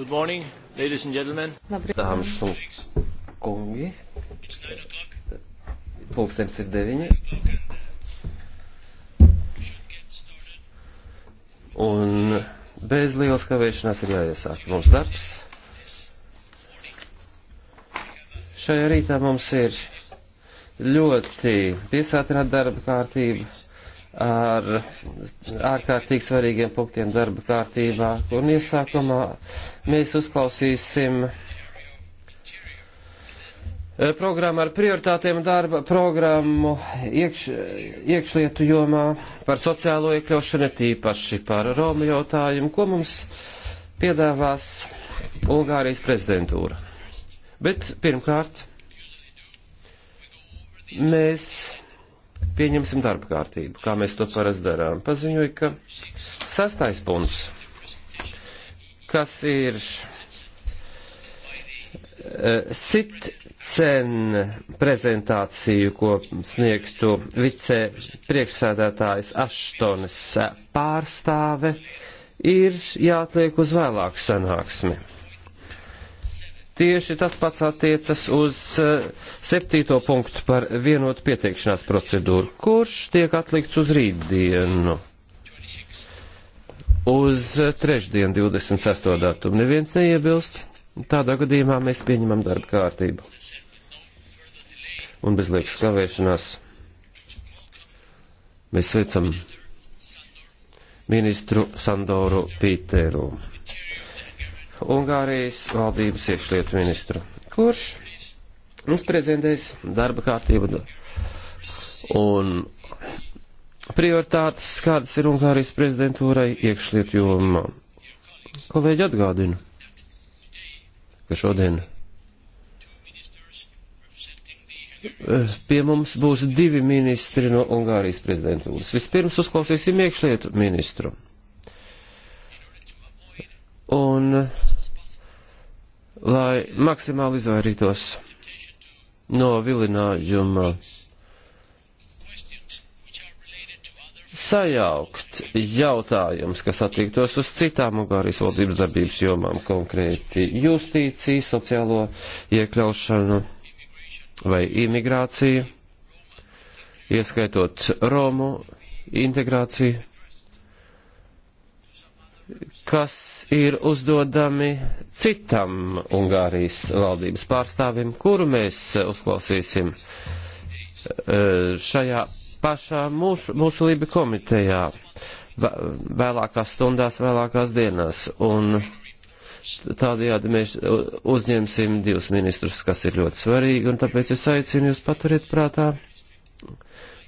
Good morning, ladies and gentlemen. Labrīt. Dāmas un kungi. Pulkstens ir deviņi. Un bez lielas kavēšanās ir jāiesāk mums darbs. Šajā rītā mums ir ļoti piesātināta darba kārtība ar ārkārtīgi svarīgiem punktiem darba kārtībā. Un iesākumā mēs uzklausīsim e, programmu ar prioritātiem darba programmu iekš, iekšlietu jomā par sociālo iekļaušanu, tīpaši par Romu jautājumu, ko mums piedāvās Ungārijas prezidentūra. Bet pirmkārt, mēs Pieņemsim darba kārtību, kā mēs to parasti darām. Paziņoju, ka sastais punkts, kas ir e, sitcen prezentāciju, ko sniegtu vice priekšsēdētājs Aštonis e, pārstāve, ir jāatliek uz vēlāku sanāksmi. Tieši tas pats attiecas uz eh, septīto punktu par vienotu pieteikšanās procedūru, kurš tiek atlikts uz rītdienu. Uz eh, trešdienu, 26. datumu. Neviens neiebilst. Tādā gadījumā mēs pieņemam darba kārtību. Un bez liekas kavēšanās mēs sveicam ministru Sandoru Pītēru. Ungārijas valdības iekšlietu ministru, kurš mums prezentēs darba kārtību un prioritātes, kādas ir Ungārijas prezidentūrai iekšlietu jomā. Kolēģi atgādinu, ka šodien eh, Pie mums būs divi ministri no Ungārijas prezidentūras. Vispirms uzklausīsim iekšlietu ministru. Un lai maksimāli izvairītos no vilinājuma sajaukt jautājums, kas attiektos uz citām Ungārijas valdības darbības jomām, konkrēti justīciju, sociālo iekļaušanu vai imigrāciju, ieskaitot Romu integrāciju, kas ir uzdodami citam Ungārijas valdības pārstāvim, kuru mēs uzklausīsim eh, šajā pašā mūsu, mūsu Lība komitejā vēlākās stundās, vēlākās dienās. Un tādējādi mēs uzņemsim divus ministrus, kas ir ļoti svarīgi, un tāpēc es aicinu jūs paturiet prātā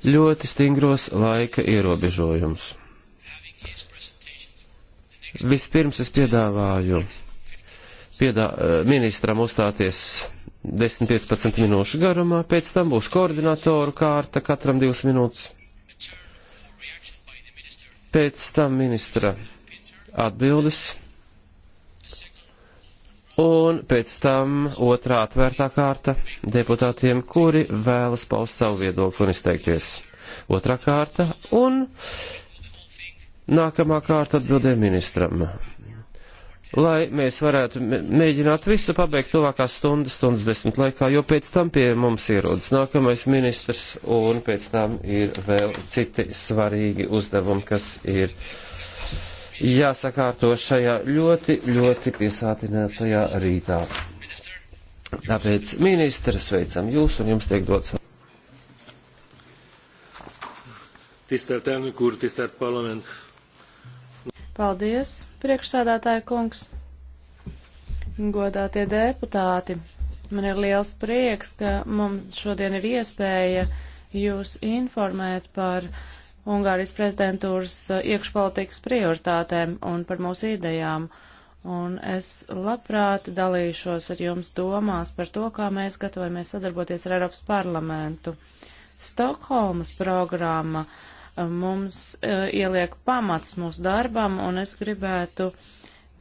ļoti stingros laika ierobežojumus. Vispirms es piedāvāju piedā, eh, ministram uzstāties 10-15 minūšu garumā, pēc tam būs koordinatoru kārta katram 2 minūtes. Pēc tam ministra atbildes. Un pēc tam otrā atvērtā kārta deputātiem, kuri vēlas paust savu viedokli un izteikties. Otrā kārta un nākamā kārta atbildē ministram lai mēs varētu mēģināt visu pabeigt tuvākās stundas, stundas desmit laikā, jo pēc tam pie mums ierodas nākamais ministrs un pēc tam ir vēl citi svarīgi uzdevumi, kas ir jāsakārto šajā ļoti, ļoti piesātinātajā rītā. Tāpēc ministrs sveicam jūs un jums tiek dots. Tisztelt elnök úr, tisztelt parlament Paldies, priekšsēdētāja kungs. Godātie deputāti, man ir liels prieks, ka mums šodien ir iespēja jūs informēt par Ungārijas prezidentūras uh, iekšpolitikas prioritātēm un par mūsu idejām. Un es labprāt dalīšos ar jums domās par to, kā mēs gatavojamies sadarboties ar Eiropas parlamentu. Stokholmas programma uh, mums eh, ieliek pamats mūsu darbam, un es gribētu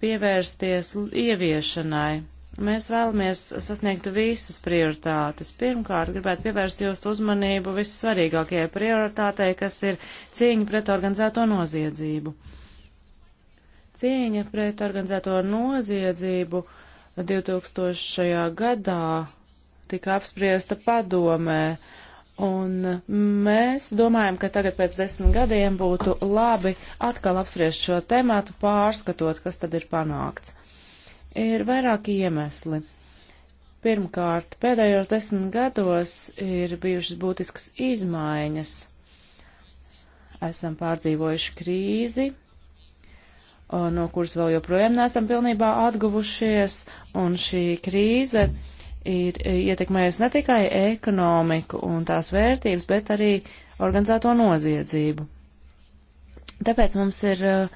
pievērsties ieviešanai. Mēs vēlamies sasniegt visas prioritātes. Pirmkārt, gribētu pievērst jūsu uzmanību vissvarīgākajai prioritātei, kas ir cīņa pret organizēto noziedzību. Cīņa pret organizēto noziedzību 2000. gadā tika apspriesta padomē, Un mēs domājam, ka tagad pēc desmit gadiem būtu labi atkal apspriest šo tematu, pārskatot, kas tad ir panākts. Ir vairāki iemesli. Pirmkārt, pēdējos desmit gados ir bijušas būtiskas izmaiņas. Esam pārdzīvojuši krīzi, no kuras vēl joprojām neesam pilnībā atguvušies, un šī krīze uh, ir ietekmējusi ne tikai ekonomiku un tās vērtības, bet arī organizēto noziedzību. Tāpēc mums ir eh,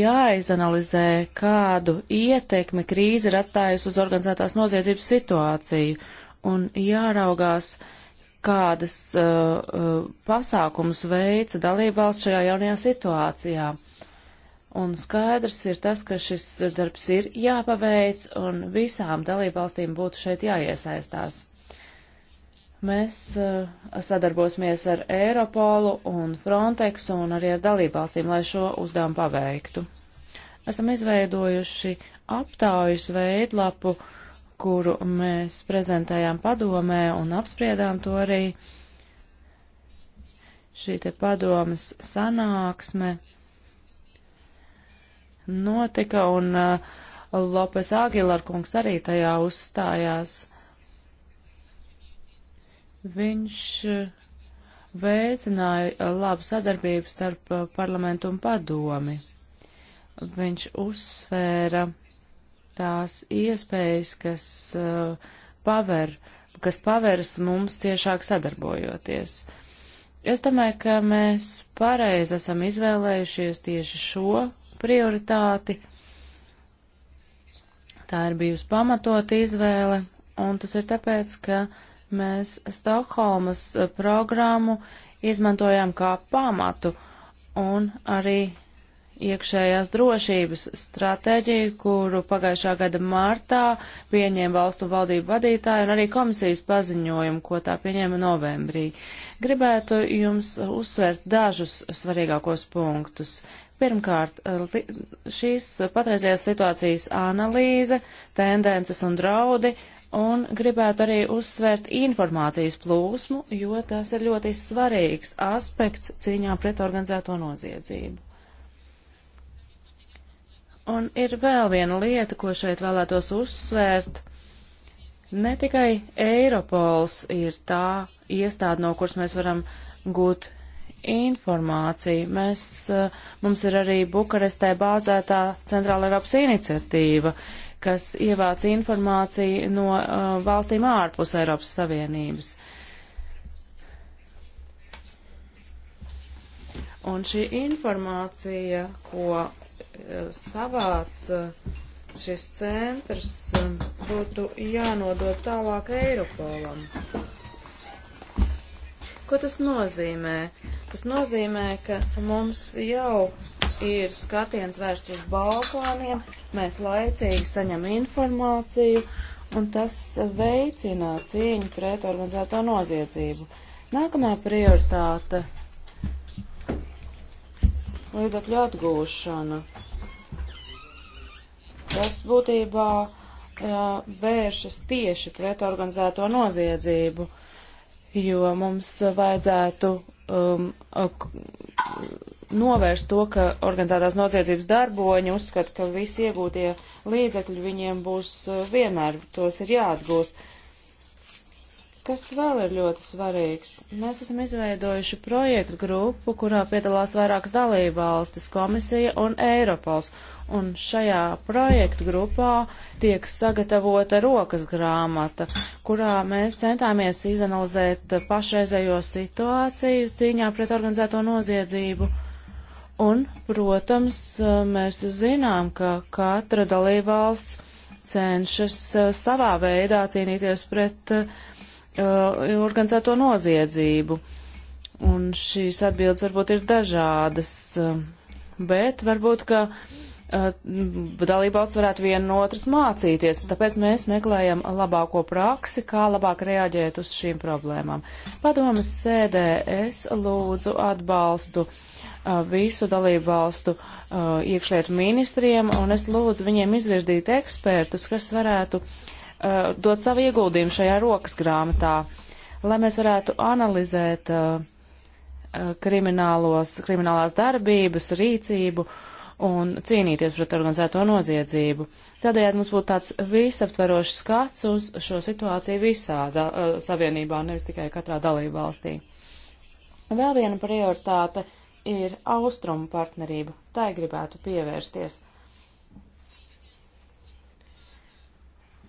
jāizanalizē, kādu ietekmi krīze ir atstājusi uz organizētās noziedzības situāciju un jāraugās, kādas uh, pasākums veica dalībvalsts šajā jaunajā situācijā. Uh, Un skaidrs ir tas, ka šis darbs ir jāpaveic un visām dalībvalstīm būtu šeit jāiesaistās. Mēs uh, sadarbosimies ar Eiropolu un Frontex un arī ar dalībvalstīm, lai šo uzdevumu paveiktu. Esam izveidojuši aptaujas veidlapu, kuru mēs prezentējām padomē un apspriedām to arī šī te padomas sanāksme notika, un uh, Lopes Agilar kungs arī tajā uzstājās. Viņš uh, veicināja labu sadarbību starp uh, parlamentu un padomi. Viņš uzsvēra tās iespējas, kas uh, paver, kas paveras mums ciešāk sadarbojoties. Es domāju, ka mēs pareizi esam izvēlējušies tieši šo prioritāti. Tā ir bijusi pamatot izvēle, un tas ir tāpēc, ka mēs Stokholmas eh, programmu izmantojām kā pamatu un arī iekšējās drošības stratēģiju, kuru pagājušā gada martā pieņēma valstu valdību vadītāji un arī komisijas paziņojumu, ko tā pieņēma novembrī. Gribētu jums uzsvērt dažus svarīgākos punktus. Pirmkārt, eh, šīs patreizējās situācijas analīze, tendences un draudi, un gribētu arī uzsvērt informācijas plūsmu, jo tas ir ļoti svarīgs aspekts cīņā pret organizēto noziedzību. Un ir vēl viena lieta, ko šeit vēlētos uzsvērt. Ne tikai Eiropols ir tā iestāde, no kuras mēs varam gūt informāciju. Mēs, eh, mums ir arī Bukarestē bāzētā Centrāla Eiropas iniciatīva, kas ievāc informāciju no uh, valstīm ārpus Eiropas Savienības. Un šī informācija, ko eh, savāc šis centrs, būtu jānodot tālāk Eiropolam. Ko tas nozīmē? Tas nozīmē, ka mums jau ir skatiens vērsts uz Balkāniem, mēs laicīgi saņem informāciju, un tas veicina cīņu pret organizēto noziedzību. Nākamā prioritāte - līdzakļu atgūšana. Tas būtībā vēršas tieši pret organizēto noziedzību. Uh, jo mums vajadzētu um, novērst to, ka organizētās noziedzības darboņi uzskata, ka visi iegūtie līdzekļi viņiem būs uh, vienmēr, tos ir jāatgūst. Kas vēl ir ļoti svarīgs? Mēs esam izveidojuši projektu grupu, kurā piedalās vairākas dalībvalstis, komisija un Eiropols un šajā projektu grupā tiek sagatavota rokas grāmata, kurā mēs centāmies izanalizēt pašreizējo situāciju cīņā pret organizēto noziedzību. Un, protams, mēs zinām, ka katra dalībvalsts cenšas savā veidā cīnīties pret uh, organizēto noziedzību. Un šīs atbildes varbūt ir dažādas, uh, bet varbūt, ka uh, dalībvalsts varētu viena no otras mācīties. Tāpēc mēs meklējam labāko praksi, kā labāk reaģēt uz šīm problēmām. Padomas sēdē es lūdzu atbalstu visu dalībvalstu iekšlietu ministriem, un es lūdzu viņiem izvirdīt ekspertus, kas varētu dot savu ieguldījumu šajā rokas grāmatā, lai mēs varētu analizēt kriminālos, kriminālās darbības, rīcību, uh, un cīnīties pret organizēto noziedzību. Tādējādi mums būtu tāds visaptverošs skats uz šo situāciju visā da, eh, savienībā, nevis tikai katrā dalību valstī. Vēl viena prioritāte ir austrumu partnerība. Tai gribētu pievērsties.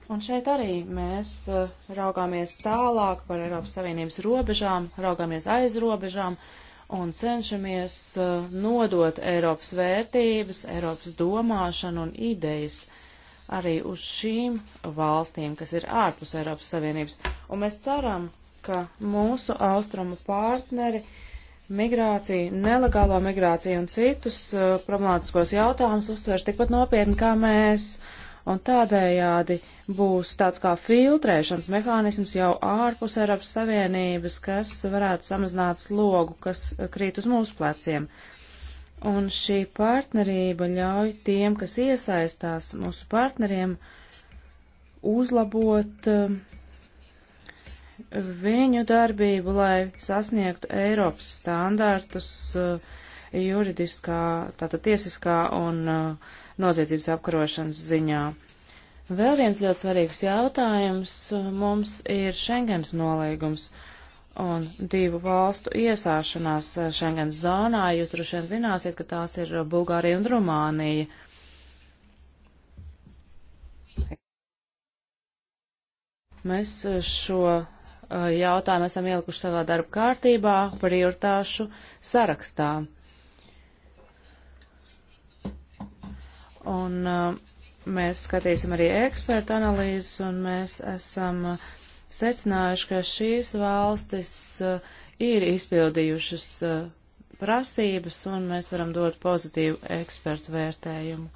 Un šeit arī mēs eh, raugāmies tālāk par Eiropas Savienības robežām, raugāmies aiz robežām un cenšamies uh, nodot Eiropas vērtības, Eiropas domāšanu un idejas arī uz šīm valstīm, kas ir ārpus Eiropas Savienības. Un mēs ceram, ka mūsu austrumu partneri migrāciju, nelegālo migrāciju un citus uh, problemātiskos jautājumus uztvers tikpat nopietni kā mēs. Uh, un tādējādi būs tāds kā filtrēšanas mehānisms jau ārpus Eiropas Savienības, kas varētu samazināt slogu, kas krīt uz mūsu pleciem. Un šī partnerība ļauj tiem, kas iesaistās mūsu partneriem, uzlabot um, viņu darbību, lai sasniegtu Eiropas standartus uh, juridiskā, tātad tiesiskā un uh, noziedzības apkarošanas ziņā. Vēl viens ļoti svarīgs jautājums uh, mums ir Schengens nolīgums un divu valstu iesāšanās uh, Schengens zonā. Jūs droši vien zināsiet, ka tās ir uh, Bulgārija un Rumānija. Mēs šo jautājumu esam ielikuši savā darba kārtībā, prioritāšu sarakstā. Un uh, mēs skatīsim arī ekspertu analīzes, un mēs esam uh, secinājuši, ka šīs valstis uh, ir izpildījušas uh, prasības, un mēs varam dot pozitīvu ekspertu vērtējumu.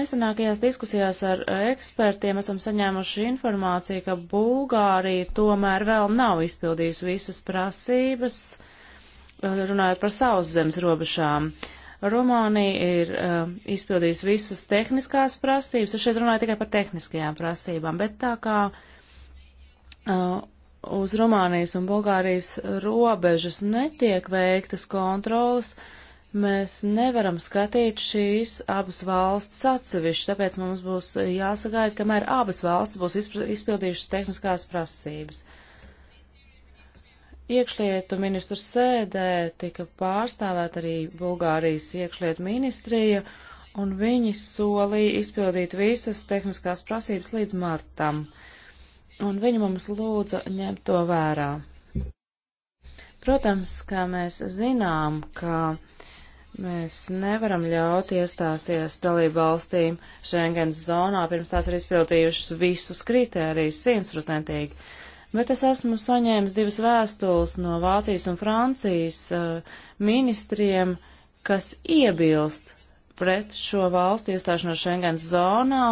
Nesenākajās diskusijās ar uh, ekspertiem esam saņēmuši informāciju, ka Bulgārija tomēr vēl nav izpildījusi visas prasības, uh, runājot par savus zemes robežām. Uh, Rumānija ir uh, izpildījusi visas tehniskās prasības. Es šeit runāju tikai par tehniskajām prasībām, bet tā kā uh, uz Rumānijas un Bulgārijas robežas netiek veiktas kontrolas, mēs nevaram skatīt šīs abas valstis atsevišķi, tāpēc mums būs jāsagaida, kamēr abas valstis būs izpildījušas tehniskās prasības. Uh, iekšlietu ministru sēdē tika pārstāvēt arī Bulgārijas iekšlietu ministrija, un viņi solīja izpildīt visas tehniskās prasības līdz martam, un viņi mums lūdza ņemt to vērā. Protams, kā mēs zinām, ka mēs nevaram ļaut iestāsies dalību valstīm Schengens zonā, pirms tās ir izpildījušas visus kritērijus simtprocentīgi bet es esmu saņēmis divas vēstules no Vācijas un Francijas uh, ministriem, kas iebilst pret šo valstu iestāšanos Schengens zonā,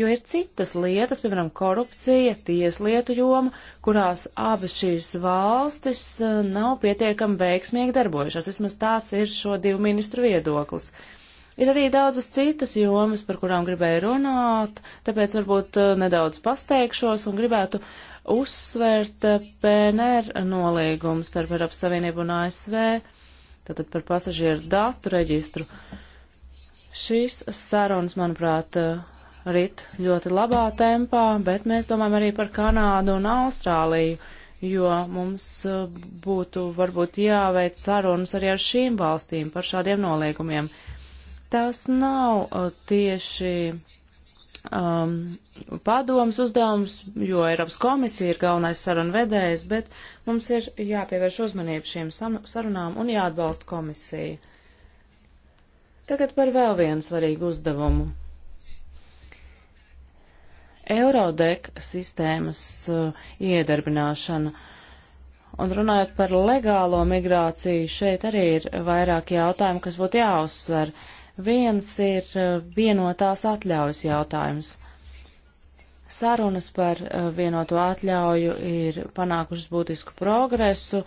jo ir citas lietas, piemēram, korupcija, tieslietu joma, kurās abas šīs valstis eh, nav pietiekami veiksmīgi darbojušās. Vismaz tāds ir šo divu ministru viedoklis. Uh, Ir arī daudzas citas jomas, par kurām gribēju runāt, tāpēc varbūt eh, nedaudz pasteikšos un gribētu uzsvērt eh, PNR nolīgumu starp Eiropas Savienību un ASV, tātad par pasažieru datu reģistru. Šīs sarunas, manuprāt, eh, rit ļoti labā tempā, bet mēs domājam arī par Kanādu un Austrāliju, jo mums būtu varbūt jāveic sarunas arī ar šīm valstīm par šādiem nolīgumiem. Tas nav uh, tieši um, padomas uzdevums, jo Eiropas komisija ir galvenais sarunvedējs, bet mums ir jāpievērš uzmanību šīm sarunām un jāatbalsta komisija. Tagad par vēl vienu svarīgu uzdevumu. Eurodek sistēmas uh, iedarbināšana. Un runājot par legālo migrāciju, šeit arī ir vairāk jautājumu, kas būtu jāuzsver. Uh, Viens ir uh, vienotās atļaujas jautājums. Sarunas par uh, vienoto atļauju ir panākušas būtisku progresu.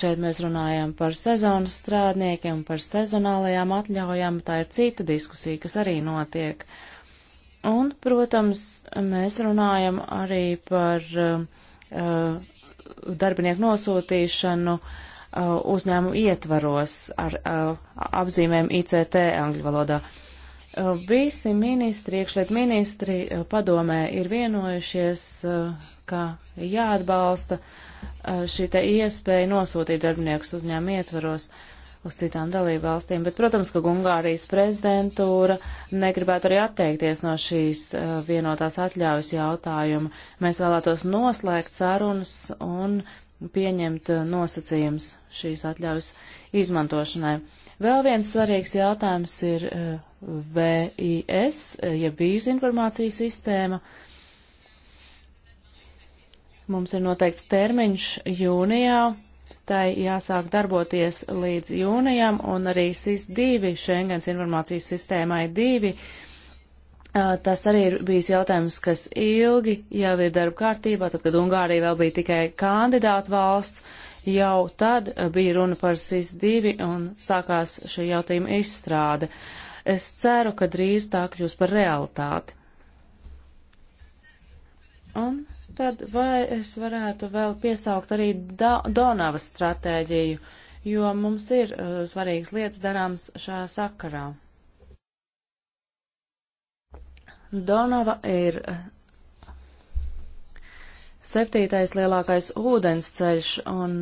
Šeit mēs runājam par sezonas strādniekiem, par sezonālajām atļaujām. Tā ir cita diskusija, kas arī notiek. Un, protams, mēs runājam arī par uh, uh darbinieku nosūtīšanu uh, Uh, uzņēmumu ietvaros ar uh, apzīmēm ICT angļu valodā. Uh, visi ministri, iekšliet ministri padomē ir vienojušies, ka jāatbalsta šī te iespēja nosūtīt darbiniekus uzņēmumu ietvaros uz citām dalību valstīm, bet, protams, ka Ungārijas prezidentūra negribētu arī atteikties no šīs vienotās atļaujas jautājuma. Mēs vēlētos noslēgt sarunas un pieņemt uh, nosacījums šīs atļaujas izmantošanai. Vēl viens svarīgs jautājums ir uh, VIS, uh, ja vīzu informācijas sistēma. Mums ir noteikts termiņš jūnijā, tai jāsāk darboties līdz jūnijam, un arī SIS-2, Schengens informācijas sistēmai 2, Tas arī ir bijis jautājums, kas ilgi jau ir darba kārtībā, tad, kad Ungārija vēl bija tikai kandidāta valsts, jau tad bija runa par SIS-2 un sākās šī jautājuma izstrāde. Es ceru, ka drīz tā kļūs par realitāti. Un tad vai es varētu vēl piesaukt arī da Donavas stratēģiju, jo mums ir uh, svarīgas lietas darāms šajā sakarā. Donava ir septītais lielākais ūdensceļš, un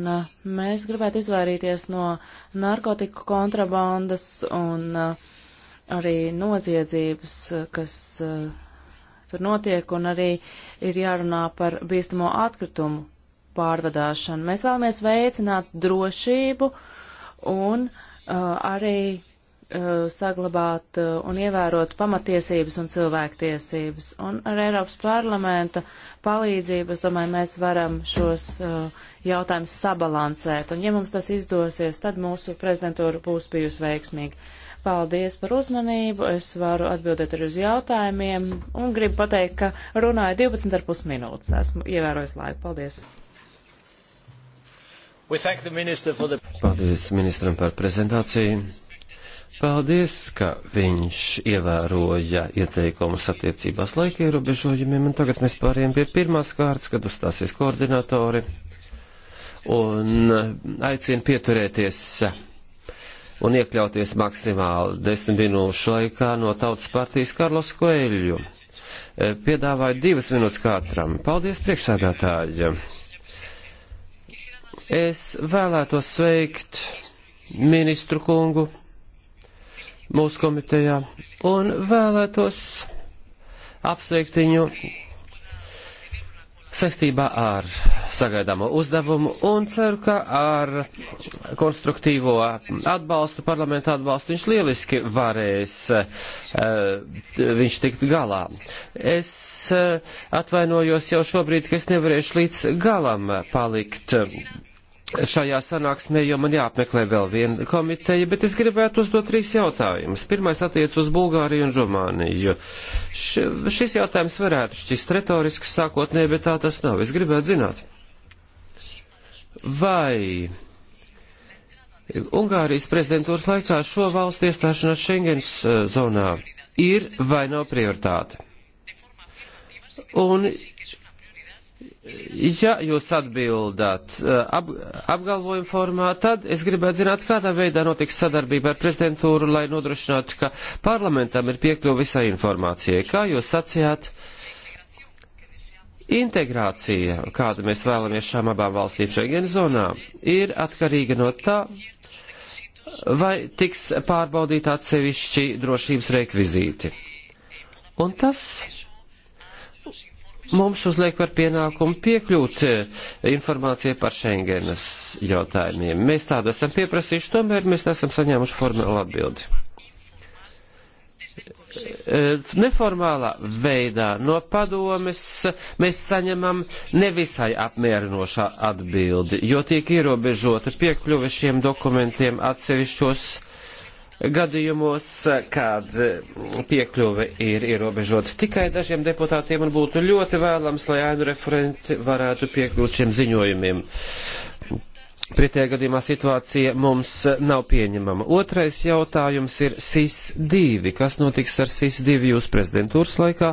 mēs gribētu izvairīties no narkotiku kontrabandas un arī noziedzības, kas tur notiek, un arī ir jārunā par bīstamo atkritumu pārvadāšanu. Mēs vēlamies veicināt drošību un uh, arī Uh, saglabāt uh, un ievērot pamatiesības un cilvēktiesības. Un ar Eiropas parlamenta palīdzību, es domāju, mēs varam šos uh, jautājumus sabalansēt. Un ja mums tas izdosies, tad mūsu prezidentūra būs bijusi veiksmīga. Paldies par uzmanību, es varu atbildēt arī uz jautājumiem un gribu pateikt, ka runāju 12,5 minūtes. Esmu ievērojis laiku. Paldies! The... Paldies ministram par prezentāciju. Paldies, ka viņš ievēroja ieteikumus attiecībās laika ierobežojumiem, un tagad mēs pāriem pie pirmās kārtas, kad uzstāsies koordinatori, un aicinu pieturēties un iekļauties maksimāli desmit minūšu laikā no Tautas partijas Karlos Koeļu. Piedāvāju divas minūtes katram. Paldies, priekšsādātāji! Es vēlētos sveikt ministru kungu mūsu komitejā un vēlētos apsveikt viņu saistībā ar sagaidāmo uzdevumu un ceru, ka ar konstruktīvo atbalstu, parlamentu atbalstu viņš lieliski varēs, eh, viņš tikt galā. Es eh, atvainojos jau šobrīd, ka es nevarēšu līdz galam palikt šajā sanāksmē, jo man jāapmeklē vēl viena komiteja, bet es gribētu uzdot trīs jautājumus. Pirmais attiec uz Bulgāriju un Rumāniju. Š, šis jautājums varētu šķist retorisks sākotnē, bet tā tas nav. Es gribētu zināt, vai Ungārijas prezidentūras laikā šo valstu iestāšanās Schengens eh, zonā ir vai nav prioritāte? Un Ja jūs atbildat eh, ap, apgalvojumu formā, tad es gribētu zināt, kādā veidā notiks sadarbība ar prezidentūru, lai nodrošinātu, ka parlamentam ir piekļuva visai informācijai. Kā jūs sacījāt, integrācija, kādu mēs vēlamies šām abām valstīm šajā zonā, ir atkarīga no tā, vai tiks pārbaudīti atsevišķi drošības rekvizīti. Un tas mums uzliek par pienākumu piekļūt eh, informācijai par Schengenas jautājumiem. Mēs tādu esam pieprasījuši, tomēr mēs nesam saņēmuši formālu atbildi. Eh, neformālā veidā no padomes mēs saņemam nevisai apmierinošā atbildi, jo tiek ierobežota piekļuve šiem dokumentiem atsevišķos gadījumos, kad piekļuve ir ierobežota tikai dažiem deputātiem un būtu ļoti vēlams, lai ainu referenti varētu piekļūt šiem ziņojumiem. Pretējā gadījumā situācija mums nav pieņemama. Otrais jautājums ir SIS-2. Kas notiks ar SIS-2 jūsu prezidentūras laikā?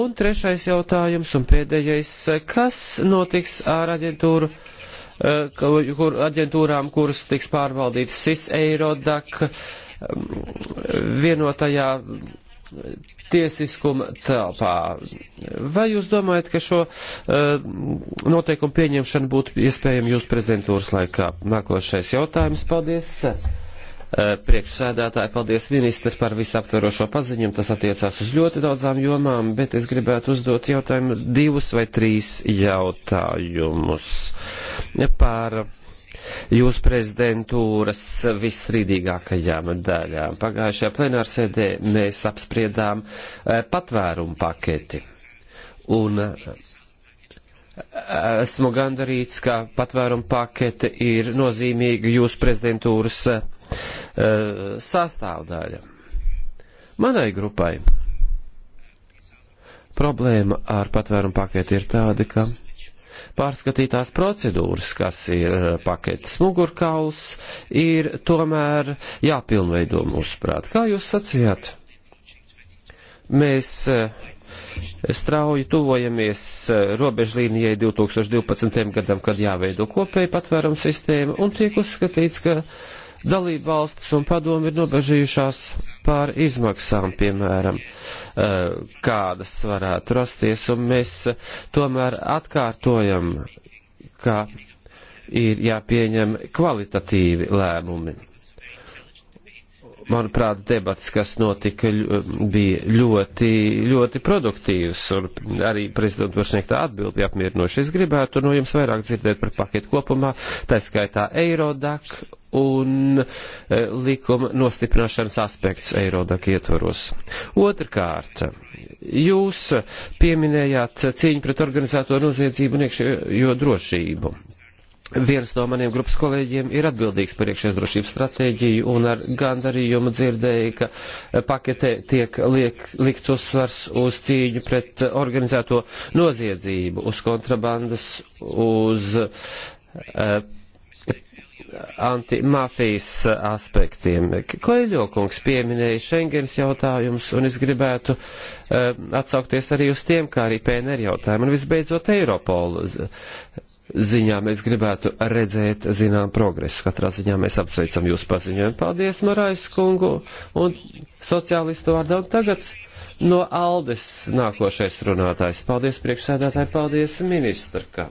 Un trešais jautājums un pēdējais. Kas notiks ar aģentūru? kur, aģentūrām, kuras tiks pārvaldītas SIS Eirodak um, vienotajā tiesiskuma telpā. Vai jūs domājat, ka šo uh, noteikumu pieņemšanu būtu iespējama jūsu prezidentūras laikā? Nākošais jautājums. Paldies. Uh, Priekšsēdētāji, paldies ministri par visaptverošo paziņumu. Tas attiecās uz ļoti daudzām jomām, bet es gribētu uzdot jautājumu divus vai trīs jautājumus. Uh, par jūsu prezidentūras visstrīdīgākajām daļām. Pagājušajā plenārsēdē mēs apspriedām eh, patvērumu paketi. Un eh, esmu gandarīts, ka patvērumu pakete ir nozīmīga jūsu prezidentūras eh, sastāvdaļa. Manai grupai problēma ar patvērumu paketi ir tāda, ka pārskatītās procedūras, kas ir eh, paketes mugurkauls, ir tomēr jāpilnveido mūsuprāt. Kā jūs sacījāt? Mēs eh, strauji tuvojamies eh, robežlīnijai 2012. gadam, kad jāveido kopēja patvērums sistēma, un tiek uzskatīts, ka dalība valstis un padomi ir nobežījušās pār izmaksām, piemēram, eh, kādas varētu rasties, un mēs eh, tomēr atkārtojam, ka ir jāpieņem kvalitatīvi lēmumi manuprāt, debats, kas notika, bija ļoti, ļoti produktīvs, un arī prezidenta Bušniekta atbild bija apmierinoši. Es gribētu no jums vairāk dzirdēt par paketu kopumā, tā skaitā Eirodak un e, likuma nostiprināšanas aspekts Eirodak ietvaros. Otrkārt, jūs pieminējāt cīņu pret organizēto noziedzību un iekšējo drošību viens no maniem grupas kolēģiem ir atbildīgs par iekšējās drošības stratēģiju un ar gandarījumu dzirdēju, ka paketē tiek liek, likts uzsvars uz cīņu pret organizēto noziedzību, uz kontrabandas, uz uh, antimafijas aspektiem. Koeļo kungs pieminēja Schengens jautājumus, un es gribētu uh, atsaukties arī uz tiem, kā arī PNR jautājumu, un visbeidzot Eiropolu ziņā mēs gribētu redzēt zinām progresu. Katrā ziņā mēs apsveicam jūs paziņojumu. Paldies, Marais kungu un sociālistu vārdā. Un tagad no Aldes nākošais runātājs. Paldies, priekšsēdētāji, paldies, ministra, ka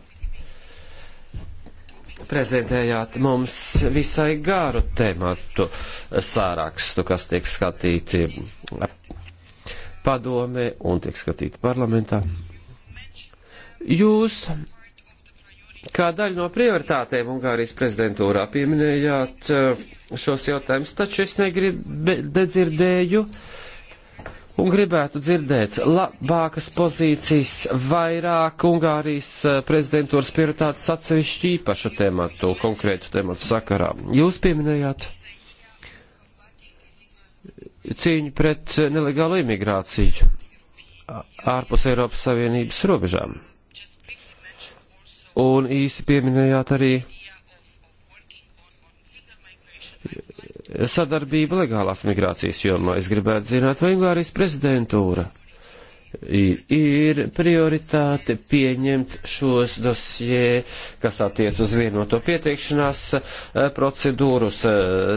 prezentējāt mums visai garu tematu sārakstu, kas tiek skatīti padome un tiek skatīti parlamentā. Jūs Kā daļa no prioritātēm Ungārijas prezidentūrā pieminējāt eh, šos jautājumus, taču es nedzirdēju un gribētu dzirdēt labākas pozīcijas vairāk Ungārijas eh, prezidentūras prioritātes atsevišķi īpašu tēmatu, konkrētu tēmatu sakarā. Jūs pieminējāt cīņu pret nelegālu imigrāciju ārpus Eiropas Savienības robežām un īsi pieminējāt arī sadarbību legālās migrācijas jomā. Es gribētu zināt, vai Ungārijas prezidentūra ir prioritāte pieņemt šos dosie, kas attiec uz vienoto pieteikšanās e, procedūru e,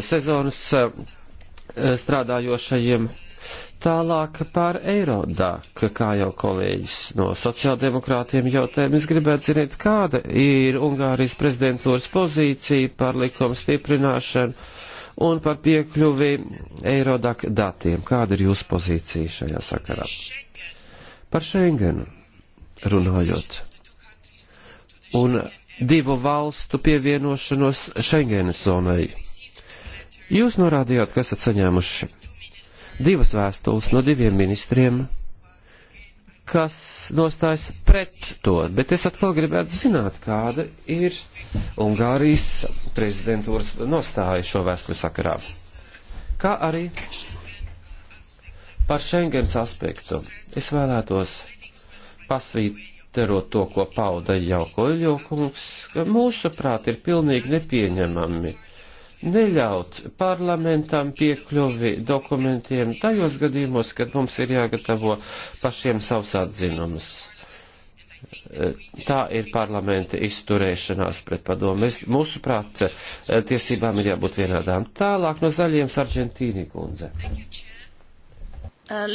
sezonas e, strādājošajiem Tālāk par Eirodak, kā jau kolēģis no sociāldemokrātiem jautājumu, es gribētu zināt, kāda ir Ungārijas prezidentūras pozīcija par likumu stiprināšanu un par piekļuvi Eirodak datiem. Kāda ir jūsu pozīcija šajā sakarā? Par Schengenu runājot. Un divu valstu pievienošanos Schengenas zonai. Jūs norādījāt, ka esat saņēmuši divas vēstules no diviem ministriem, kas nostājas pret to, bet es atkal gribētu zināt, kāda ir Ungārijas prezidentūras nostāja šo vēstuli sakarā. Kā arī par Schengens aspektu. Es vēlētos pasvīterot to, ko pauda jau Koļokungs, ka mūsuprāt ir pilnīgi nepieņemami neļaut parlamentam piekļuvi dokumentiem tajos gadījumos, kad mums ir jāgatavo pašiem savs atzinumus. Tā ir parlamenta izturēšanās pret padomu. Mūsu prāt, tiesībām ir jābūt vienādām. Tālāk no zaļiem sargentīnī kundze. Uh,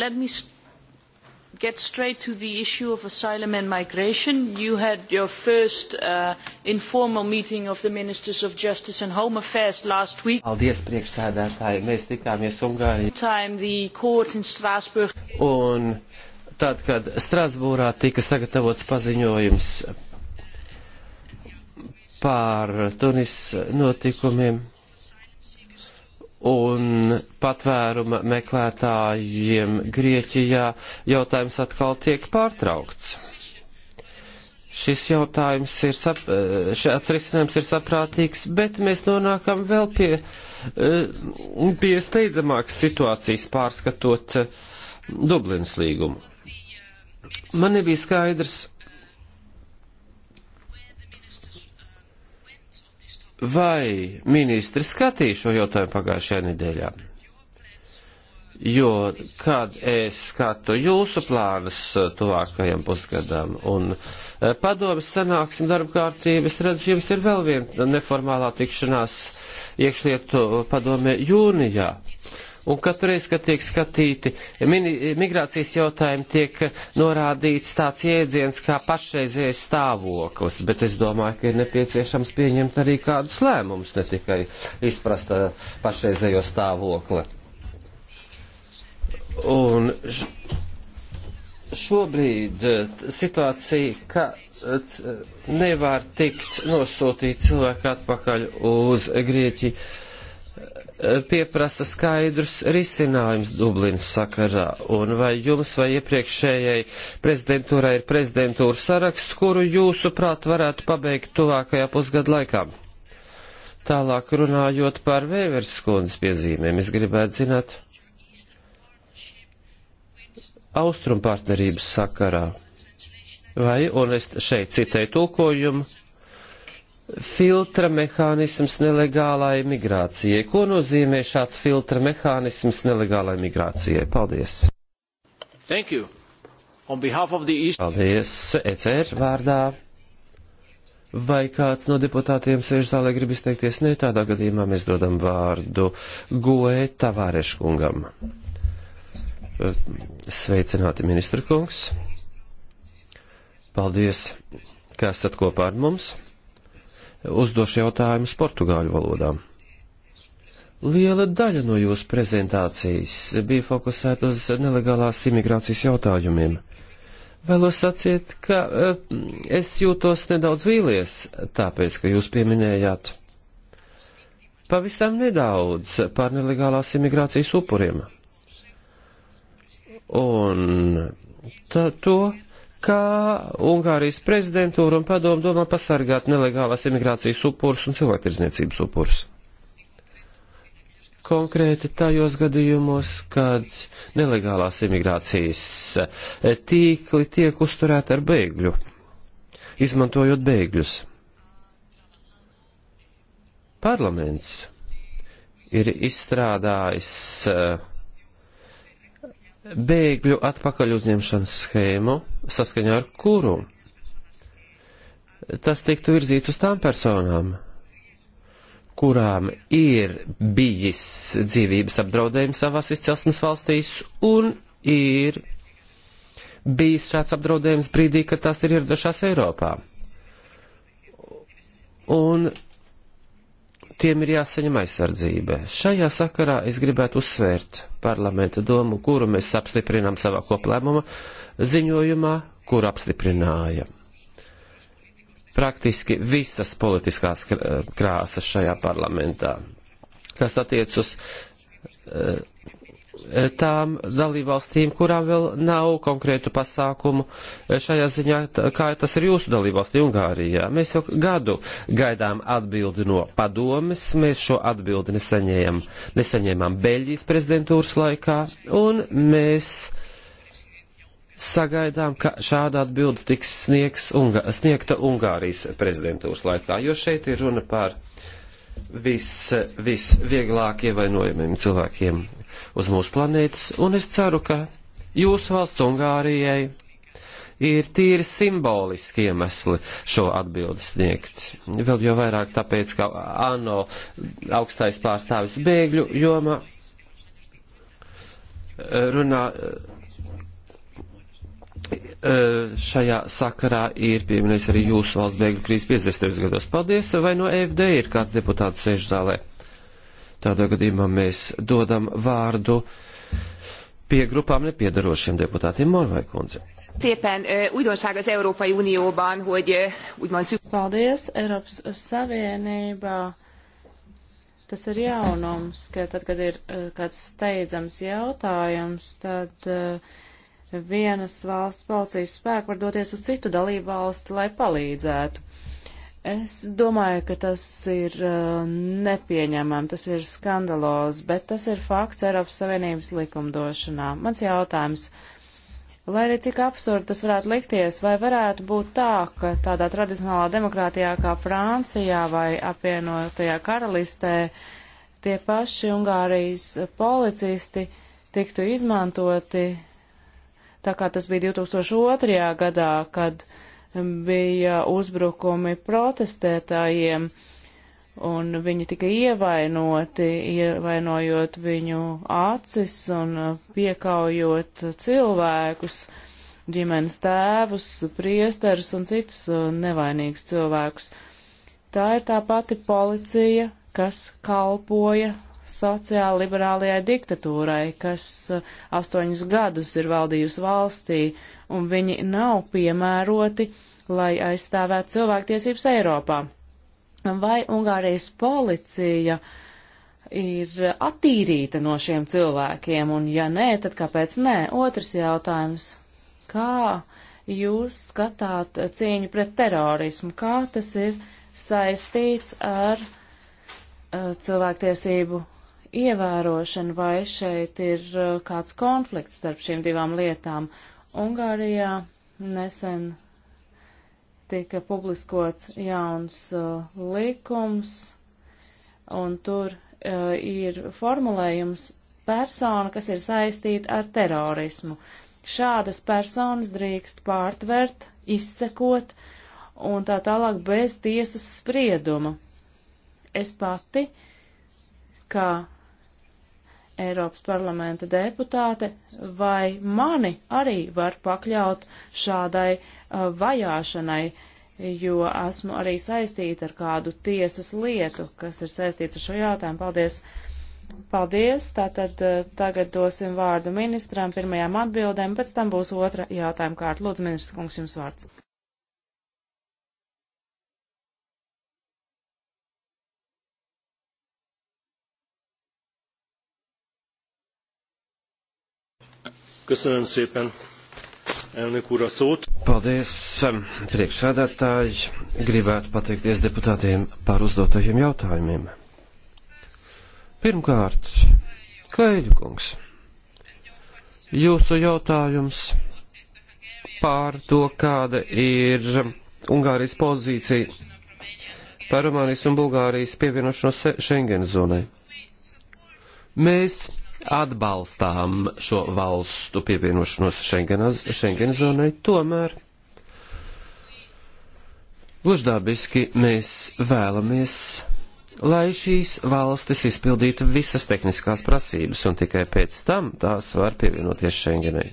get straight to the issue of asylum and migration. You had your first uh, informal meeting of the Ministers of Justice and Home Affairs last week. Paldies, priekšsēdētāji. Mēs tikāmies Ungārijā. Time the court in Strasbourg. Un tad, kad Strasbūrā tika sagatavots paziņojums par Tunis notikumiem un patvēruma meklētājiem Grieķijā jautājums atkal tiek pārtraukts. Šis jautājums ir, sap, eh, šāds risinājums ir saprātīgs, bet mēs nonākam vēl pie, eh, pie steidzamākas situācijas pārskatot eh, Dublinas līgumu. Man nebija skaidrs vai ministri skatīja šo jautājumu pagājušajā nedēļā? Jo, kad es skatu jūsu plānus eh, tuvākajam pusgadam un eh, padomas sanāksim darba kārtības, redzu, jums ir vēl viena neformālā tikšanās iekšlietu padome jūnijā. Un katru reizi, kad tiek skatīti mini, migrācijas jautājumi, tiek norādīts tāds jēdziens kā pašreizējais stāvoklis, bet es domāju, ka ir nepieciešams pieņemt arī kādus lēmumus, ne tikai izprast uh, pašreizējo stāvokli. Un šobrīd uh, situācija, ka uh, nevar tikt nosūtīt cilvēku atpakaļ uz Grieķiju Eh, pieprasa skaidrus risinājums Dublinas sakarā, un vai jums vai iepriekšējai prezidentūrai ir prezidentūra saraksts, kuru jūsuprāt varētu pabeigt tuvākajā pusgada laikā? Tālāk runājot par Vēvers skundas piezīmēm, es gribētu zināt austrumpartnerības sakarā. Vai, un es šeit citēju tulkojumu, filtra mehānisms nelegālai migrācijai. Ko nozīmē šāds filtra mehānisms nelegālai migrācijai? Paldies! Thank you. On behalf of the East... Paldies, ECR vārdā. Vai kāds no deputātiem sēž zālē grib izteikties? Nē, tādā gadījumā mēs dodam vārdu Goe Tavāreškungam. Sveicināti, ministra kungs. Paldies, ka esat kopā ar mums uzdošu jautājumus portugāļu valodām. Liela daļa no jūsu prezentācijas bija fokusēta uz nelegālās imigrācijas jautājumiem. Vēlos sacīt, ka eh, es jūtos nedaudz vīlies, tāpēc, ka jūs pieminējāt pavisam nedaudz par nelegālās imigrācijas upuriem. Un tā, to kā Ungārijas prezidentūra un padomu domā pasargāt nelegālās imigrācijas upurus un cilvēktirdzniecības upurus. Konkrēti tajos gadījumos, kad nelegālās imigrācijas eh, tīkli tiek uzturēti ar bēgļu, izmantojot bēgļus. Parlaments ir izstrādājis uh, bēgļu atpakaļ uzņemšanas schēmu, saskaņā ar kuru tas tiktu virzīts uz tām personām, kurām ir bijis dzīvības apdraudējums savās izcelsmes valstīs un ir bijis šāds apdraudējums brīdī, kad tās ir ieradušās Eiropā. Un tiem ir jāsaņem aizsardzība. Šajā sakarā es gribētu uzsvērt parlamenta domu, kuru mēs apstiprinām savā koplēmuma ziņojumā, kur apstiprināja praktiski visas politiskās krāsas šajā parlamentā. Tas attiec uz uh, Eh, tām dalībvalstīm, kurām vēl nav konkrētu pasākumu eh, šajā ziņā, kā tas ir jūsu dalībvalstī Ungārijā. Mēs jau gadu gaidām atbildi no padomes, mēs šo atbildi nesaņējam, nesaņēmām Beļģijas prezidentūras laikā, un mēs sagaidām, ka šāda atbilde tiks sniegs, unga, sniegta Ungārijas prezidentūras laikā, jo šeit ir runa par vis, visvieglāk ievainojumiem cilvēkiem uz mūsu planētas, un es ceru, ka jūsu valsts Ungārijai ir tīri simboliski iemesli šo atbildi sniegt. Vēl jau vairāk tāpēc, ka ANO augstais pārstāvis bēgļu jomā eh, runā eh, šajā sakarā ir pieminējis arī jūsu valsts bēgļu krīzes 53 gados. Paldies, vai no EFD ir kāds deputāts sēž zālē? Tādā gadījumā mēs dodam vārdu pie grupām nepiedarošiem deputātiem Morvai kundze. Szépen újdonság az Európai Unióban, hogy úgymond szük... Paldies, Eiropas Savienībā. Tas ir jaunums, ka tad, kad ir kāds steidzams jautājums, tad uh, vienas valsts policijas spēku var doties uz citu dalību valsti, lai palīdzētu. Es domāju, ka tas ir uh, nepieņemami, tas ir skandalos, bet tas ir fakts Eiropas Savienības likumdošanā. Mans jautājums, lai arī cik absurdi tas varētu likties, vai varētu būt tā, ka tādā tradicionālā demokrātijā kā Francijā vai apvienotajā karalistē tie paši Ungārijas policisti tiktu izmantoti, tā kā tas bija 2002. gadā, kad uh, bija uzbrukumi protestētājiem, un viņi tika ievainoti, ievainojot viņu acis un piekaujot cilvēkus, ģimenes tēvus, priesterus un citus uh, nevainīgus cilvēkus. Tā ir tā pati policija, kas kalpoja sociāli liberālajai diktatūrai, kas uh, astoņus gadus ir valdījusi valstī, uh, un viņi nav piemēroti, lai aizstāvētu cilvēktiesības Eiropā. Vai Ungārijas policija ir attīrīta no šiem cilvēkiem, un ja nē, tad kāpēc nē? Otrs jautājums. Kā jūs skatāt cīņu pret terorismu? Kā tas ir saistīts ar uh, cilvēktiesību ievērošana, vai šeit ir uh, kāds konflikts starp šīm divām lietām, Ungārijā nesen tika publiskots jauns uh, likums, un tur uh, ir formulējums persona, kas ir saistīta ar terorismu. Šādas personas drīkst pārtvert, izsekot un tā tālāk bez tiesas sprieduma. Es pati, kā Eiropas parlamenta deputāte, vai mani arī var pakļaut šādai uh, vajāšanai, jo esmu arī saistīta ar kādu tiesas lietu, kas ir saistīts ar šo jautājumu. Paldies! Paldies! Tātad uh, tagad dosim vārdu ministram pirmajām atbildēm, pēc tam būs otra jautājuma kārta. Lūdzu, ministrs kungs, jums vārds. Köszönöm szépen, elnök úr, a szót. Paldies, um, priekšsēdētāji. Gribētu pateikties deputātiem par uzdotajiem jautājumiem. Pirmkārt, Kaļģkungs, jūsu jautājums pār to, kāda ir Ungārijas pozīcija par Rumānijas un Bulgārijas pievienošanos Schengen zonai. Mēs atbalstām šo valstu pievienošanos Schengen zonai, tomēr gluždābiski mēs vēlamies, lai šīs valstis izpildītu visas tehniskās prasības, un tikai pēc tam tās var pievienoties Schengenai.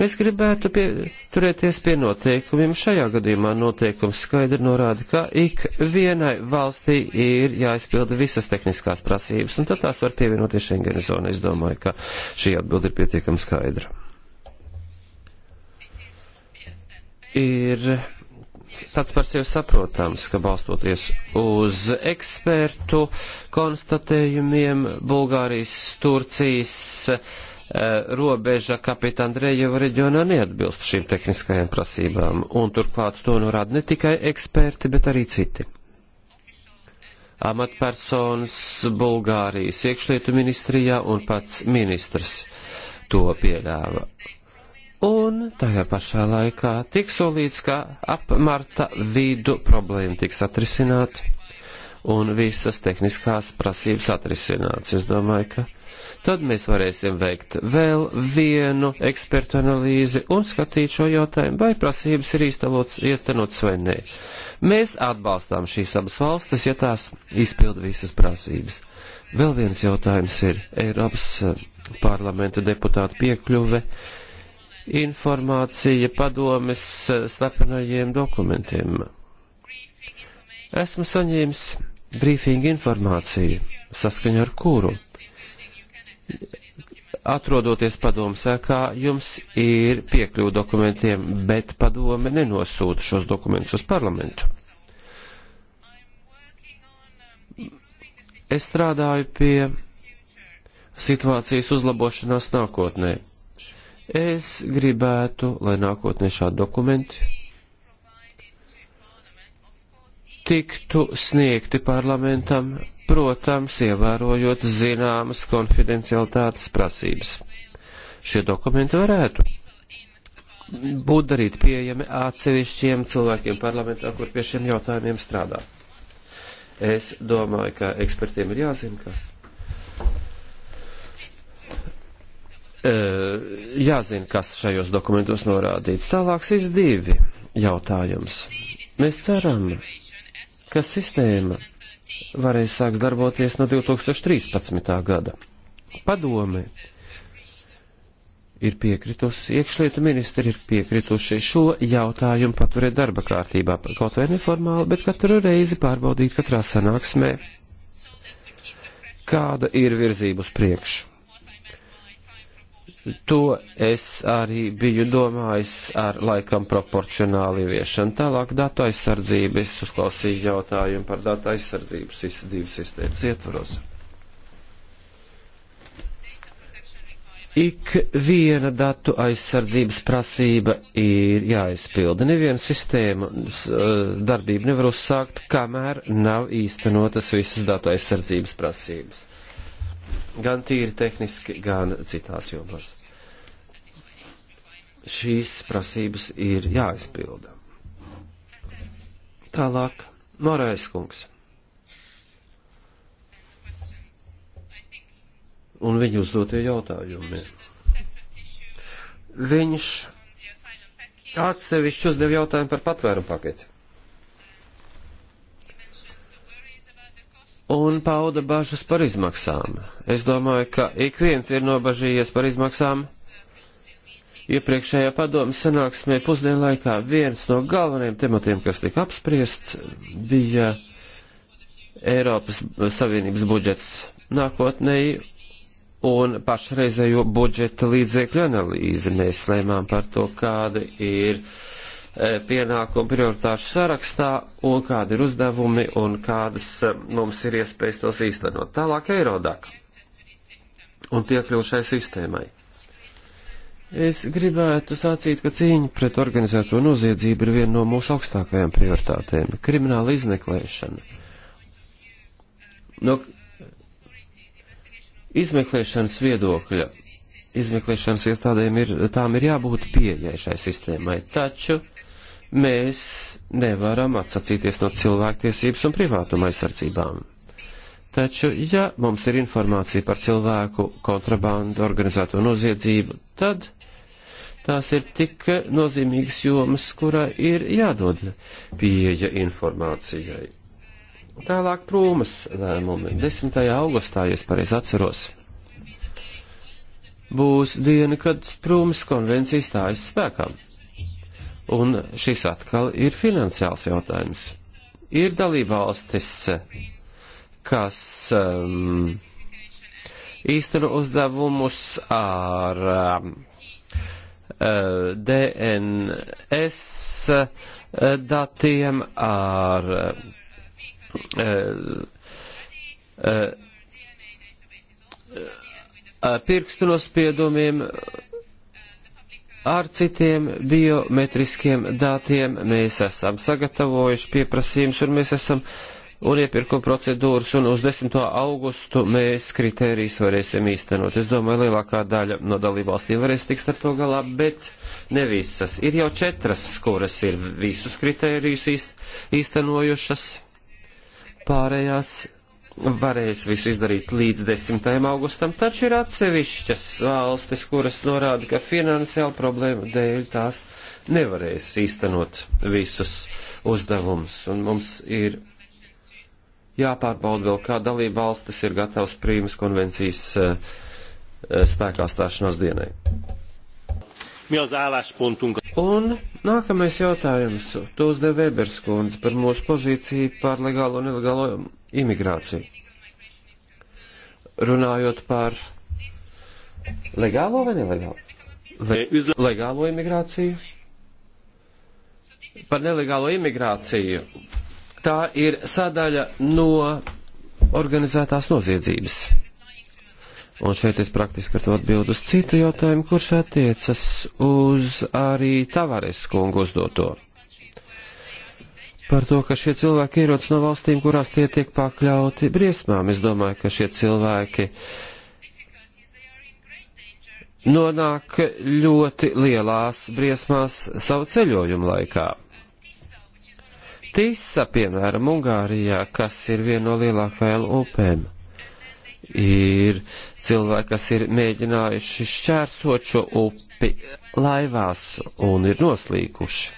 Mēs gribētu pieturēties pie noteikumiem. Šajā gadījumā noteikums skaidri norāda, ka ik vienai valstī ir jāizpilda visas tehniskās prasības, un tad tās var pievienoties Schengen zonai. Es domāju, ka šī atbilda ir pietiekami skaidra. Ir pats par sevi saprotams, ka balstoties uz ekspertu konstatējumiem Bulgārijas, Turcijas, Eh, robeža kapitāndrējeva reģionā neatbilst šīm tehniskajām prasībām, un turklāt to norāda ne tikai eksperti, bet arī citi. Amatpersonas Bulgārijas iekšlietu ministrijā un pats ministrs to pieļāva. Un tajā pašā laikā tik solīts, ka ap marta vidu problēma tiks atrisināta un visas tehniskās prasības atrisināts. Es domāju, ka Tad mēs varēsim veikt vēl vienu ekspertu analīzi un skatīt šo jautājumu, vai prasības ir īstenotas vai nē. Mēs atbalstām šīs abas valstis, ja tās izpild visas prasības. Vēl viens jautājums ir Eiropas eh, parlamenta deputāta piekļuve informācija padomes eh, slepenajiem dokumentiem. Esmu saņēmis brīfingu informāciju, saskaņu ar kuru atrodoties padomu sēkā, jums ir piekļuva dokumentiem, bet padome nenosūta šos dokumentus uz parlamentu. Es strādāju pie situācijas uzlabošanās nākotnē. Es gribētu, lai nākotnē šādi dokumenti tiktu sniegti parlamentam protams, ievērojot zināmas konfidencialitātes prasības. Šie dokumenti varētu būt darīt pieejami atsevišķiem cilvēkiem parlamentā, kur pie šiem jautājumiem strādā. Es domāju, ka ekspertiem ir jāzina, ka. E, jāzina, kas šajos dokumentos norādīts. Tālāk SIS divi jautājums. Mēs ceram, ka sistēma varēs sāks darboties no 2013. gada. Padome ir piekritusi, iekšlietu ministri ir piekrituši šo jautājumu paturēt darba kārtībā, kaut vai neformāli, bet katru reizi pārbaudīt katrā sanāksmē, kāda ir virzība uz priekšu to es arī biju domājis ar laikam proporcionāli ieviešanu. Tālāk datu aizsardzība. Es uzklausīju jautājumu par datu aizsardzības divas sistēmas ietvaros. Ik viena datu aizsardzības prasība ir jāizpilda. Neviena sistēma eh, darbību nevar uzsākt, kamēr nav īstenotas visas datu aizsardzības prasības gan tīri tehniski, gan citās jomās. Šīs prasības ir jāizpilda. Tālāk, Morais kungs. Un viņu uzdotie jautājumi. Viņš atsevišķi uzdev jautājumu par patvērumu paketi. un pauda bažas par izmaksām. Es domāju, ka ik viens ir nobažījies par izmaksām. Iepriekšējā padomu sanāksmē pusdienlaikā viens no galvenajiem tematiem, kas tika apspriests, bija Eiropas Savienības budžets nākotnēji un pašreizējo budžeta līdzekļu analīzi. Mēs lēmām par to, kāda ir uh, E, pienākumu prioritāšu sarakstā un kādi ir uzdevumi un kādas e, mums ir iespējas tos īstenot. Tālāk Eirodak un piekļūšai sistēmai. Es gribētu sacīt, ka cīņa pret organizēto noziedzību ir viena no mūsu augstākajām prioritātēm - krimināla izmeklēšana. No izmeklēšanas viedokļa izmeklēšanas iestādēm ir, tām ir jābūt pieejai šai sistēmai, taču mēs nevaram atsacīties no cilvēktiesības un privātuma aizsardzībām. Taču, ja mums ir informācija par cilvēku kontrabandu, organizēto noziedzību, tad tās ir tik nozīmīgas jomas, kurā ir jādod pieeja informācijai. Tālāk prūmas lēmumi. 10. augustā, ja es pareizi atceros, būs diena, kad prūmas konvencija stājas spēkām. Un šis atkal ir finansiāls jautājums. Ir dalībvalstis, kas um, īsteno uzdevumus ar um, uh, DNS uh, datiem, ar uh, pirkstu nospiedumiem Ar citiem biometriskiem datiem mēs esam sagatavojuši pieprasījums un mēs esam un iepirkuma procedūras un uz 10. augustu mēs kritērijas varēsim īstenot. Es domāju, lielākā daļa no dalībvalstīm varēs tikt ar to galā, bet ne visas. Ir jau četras, kuras ir visus kritērijus īst, īstenojušas. Pārējās varēs visu izdarīt līdz 10. augustam, taču ir atsevišķas valstis, kuras norāda, ka finansiāla problēma dēļ tās nevarēs īstenot visus uzdevumus. Un mums ir jāpārbauda vēl, kā dalība valstis ir gatavs prīmas konvencijas eh, spēkā stāšanās dienai mi az álláspontunk. Un nākamais jautājums, to uzdev Vēbers kundze par mūsu pozīciju par legālo un nelegālo imigrāciju. Runājot par legālo vai nelegālo? Le legālo imigrāciju? Par nelegālo imigrāciju. Tā ir sadaļa no organizētās noziedzības. Un šeit es praktiski ar to atbildu uz citu jautājumu, kurš attiecas uz arī Tavares kungu uzdoto. Par to, ka šie cilvēki ierodas no valstīm, kurās tie tiek pakļauti briesmām. Es domāju, ka šie cilvēki nonāk ļoti lielās briesmās savu ceļojumu laikā. Tisa, piemēram, Ungārijā, kas ir viena no lielākajām upēm Ir cilvēki, kas ir mēģinājuši šķērsot šo upi laivās un ir noslīkuši.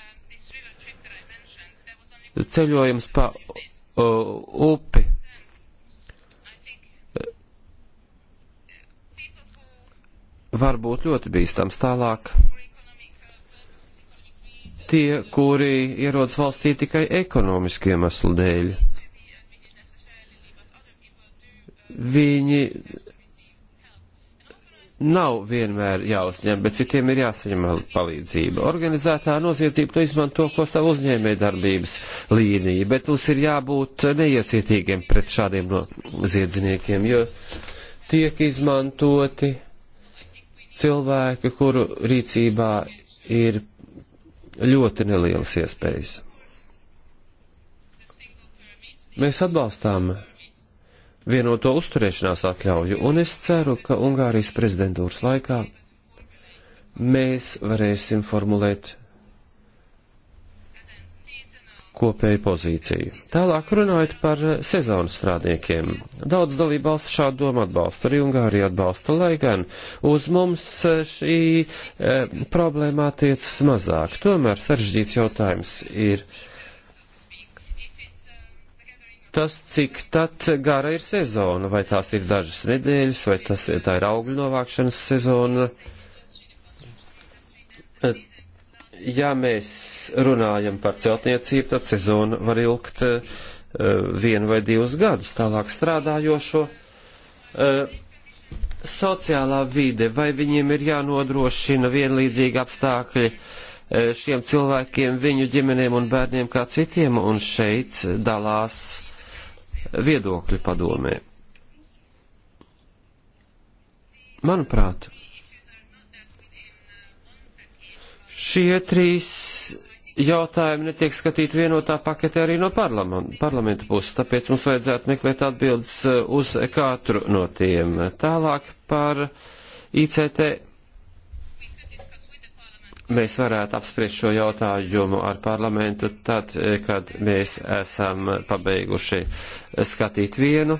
Ceļojums pa uh, upi. Var būt ļoti bīstams tālāk tie, kuri ierodas valstī tikai ekonomiski iemeslu dēļ viņi nav vienmēr jāuzņem, bet citiem ir jāsaņem palīdzība. Organizētā noziedzība to izmanto ko savu uzņēmē darbības līniju, bet mums ir jābūt neiecietīgiem pret šādiem noziedziniekiem, jo tiek izmantoti cilvēki, kuru rīcībā ir ļoti nelielas iespējas. Mēs atbalstām vienoto uzturēšanās atļauju, un es ceru, ka Ungārijas prezidentūras laikā mēs varēsim formulēt kopēju pozīciju. Tālāk runājot par sezonas strādniekiem. Daudz dalību valstu šādu domu atbalsta, arī Ungārija atbalsta, lai gan uz mums šī e, problēma attiecas mazāk. Tomēr sarežģīts jautājums ir tas, cik tad gara ir sezona, vai tās ir dažas nedēļas, vai tas, tā ir augļu novākšanas sezona. Ja mēs runājam par celtniecību, tad sezona var ilgt uh, vienu vai divus gadus tālāk strādājošo. Uh, sociālā vide, vai viņiem ir jānodrošina vienlīdzīgi apstākļi eh, šiem cilvēkiem, viņu ģimenēm un bērniem kā citiem, un šeit dalās viedokļi padomē. Manuprāt, šie trīs jautājumi netiek skatīti vienotā paketē arī no parlamenta, parlamenta puses, tāpēc mums vajadzētu meklēt atbildes uh, uz katru no tiem. Tālāk par ICT mēs varētu apspriest šo jautājumu ar parlamentu tad, eh, kad mēs esam pabeiguši skatīt vienu.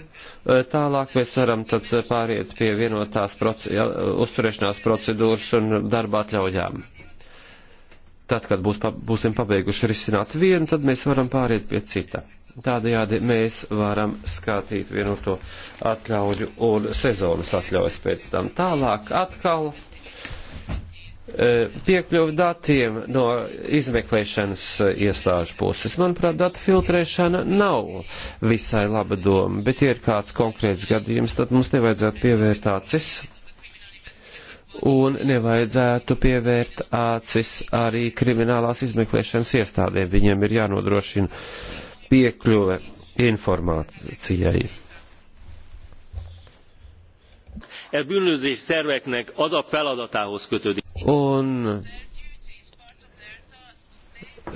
Eh, tālāk mēs varam tad pāriet pie vienotās proce uzturēšanās procedūras un darba atļaujām. Tad, kad būs, pa būsim pabeiguši risināt vienu, tad mēs varam pāriet pie cita. Tādējādi mēs varam skatīt vienoto atļauju un sezonas atļaujas pēc tam. Tālāk atkal E, piekļuvi datiem no izmeklēšanas e, iestāžu puses. Manuprāt, datu filtrēšana nav visai laba doma, bet ja ir kāds konkrēts gadījums, tad mums nevajadzētu pievērt acis un nevajadzētu pievērt acis arī kriminālās izmeklēšanas iestādēm. Viņiem ir jānodrošina piekļuve informācijai. ez bűnözés szerveknek az a feladatához kötődik. Un eh,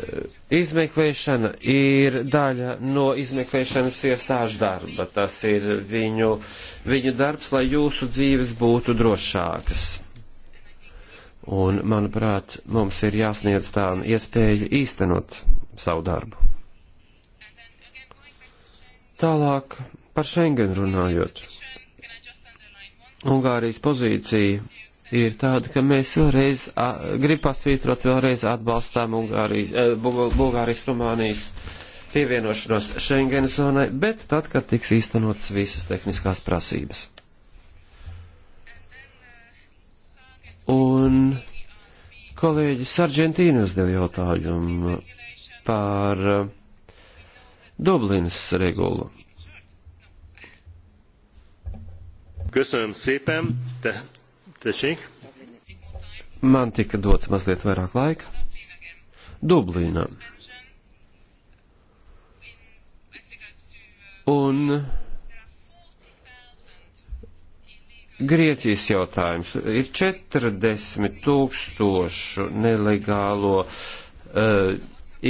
izmeklēšana ir daļa no izmeklēšanas iestāžu darba. Tas ir viņu, viņu darbs, lai jūsu dzīves būtu drošākas. Un, manuprāt, mums ir jāsniedz tām iespēju īstenot savu darbu. Tālāk par Schengen runājot. Ungārijas pozīcija ir tāda, ka mēs vēlreiz gribam pasvītrot, vēlreiz atbalstām Ungārijas, eh, Bulgārijas, Rumānijas pievienošanos Schengen zonai, bet tad, kad tiks īstenotas visas tehniskās prasības. Un kolēģis Sargentīni uzdev jautājumu par eh, Dublinas regulu. Köszönöm szépen. Te, tessék. Man tika dots mazliet vairāk laika. Dublinam. Un Grieķijas jautājums. Ir 40 tūkstošu nelegālo uh,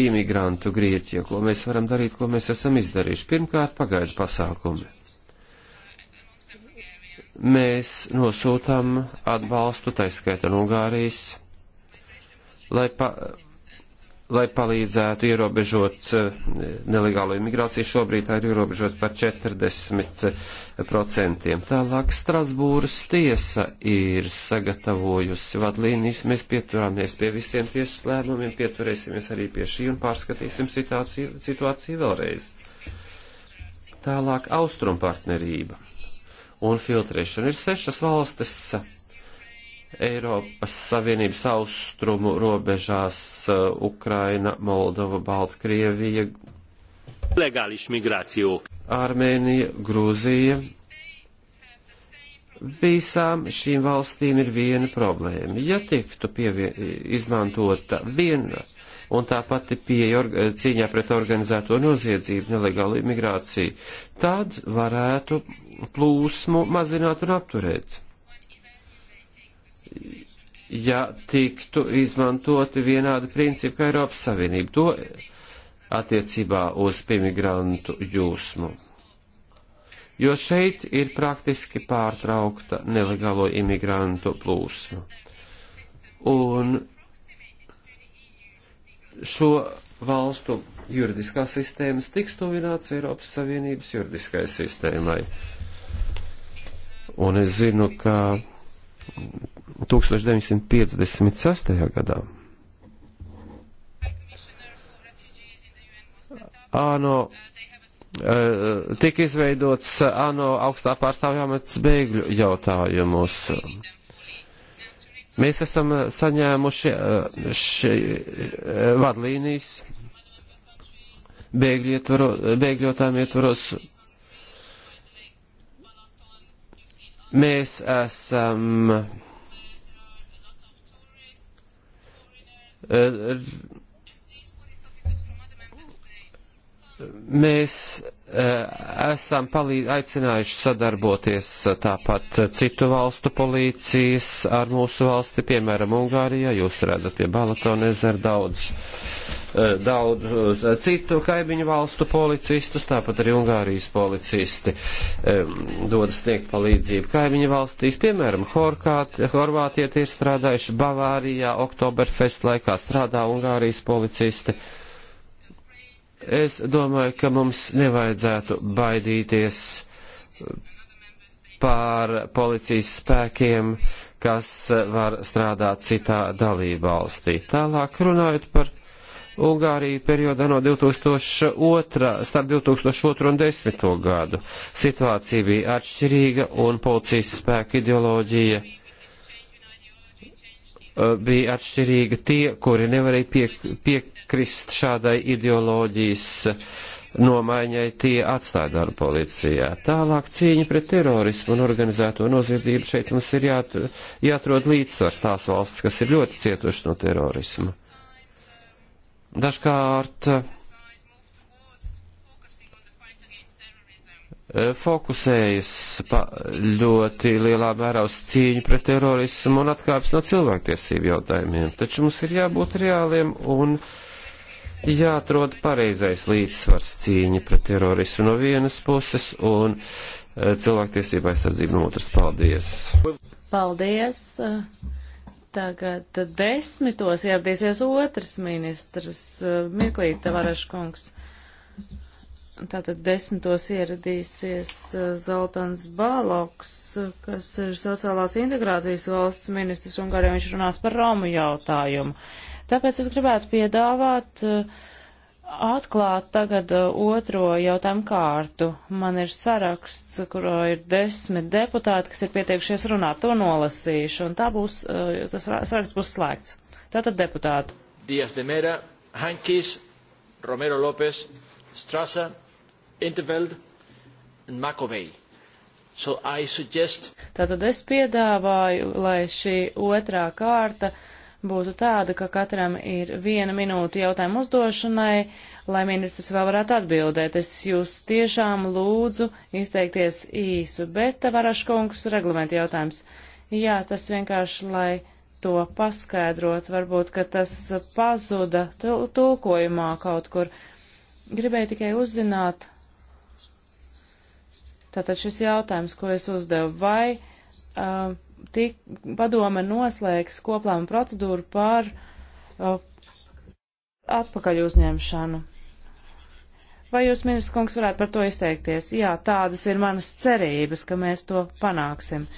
imigrantu Grieķijā, ko mēs varam darīt, ko mēs esam izdarījuši. Pirmkārt, pagaidu pasākumi mēs nosūtām atbalstu, taiskaita no Ungārijas, lai, pa, lai palīdzētu ierobežot eh, nelegālo imigrāciju. Šobrīd tā ir ierobežot par 40%. Tālāk Strasbūras tiesa ir sagatavojusi vadlīnijas. Mēs pieturāmies pie visiem tiesas lēmumiem, pieturēsimies arī pie šī un pārskatīsim situāciju, situāciju vēlreiz. Tālāk austrumpartnerība un filtrēšanu. Ir sešas valstis Eiropas Savienības austrumu robežās eh, - Ukraina, Moldova, Baltkrievija, legālišu migrāciju. Armēnija, Grūzija. Visām šīm valstīm ir viena problēma. Ja tiktu pievien, izmantota viena un tā pati pieeja cīņā pret organizēto noziedzību, nelegālu imigrāciju, tad varētu plūsmu mazināt un apturēt. Ja tiktu izmantoti vienādi principi kā Eiropas Savienība, to attiecībā uz piemigrantu jūsmu. Jo šeit ir praktiski pārtraukta nelegālo imigrantu plūsma. Un šo valstu juridiskās sistēmas tiks tuvināts Eiropas Savienības juridiskai sistēmai. Un es zinu, ka 1956. gadā ANO eh, tika izveidots ANO augstā pārstāvja amats bēgļu jautājumus. Mēs esam saņēmuši eh, šī eh, vadlīnijas bēgļu ietvaros, bēgļotājiem ietvaros Mēs esam mēs eh, esam palīd, aicinājuši sadarboties tāpat citu valstu policijas ar mūsu valsti, piemēram, Ungārijā. Jūs redzat pie Balatona ezera daudz Eh, daudz eh, citu kaimiņu valstu policistus, tāpat arī Ungārijas policisti eh, dod sniegt palīdzību kaimiņu valstīs. Piemēram, Horkāt, Horvātija ir strādājuši Bavārijā, Oktoberfest laikā strādā Ungārijas policisti. Es domāju, ka mums nevajadzētu baidīties pār policijas spēkiem, kas var strādāt citā dalībvalstī. Tālāk runājot par Ungāriju periodā no 2002, starp 2002 un 2010 gadu. Situācija bija atšķirīga un policijas spēka ideoloģija eh, bija atšķirīga tie, kuri nevarēja pie, piekrist šādai ideoloģijas nomaiņai, tie atstāja darbu policijā. Tālāk cīņa pret terorismu un organizēto noziedzību šeit mums ir jāt, jāatrod līdzsvars tās valsts, kas ir ļoti cietušas no terorismu dažkārt eh, fokusējas pa, ļoti lielā mērā uz cīņu pret terorismu un atkāpes no cilvēktiesību jautājumiem. Taču mums ir jābūt reāliem un jāatrod pareizais līdzsvars cīņa pret terorismu no vienas puses un eh, cilvēktiesība aizsardzība no otras. Paldies! Paldies! Eh, Tagad desmitos ieradīsies otrs ministrs, eh, Mirklīta Varaškungs. Tātad desmitos ieradīsies eh, Zoltans Baloks, eh, kas ir sociālās integrācijas valsts ministrs, un garīgi viņš runās par Romu jautājumu. Tāpēc es gribētu piedāvāt uh, atklāt tagad uh, otro jautājumu kārtu. Man ir saraksts, kuro ir desmit deputāti, kas ir pieteikušies runāt. To nolasīšu, un tā būs, uh, tas saraksts būs slēgts. Tātad deputāti. Dias de Mera, Hankis, Romero Lopes, Strasa, Interveld un Makovei. So suggest... Tātad es piedāvāju, lai šī otrā kārta uh, būtu tāda, ka katram ir viena minūte jautājumu uzdošanai, lai ministrs vēl varētu atbildēt. Es jūs tiešām lūdzu izteikties īsu, bet Varaškungs reglamenta jautājums. Jā, tas vienkārši, lai to paskaidrot, varbūt, ka tas pazuda tulkojumā kaut kur. Gribēju tikai uzzināt, tātad šis jautājums, ko es uzdevu, vai. Uh, tik, padome noslēgs koplāma procedūru par uh, atpakaļ uzņemšanu. Vai jūs, ministrs kungs, varētu par to izteikties? Jā, tādas ir manas cerības, ka mēs to panāksim.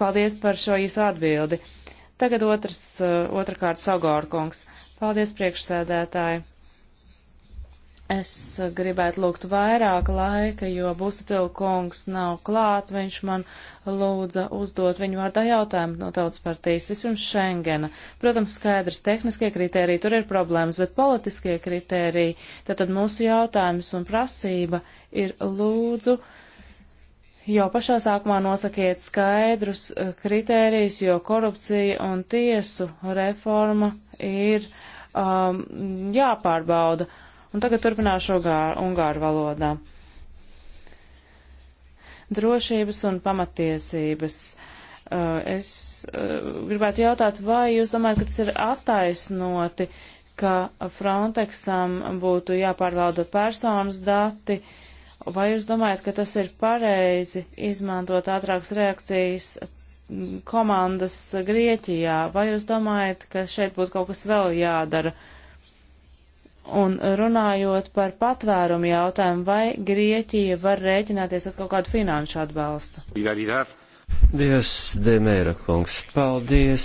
Paldies par šo īsu atbildi. Tagad otrs, uh, otrkārt Sagor kungs. Paldies, priekšsēdētāji. Es gribētu lūgt vairāk laika, jo Busatila kungs nav klāt. Viņš man lūdza uzdot viņu vārdā jautājumu no tautas partijas. Vispirms Schengena. Protams, skaidrs, tehniskie kriteriji, tur ir problēmas, bet politiskie kriteriji. Tātad mūsu jautājums un prasība ir lūdzu. Jau pašā sākumā nosakiet skaidrus eh, kriterijus, jo korupcija un tiesu reforma ir um, jāpārbauda. Uh, Un tagad turpināšu ugāru, ungāru valodā. Drošības un pamatiesības. Uh, es uh, gribētu jautāt, vai jūs domājat, ka tas ir attaisnoti, ka Frontexam būtu jāpārvalda personas dati, vai jūs domājat, ka tas ir pareizi izmantot ātrākas reakcijas komandas Grieķijā, vai jūs domājat, ka šeit būtu kaut kas vēl jādara? Uh, Un runājot par patvērumu jautājumu, vai Grieķija var rēķināties ar kaut kādu finanšu atbalstu? Dievs, Demēra kungs, paldies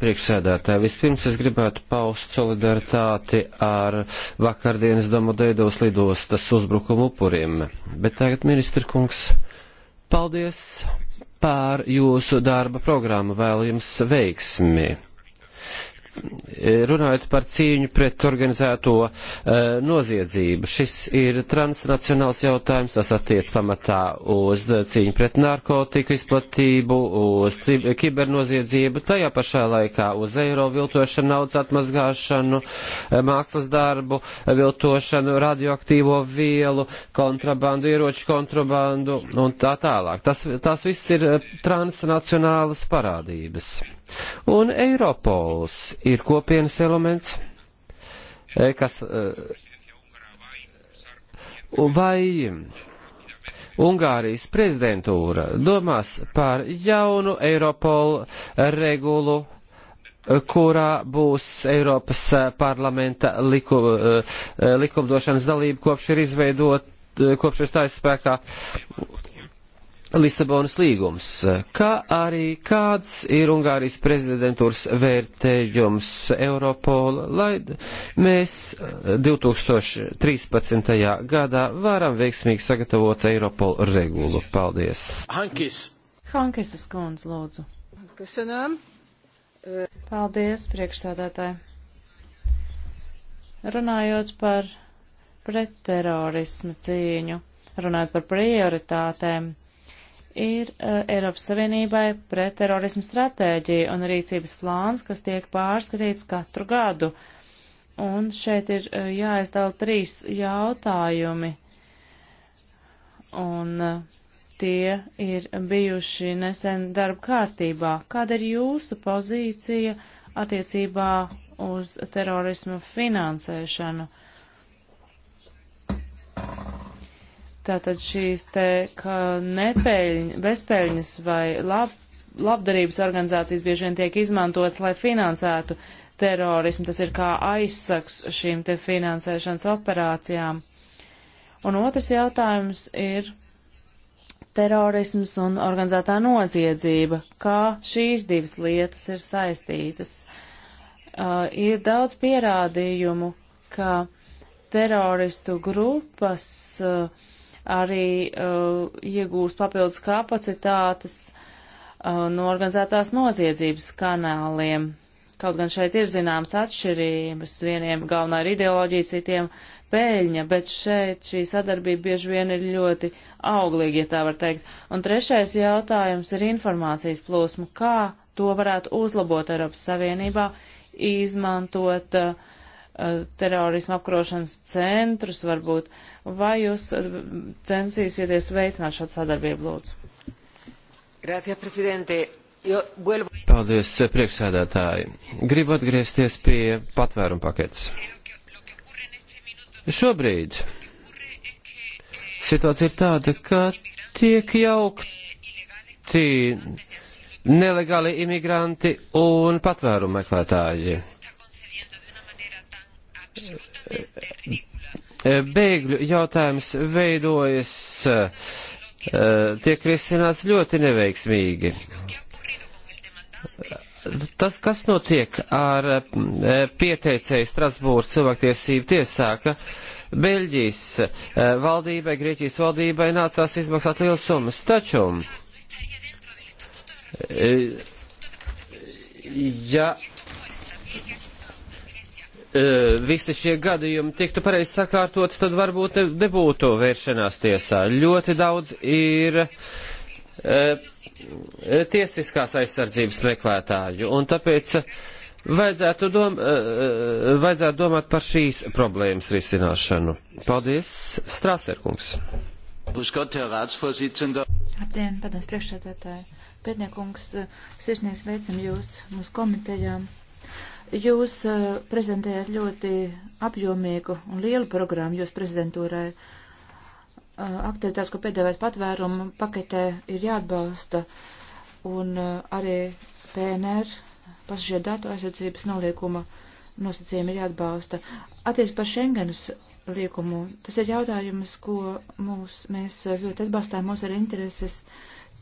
priekšsēdētāji. Vispirms es gribētu paust solidaritāti ar vakardienas Domodeidovas lidostas uzbrukumu upuriem. Bet tagad, ministra kungs, paldies pār jūsu darba programmu. Vēlu jums veiksmi. Eh, runājot par cīņu pret organizēto uh, noziedzību, šis ir transnacionāls jautājums, tas attiec pamatā uz cīņu pret narkotiku izplatību, uz kibernoziedzību, tajā pašā laikā uz eiro viltošanu, naudas atmazgāšanu, eh, mākslas darbu, viltošanu, radioaktīvo vielu, kontrabandu, ieroču kontrabandu un tā tālāk. Tas, tas viss ir transnacionālas parādības. Un Eiropols ir kopienas elements, eh, kas eh, vai Ungārijas prezidentūra domās par jaunu Eiropolu regulu eh, kurā būs Eiropas parlamenta liku, likumdošanas dalība, kopš ir izveidot, kopš ir stājas spēkā Lisabonas līgums, kā arī kāds ir Ungārijas prezidentūras vērtējums Europola, lai mēs 2013. Eh, gadā varam veiksmīgi sagatavot Europola regulu. Paldies! Hankis! Hankis uz kundz, lūdzu. Kasanām. Paldies, priekšsādātāji. Runājot par pretterorismu cīņu, runājot par prioritātēm ir uh, Eiropas Savienībai pret terorismu stratēģija un rīcības plāns, kas tiek pārskatīts katru gadu. Un šeit ir uh, jāizdala trīs jautājumi, un uh, tie ir bijuši nesen darba kārtībā. Kāda ir jūsu pozīcija attiecībā uz terorismu finansēšanu? Tātad šīs te, ka nepēļņ, bezpēļņas vai lab, labdarības organizācijas bieži vien tiek izmantotas, lai finansētu terorismu. Tas ir kā aizsaks šīm te finansēšanas operācijām. Un otrs jautājums ir terorisms un organizētā noziedzība. Kā šīs divas lietas ir saistītas? Uh, ir daudz pierādījumu, ka teroristu grupas uh, arī uh, iegūst papildus kapacitātes uh, no organizētās noziedzības kanāliem. Kaut gan šeit ir zināmas atšķirības, vieniem galvenā ir ideoloģija, citiem pēļņa, bet šeit šī sadarbība bieži vien ir ļoti auglīga, ja tā var teikt. Un trešais jautājums ir informācijas plūsma. Kā to varētu uzlabot Eiropas Savienībā, izmantot uh, uh terorismu apkarošanas centrus, varbūt uh, Vai jūs eh, censīsieties veicināt šādu sadarbību, lūdzu? Gracias, prezidente. Paldies, eh, priekšsēdētāji. Gribu atgriezties pie patvērumu paketes. Šobrīd situācija ir tāda, ka tiek jaukti nelegāli imigranti un patvērumu meklētāji. E, bēgļu jautājums veidojas, e, e, tiek risināts ļoti neveiksmīgi. Tas, kas notiek ar pieteicēju Strasbūras cilvēktiesību tiesā, ka Beļģijas valdībai, Grieķijas valdībai nācās izmaksāt lielas summas. Taču, ja Eh, visi šie gadījumi tiktu pareizi sakārtot, tad varbūt nebūtu vēršanās tiesā. Ļoti daudz ir eh, tiesiskās aizsardzības meklētāju, un tāpēc vajadzētu, dom, eh, vajadzētu domāt par šīs problēmas risināšanu. Paldies, Strāserkungs! Labdien, padoms priekšsēdētāji! Pēdniekungs, sirsnieks veicam jūs mūsu komitejām. Jūs uh, prezentējat ļoti apjomīgu un lielu programmu jūs prezidentūrai. Uh, aktivitātes, ko piedāvājat patvērumu paketē, ir jāatbalsta, un uh, arī PNR, pasažieru datu aizsardzības noliekuma nosacījumi ir jāatbalsta. Attiec par Schengenas liekumu, tas ir jautājums, ko mūs, mēs ļoti atbalstām, mūs ir intereses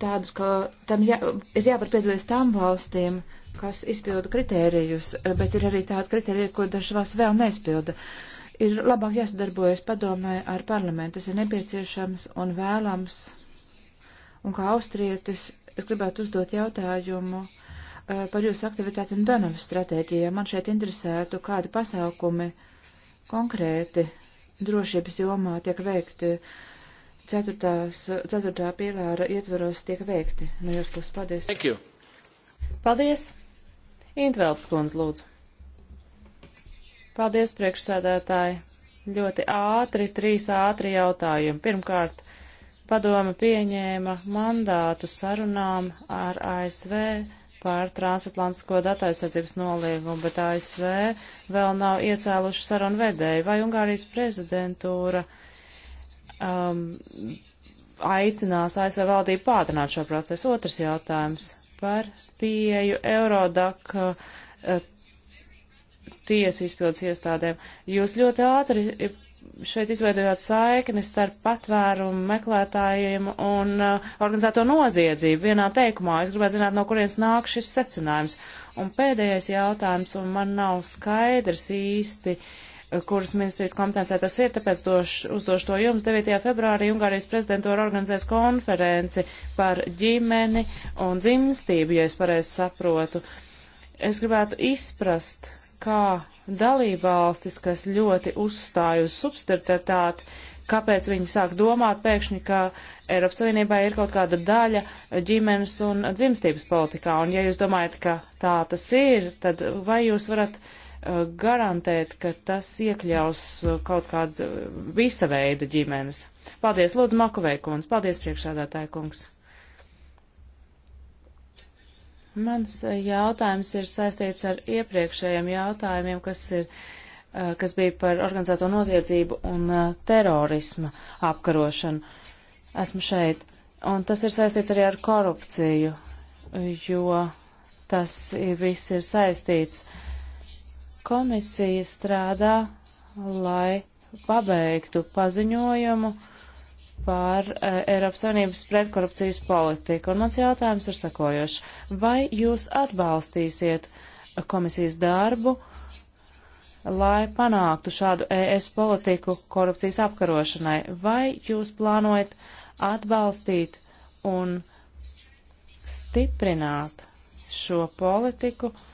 tādas, ka tam jā, ir jāvar piedalīties tām valstīm, uh, kas izpilda kritērijus, eh, bet ir arī tāda kritērija, ko dažas valsts vēl neizpilda. Ir labāk jāsadarbojas padomē ar parlamentu, tas ir nepieciešams un vēlams. Un kā austrietis, es gribētu uzdot jautājumu eh, par jūsu aktivitāti un Danavas stratēģijā. Man šeit interesētu, kādi pasākumi konkrēti drošības jomā tiek veikti ceturtās, ceturtā pīlāra ietveros tiek veikti. No nu, jūsu puses, paldies. Thank you. Paldies. Intvelds kundz, lūdzu. Paldies, priekšsēdētāji. Ļoti ātri, trīs ātri jautājumi. Pirmkārt, padome pieņēma mandātu sarunām ar ASV par transatlantisko datu aizsardzības noliegumu, bet ASV vēl nav iecēluši sarunu vedēju. Vai Ungārijas prezidentūra um, aicinās ASV valdību pātrināt šo procesu? Otrs jautājums par pieeju Eurodak eh, tiesu izpildes iestādēm. Jūs ļoti ātri šeit izveidojāt saikni starp patvērumu meklētājiem un uh, organizēto noziedzību vienā teikumā. Es gribētu zināt, no kurienes nāk šis secinājums. Un pēdējais jautājums, un man nav skaidrs īsti, uh, kuras ministrijas kompetencē tas ir, tāpēc došu, uzdošu to jums. 9. februārī Ungārijas prezidentūra organizēs konferenci par ģimeni un dzimstību, ja es pareizi saprotu. Es gribētu izprast, kā dalībvalstis, kas ļoti uzstāj uz subsidiaritāti, kāpēc viņi sāk domāt pēkšņi, ka Eiropas Savienībā ir kaut kāda daļa ģimenes un dzimstības politikā. Un ja jūs domājat, ka tā tas ir, tad vai jūs varat uh, Eh, garantēt, ka tas iekļaus eh, kaut kādu eh, visa veida ģimenes. Paldies, Lūdzu, Makovei kungs, paldies, priekšādātāja kungs. Mans jautājums ir saistīts ar iepriekšējiem jautājumiem, kas, ir, kas bija par organizēto noziedzību un terorisma apkarošanu. Esmu šeit. Un tas ir saistīts arī ar korupciju, jo tas viss ir saistīts. Komisija strādā, lai pabeigtu paziņojumu par uh, Eiropas Savienības pretkorupcijas politiku. Un mans jautājums ir sakojošs. Vai jūs atbalstīsiet komisijas darbu, lai panāktu šādu ES politiku korupcijas apkarošanai? Vai jūs plānojat atbalstīt un stiprināt šo politiku? Uh,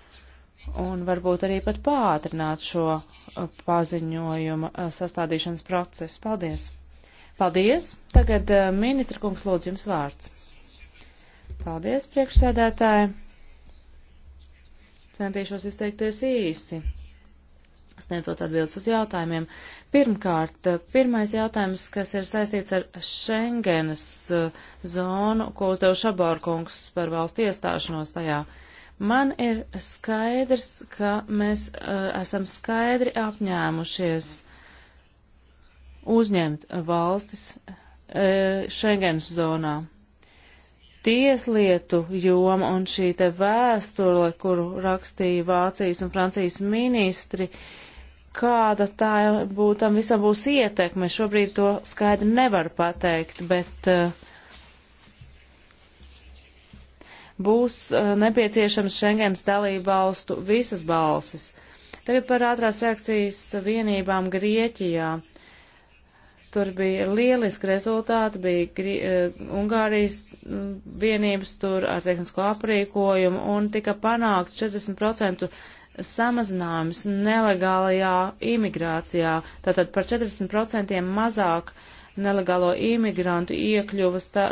un varbūt arī pat pātrināt šo uh, paziņojuma uh, sastādīšanas procesu. Paldies! Paldies! Tagad uh, ministra kungs lūdzu jums vārds. Paldies, priekšsēdētāji! Centīšos izteikties īsi sniedzot atbildes uz jautājumiem. Pirmkārt, pirmais jautājums, kas ir saistīts ar Schengenas zonu, ko uzdev Šabārkungs par valstu iestāšanos tajā. Uh, Man ir skaidrs, ka mēs uh, esam skaidri apņēmušies uzņemt valstis uh, Schengens zonā tieslietu joma un šī te vēstule, kuru rakstīja Vācijas un Francijas ministri, kāda tā būtu, tam visam būs ietekme. Šobrīd to skaidri nevar pateikt, bet uh, būs eh, nepieciešams Schengens dalību valstu visas balsis. Tagad par ātrās reakcijas vienībām Grieķijā. Tur bija lieliski rezultāti, bija Grie eh, Ungārijas mm, vienības tur ar tehnisko aprīkojumu un tika panākts 40% samazinājums nelegālajā imigrācijā, tātad par 40% mazāk uh, nelegālo imigrantu iekļuvas tā,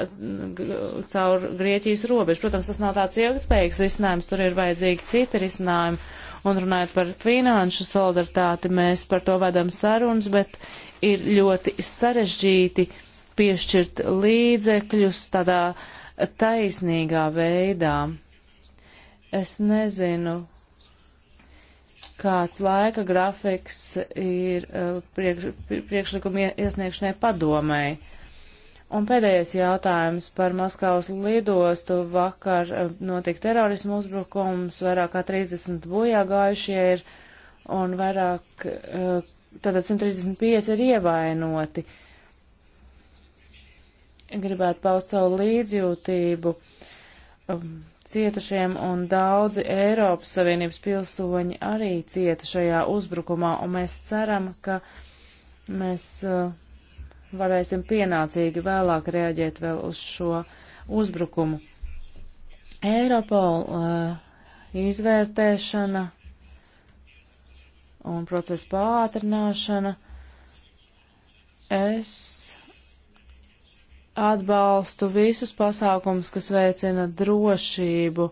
caur Grieķijas robežu. Protams, tas nav tāds ilgspējīgs risinājums, tur ir vajadzīgi citi risinājumi. Un runājot par finanšu solidaritāti, mēs par to vedam sarunas, bet ir ļoti sarežģīti piešķirt līdzekļus tādā taisnīgā veidā. Es nezinu, kāds laika grafiks ir uh, priekš, priekšlikuma iesniegšanai padomēji. Un pēdējais jautājums par Maskavas lidostu. Vakar uh, notika terorismu uzbrukums, vairāk kā 30 bojā gājušie ir un vairāk, uh, tātad 135 ir ievainoti. Gribētu paust savu līdzjūtību um, cietušiem, un daudzi Eiropas Savienības pilsoņi arī cieta šajā uzbrukumā, un mēs ceram, ka mēs uh, varēsim pienācīgi vēlāk reaģēt vēl uz šo uzbrukumu. Eiropol uh, izvērtēšana un procesa pātrināšana. Es atbalstu visus pasākumus, kas veicina drošību,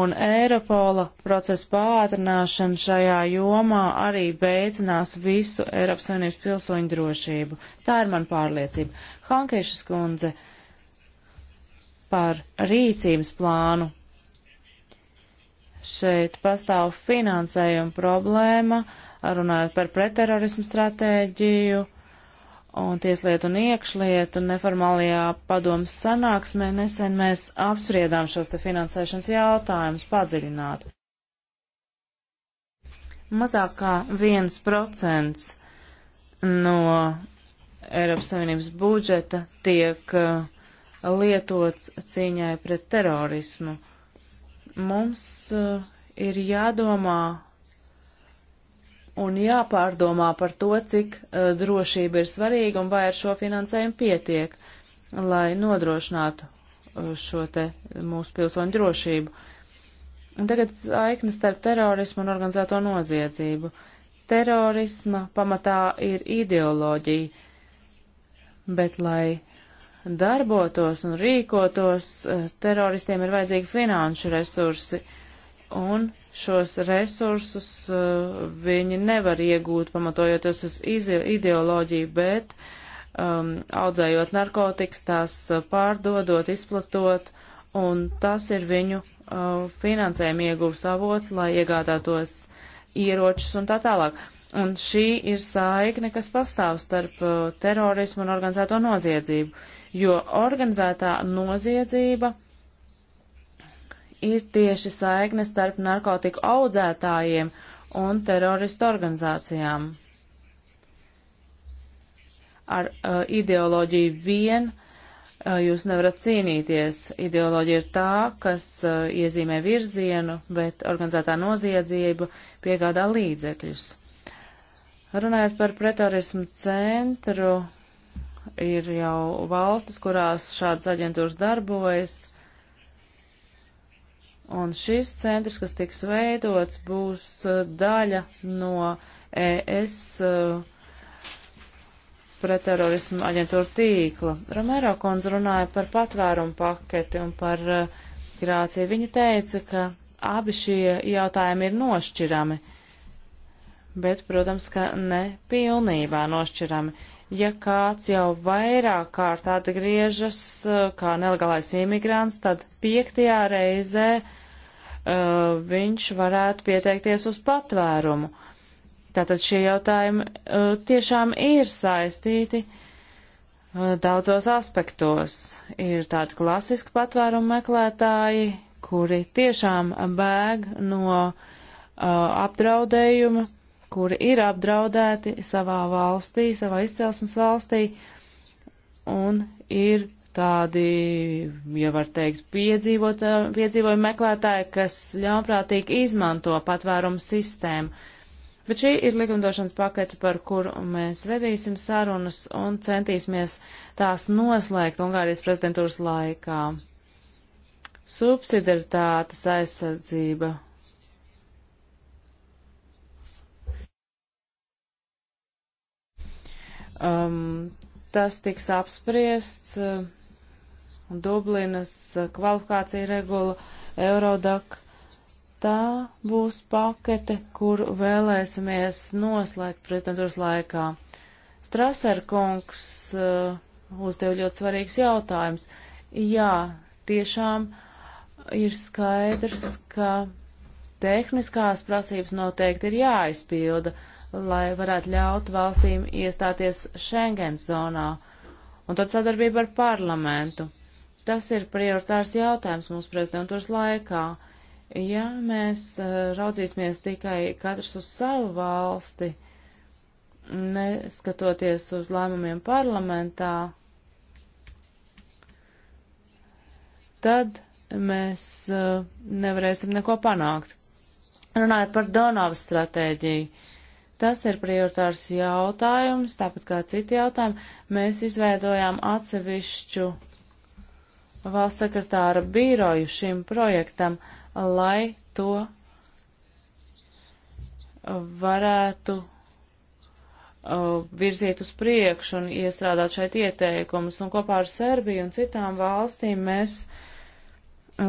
un Eiropola procesa pātrināšana šajā jomā arī veicinās visu Eiropas Savienības pilsoņu drošību. Tā ir man pārliecība. Hankešas kundze par rīcības plānu. Šeit pastāv finansējuma problēma, runājot par preterorismu stratēģiju un tieslietu un iekšlietu neformālajā padomas sanāksmē nesen mēs apspriedām šos te finansēšanas jautājumus padziļināt. Mazāk kā viens procents no Eiropas Savienības budžeta tiek uh, lietots cīņai pret terorismu. Mums uh, ir jādomā un jāpārdomā par to, cik uh, drošība ir svarīga un vai ar šo finansējumu pietiek, lai nodrošinātu uh, šo te mūsu pilsoņu drošību. Un tagad saikne starp terorismu un organizēto noziedzību. Terorisma pamatā ir ideoloģija, bet lai darbotos un rīkotos, uh, teroristiem ir vajadzīgi finanšu resursi. Uh, un šos resursus uh, viņi nevar iegūt pamatojoties uz ideoloģiju, bet um, audzējot narkotikas, tās uh, pārdodot, izplatot, un tas ir viņu uh, finansējuma ieguvs avots, lai iegādātos ieročus un tā tālāk. Un šī ir saikne, kas pastāv starp uh, terorismu un organizēto noziedzību, jo organizētā noziedzība uh, ir tieši saikne starp narkotiku audzētājiem un teroristu organizācijām. Ar uh, ideoloģiju vien uh, jūs nevarat cīnīties. Ideoloģija ir tā, kas uh, iezīmē virzienu, bet organizētā noziedzība piegādā līdzekļus. Runājot par pretorismu centru, ir jau valstis, kurās šādas aģentūras darbojas. Uh, Un šis centrs, kas tiks veidots, būs uh, daļa no ES uh, pretterorismu aģentūra tīkla. Romero kundze runāja par patvērumu paketi un par uh, migrāciju. Viņa teica, ka abi šie jautājumi ir nošķirami, bet, protams, ka ne pilnībā nošķirami. Ja kāds jau vairāk kārt atgriežas kā nelegālais imigrants, tad piektajā reizē uh, uh, viņš varētu pieteikties uz patvērumu. Tātad šie jautājumi uh, tiešām ir saistīti uh, daudzos aspektos. Ir tādi klasiski patvērumu meklētāji, kuri tiešām bēg no uh, apdraudējuma, kuri ir apdraudēti savā valstī, savā izcelsmes valstī un ir tādi, ja var teikt, eh, piedzīvoju meklētāji, kas ļaunprātīgi izmanto patvērumu sistēmu. Bet šī ir likumdošanas pakete, par kuru mēs vedīsim sarunas un centīsimies tās noslēgt Ungārijas prezidentūras laikā. Subsidaritātes aizsardzība. Um, tas tiks apspriests. Uh, Dublinas eh, kvalifikācija regula, Eurodak. Tā būs pakete, kur vēlēsimies noslēgt prezidentūras laikā. Straser kungs uh, uzdev ļoti svarīgs jautājums. Jā, tiešām ir skaidrs, ka tehniskās prasības noteikti ir jāizpilda, lai varētu ļaut valstīm iestāties Schengen zonā, un tad sadarbība ar parlamentu. Tas ir prioritārs jautājums mūsu prezidentūras laikā. Ja mēs eh, raudzīsimies tikai katrs uz savu valsti, neskatoties uz lēmumiem parlamentā, tad mēs uh, nevarēsim neko panākt. Runājot par Donavas stratēģiju, tas ir prioritārs jautājums, tāpat kā citi jautājumi. Mēs izveidojām atsevišķu valsts sekretāra bīroju šim projektam, lai to varētu uh, virzīt uz priekšu un iestrādāt šeit ieteikumus. Un kopā ar Serbiju un citām valstīm mēs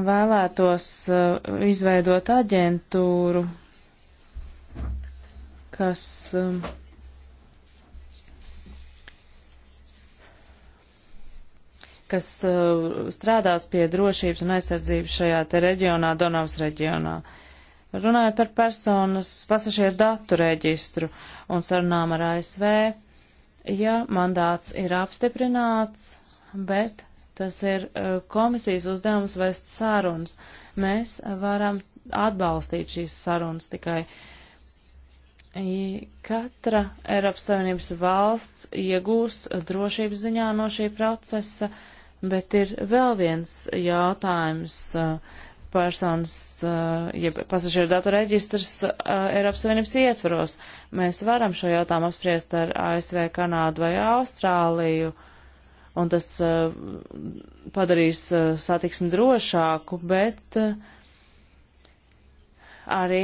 vēlētos uh, izveidot aģentūru, kas um, kas uh, strādās pie drošības un aizsardzības šajā te reģionā, Donavas reģionā. Runājot par personas pasažieru datu reģistru un sarunām ar ASV, ja mandāts ir apstiprināts, bet tas ir uh, komisijas uzdevums vēst sarunas, mēs varam atbalstīt šīs sarunas tikai. Katra Eiropas Savienības valsts iegūs drošības ziņā no šī procesa uh, Bet ir vēl viens jautājums uh, personas, uh, jeb ja pasažieru datu reģistrs uh, Eiropas Savienības ietvaros. Mēs varam šo jautājumu apspriest ar ASV, Kanādu vai Austrāliju, un tas padarīs satiksmi drošāku, bet arī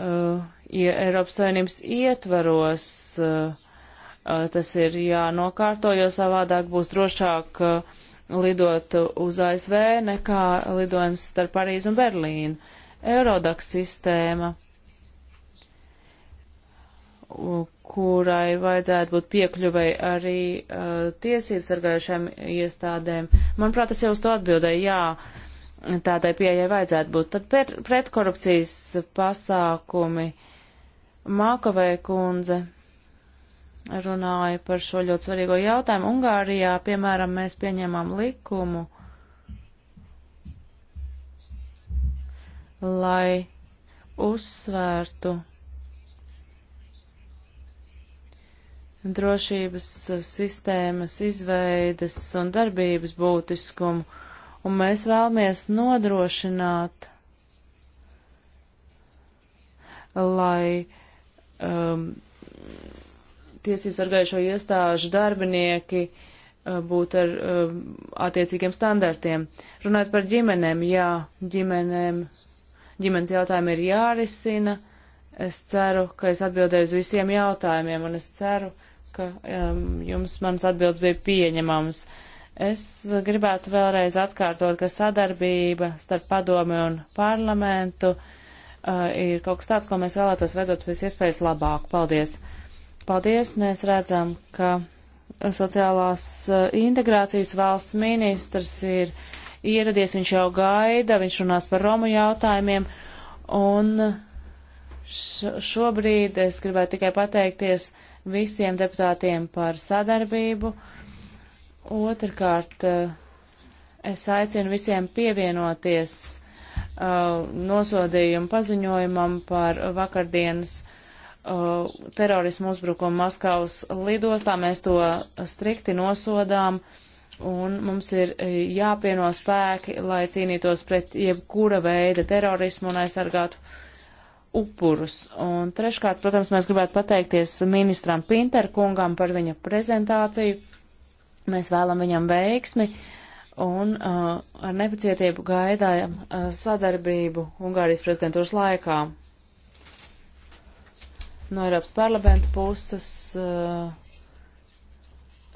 ja Eiropas Savienības ietvaros uh, Eh, tas ir jānokārto, jo savādāk būs drošāk eh, lidot uz ASV nekā lidojums starp Parīzu un Berlīnu. Eurodaks sistēma, kurai vajadzētu būt piekļuvai arī uh, eh, tiesību sargājušiem iestādēm. Manuprāt, tas jau uz to atbildēja, jā, tādai pieejai vajadzētu būt. Tad pret, pretkorupcijas pasākumi Mākovē kundze runāja par šo ļoti svarīgo jautājumu. Ungārijā, piemēram, mēs pieņēmām likumu, lai uzsvērtu drošības sistēmas izveidas un darbības būtiskumu, un mēs vēlamies nodrošināt, lai um, tiesības sargājušo iestāžu darbinieki eh, būtu ar eh, attiecīgiem standartiem. Runāt par ģimenēm, jā, ģimenēm, ģimenes jautājumi ir jārisina. Es ceru, ka es atbildēju uz visiem jautājumiem, un es ceru, ka um, jums manas atbildes bija pieņemamas. Es gribētu vēlreiz atkārtot, ka sadarbība starp padomi un parlamentu uh, ir kaut kas tāds, ko mēs vēlētos vedot pēc iespējas labāk. Paldies! Paldies, mēs redzam, ka sociālās eh, integrācijas valsts ministrs ir ieradies, viņš jau gaida, viņš runās par Romu jautājumiem, un šobrīd es gribētu tikai pateikties visiem deputātiem par sadarbību. Otrkārt, eh, es aicinu visiem pievienoties uh, nosodījumu paziņojumam par vakardienas Uh, terorismu uzbrukumu Maskavas lidostā. Mēs to strikti nosodām un mums ir uh, jāpieno spēki, lai cīnītos pret jebkura veida terorismu un aizsargātu upurus. Un treškārt, protams, mēs gribētu pateikties ministram Pinterkungam par viņa prezentāciju. Mēs vēlam viņam veiksmi un uh, ar nepacietību gaidājam uh, sadarbību Ungārijas prezidentūras laikā. No Eiropas parlamenta puses eh,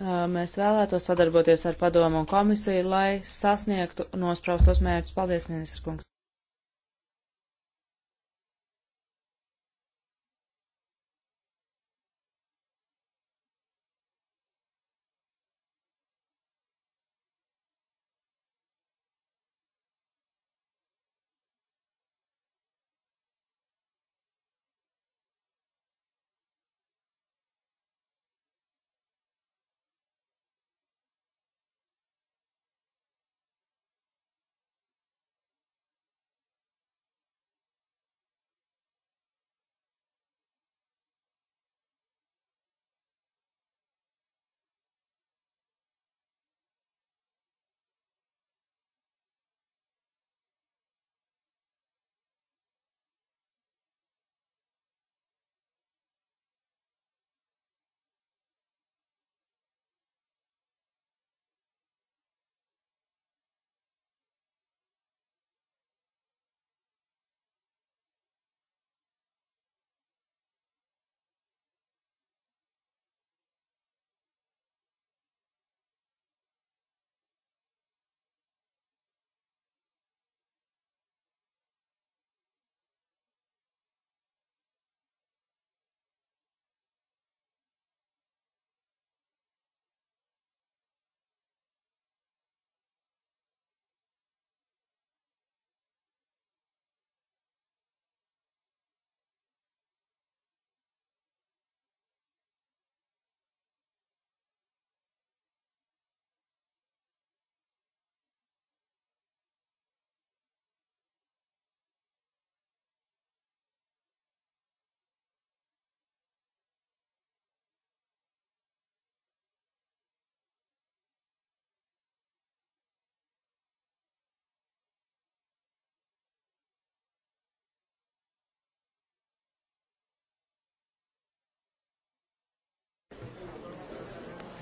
eh, mēs vēlētos sadarboties ar padomu un komisiju, lai sasniegtu nospraustos mērķus. Paldies, ministra kungs!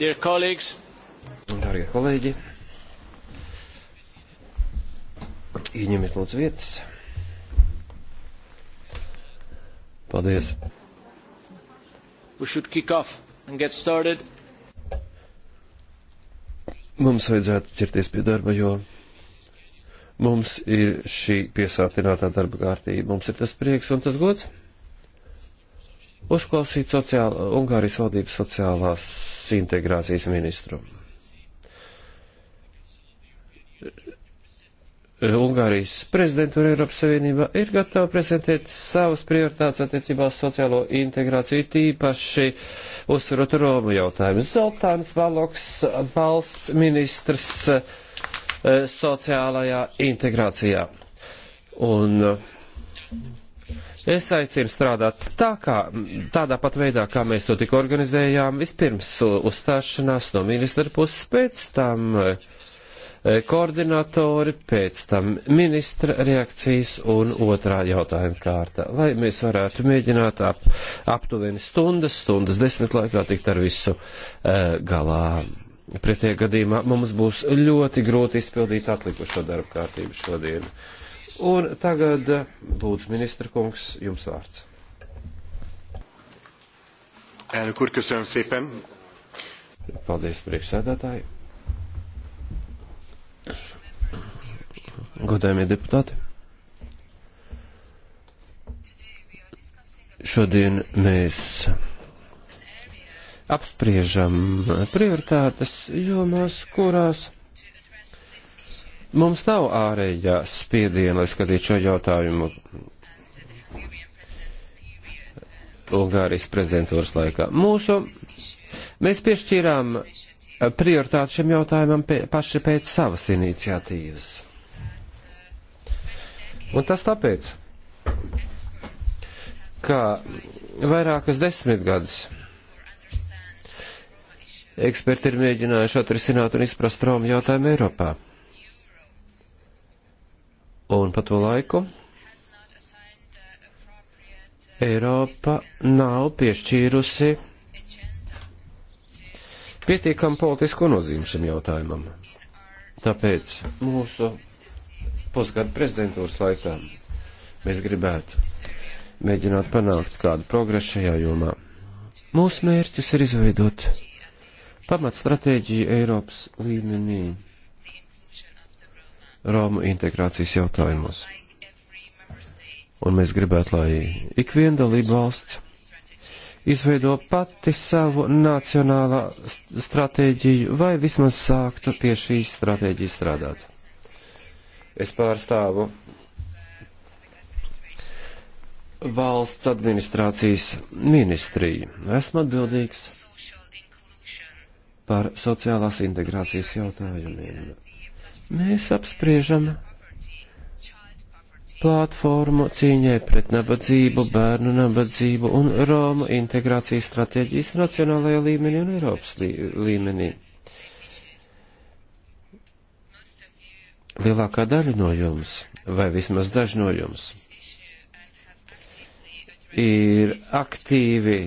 Dear colleagues, Darbie kolēģi, ieņemiet lūdzu vietas. Paldies. We should kick off and get started. Mums vajadzētu ķerties pie darba, jo mums ir šī piesātinātā darba kārtība. Mums ir tas prieks un tas gods uzklausīt sociāla, Ungārijas valdības sociālās integrācijas ministru. Ungārijas prezidentūra Eiropas Savienībā ir gatava prezentēt savas prioritātes attiecībā uz sociālo integrāciju, tīpaši uzsverot Romu jautājumu. Zoltāns Valoks, valsts ministrs eh, sociālajā integrācijā. Un Es aicinu strādāt tā kā, tādā pat veidā, kā mēs to tik organizējām. Vispirms uzstāšanās no ministra puses, pēc tam e, e, koordinatori, pēc tam ministra reakcijas un otrā jautājuma kārta, lai mēs varētu mēģināt ap, aptuveni stundas, stundas desmit laikā tikt ar visu e, galā. Pretie gadījumā mums būs ļoti grūti izpildīt atlikušo darbu kārtību šodien. Un tagad, lūdzu, ministra kungs, jums vārds. Elnök úr, köszönöm szépen. Paldies, priekšsēdētāji. Godājumie deputāti. Šodien mēs apspriežam prioritātes jomās, kurās Mums nav ārējā spiediena, lai skatītu šo jautājumu Ungārijas prezidentūras laikā. Mūsu, mēs piešķīrām prioritāti šim jautājumam pie, paši pēc savas iniciatīvas. Un tas tāpēc, ka vairākas desmitgadus eksperti ir mēģinājuši atrisināt un izprast Romu jautājumu Eiropā un pa to laiku Eiropa nav piešķīrusi pietiekam politisko nozīmi šim jautājumam. Tāpēc mūsu pusgada prezidentūras laikā mēs gribētu mēģināt panākt kādu progresu šajā jomā. Mūsu mērķis ir izveidot pamatstratēģiju Eiropas līmenī Romu integrācijas jautājumos. Un mēs gribētu, lai ik viena dalība valsts izveido pati savu nacionālā st stratēģiju vai vismaz sāktu pie šīs stratēģijas strādāt. Es pārstāvu valsts administrācijas ministriju. Esmu atbildīgs par sociālās integrācijas jautājumiem. Mēs apspriežam platformu cīņai pret nabadzību, bērnu nabadzību un Roma integrācijas stratēģijas nacionālajā līmenī un Eiropas līmenī. Lielākā daļa no jums, vai vismaz daži no jums, ir aktīvi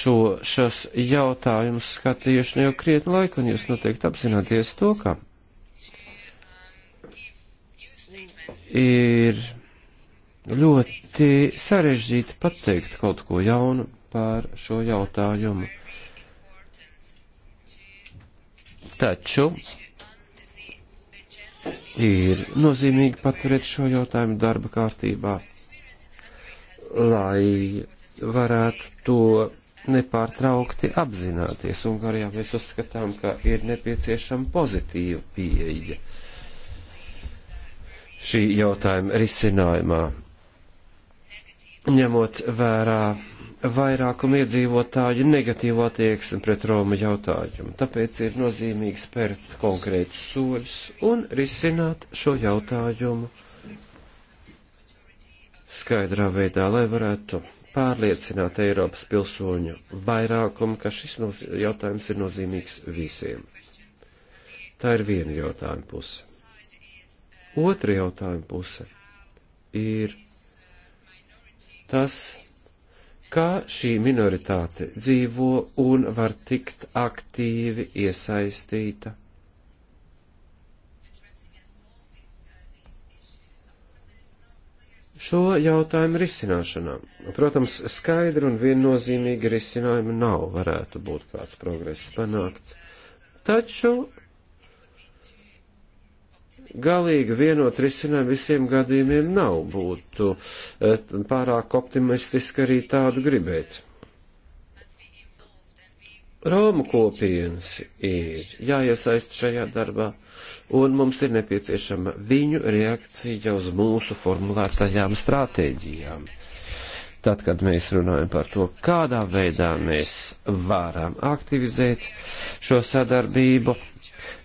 šo, šos jautājumus skatījuši jau krietni laiku, un jūs noteikti apzināties to, ka ir ļoti sarežģīti pateikt kaut ko jaunu par šo jautājumu. Taču ir nozīmīgi paturēt šo jautājumu darba kārtībā, lai varētu to nepārtraukti apzināties. Ungārijā mēs uzskatām, ka ir nepieciešama pozitīva pieeja. Uh, šī jautājuma risinājumā, ņemot vērā vairākumu iedzīvotāju negatīvo attieksmi pret Roma jautājumu. Tāpēc ir nozīmīgi spērt konkrētus soļus un risināt šo jautājumu skaidrā veidā, lai varētu pārliecināt Eiropas pilsoņu vairākumu, ka šis jautājums ir nozīmīgs visiem. Tā ir viena jautājuma puse. Otra jautājuma puse ir tas, kā šī minoritāte dzīvo un var tikt aktīvi iesaistīta. Šo jautājumu risināšanā, protams, skaidri un viennozīmīgi risinājumi nav, varētu būt kāds progress panākts, taču galīgi vienot risinājumu visiem gadījumiem nav, būtu eh, pārāk optimistiski arī tādu gribēt. Roma kopienas ir jāiesaist šajā darbā, un mums ir nepieciešama viņu reakcija uz mūsu formulētajām stratēģijām. Tad, kad mēs runājam par to, kādā veidā mēs varam aktivizēt šo sadarbību,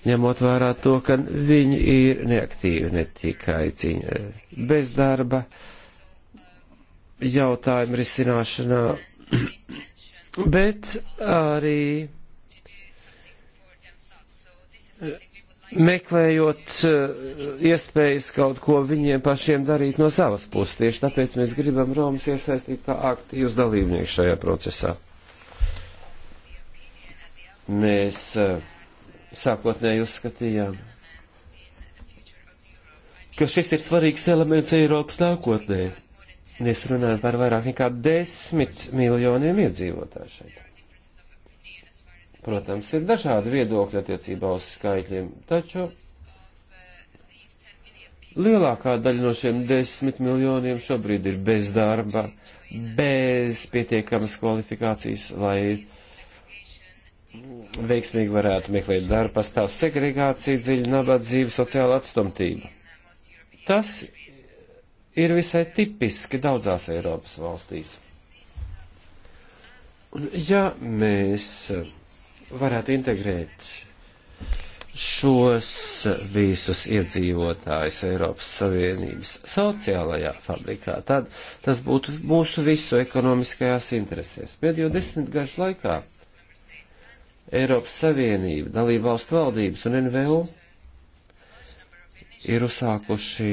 ņemot vērā to, ka viņi ir neaktīvi ne tikai ciņa bez darba jautājumu risināšanā, bet arī meklējot eh, iespējas kaut ko viņiem pašiem darīt no savas puses. Tieši tāpēc mēs gribam Romas iesaistīt kā aktīvus dalībniekus šajā procesā. Mēs uh, sākotnēji uzskatījām, ka šis ir svarīgs elements Eiropas nākotnē. Mēs runājam par vairāk nekā desmit miljoniem iedzīvotāju šeit. Protams, ir dažādi viedokļi attiecībā uz skaitļiem, taču lielākā daļa no šiem desmit miljoniem šobrīd ir bez darba, bez pietiekamas kvalifikācijas, lai veiksmīgi varētu meklēt darbu, pastāv segregācija, dziļa nabadzība, sociāla atstumtība. Tas ir visai tipiski daudzās Eiropas valstīs. Un ja mēs varētu integrēt šos visus iedzīvotājus Eiropas Savienības sociālajā fabrikā, tad tas būtu mūsu visu ekonomiskajās interesēs. Pēdējo desmit gažu laikā Eiropas Savienība, dalību valstu valdības un NVO ir uzsākuši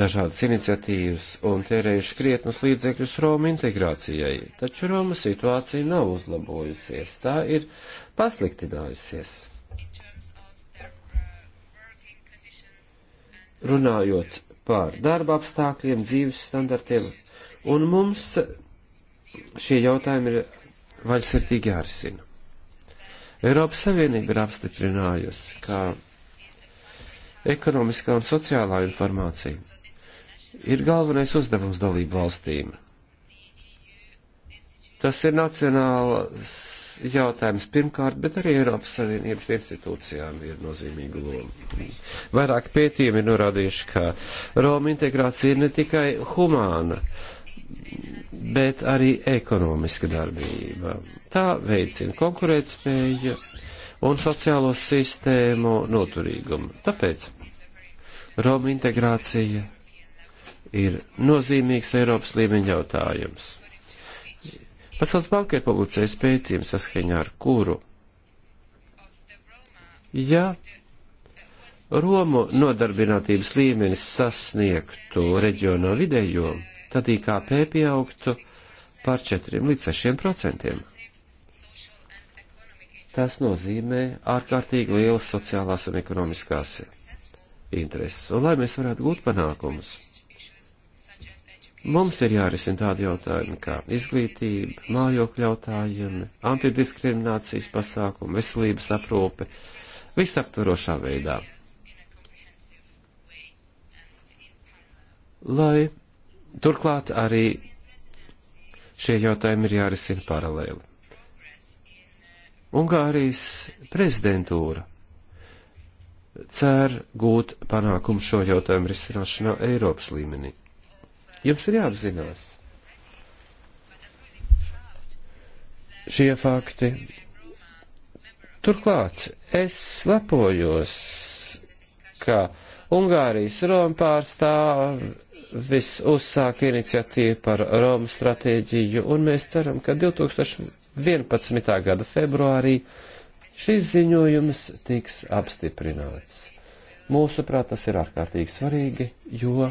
dažādas iniciatīvas un tērējuši krietnus līdzekļus Roma integrācijai, taču Roma situācija nav uzlabojusies, tā ir pasliktinājusies. Runājot par darba apstākļiem, dzīves standartiem, un mums šie jautājumi ir vaļsirdīgi jārisina. Eiropas Savienība ir apstiprinājusi, ka ekonomiskā un sociālā informācija ir galvenais uzdevums dalību valstīm. Tas ir nacionāls jautājums pirmkārt, bet arī Eiropas Savienības institūcijām ir nozīmīga loma. Vairāk pētījumi ir norādījuši, ka Roma integrācija ir ne tikai humāna, bet arī ekonomiska darbība. Tā veicina konkurētspēju un sociālo sistēmu noturīgumu. Tāpēc Roma integrācija ir nozīmīgs Eiropas līmeņa jautājums. Pasaules banka ir publicējusi pētījumu saskaņā ar kuru, ja Romu nodarbinātības līmenis sasniegtu reģiono vidējo, tad IKP pieaugtu par 4 līdz 6 procentiem. Tas nozīmē ārkārtīgi lielas sociālās un ekonomiskās intereses. Un lai mēs varētu gūt panākumus, mums ir jārisina tādi jautājumi kā izglītība, mājokļu jautājumi, antidiskriminācijas pasākumi, veselības aprūpe, visaptvarošā veidā. Lai turklāt arī šie jautājumi ir jārisina paralēli. Ungārijas prezidentūra cer gūt panākumu šo jautājumu risināšanā Eiropas līmenī. Jums ir jāapzinās. Šie fakti. Turklāt es lepojos, ka Ungārijas Roma pārstāvis uzsāka iniciatīvu par Romu stratēģiju, un mēs ceram, ka 2000. 11. gada februārī šis ziņojums tiks apstiprināts. Mūsuprāt, tas ir ārkārtīgi svarīgi, jo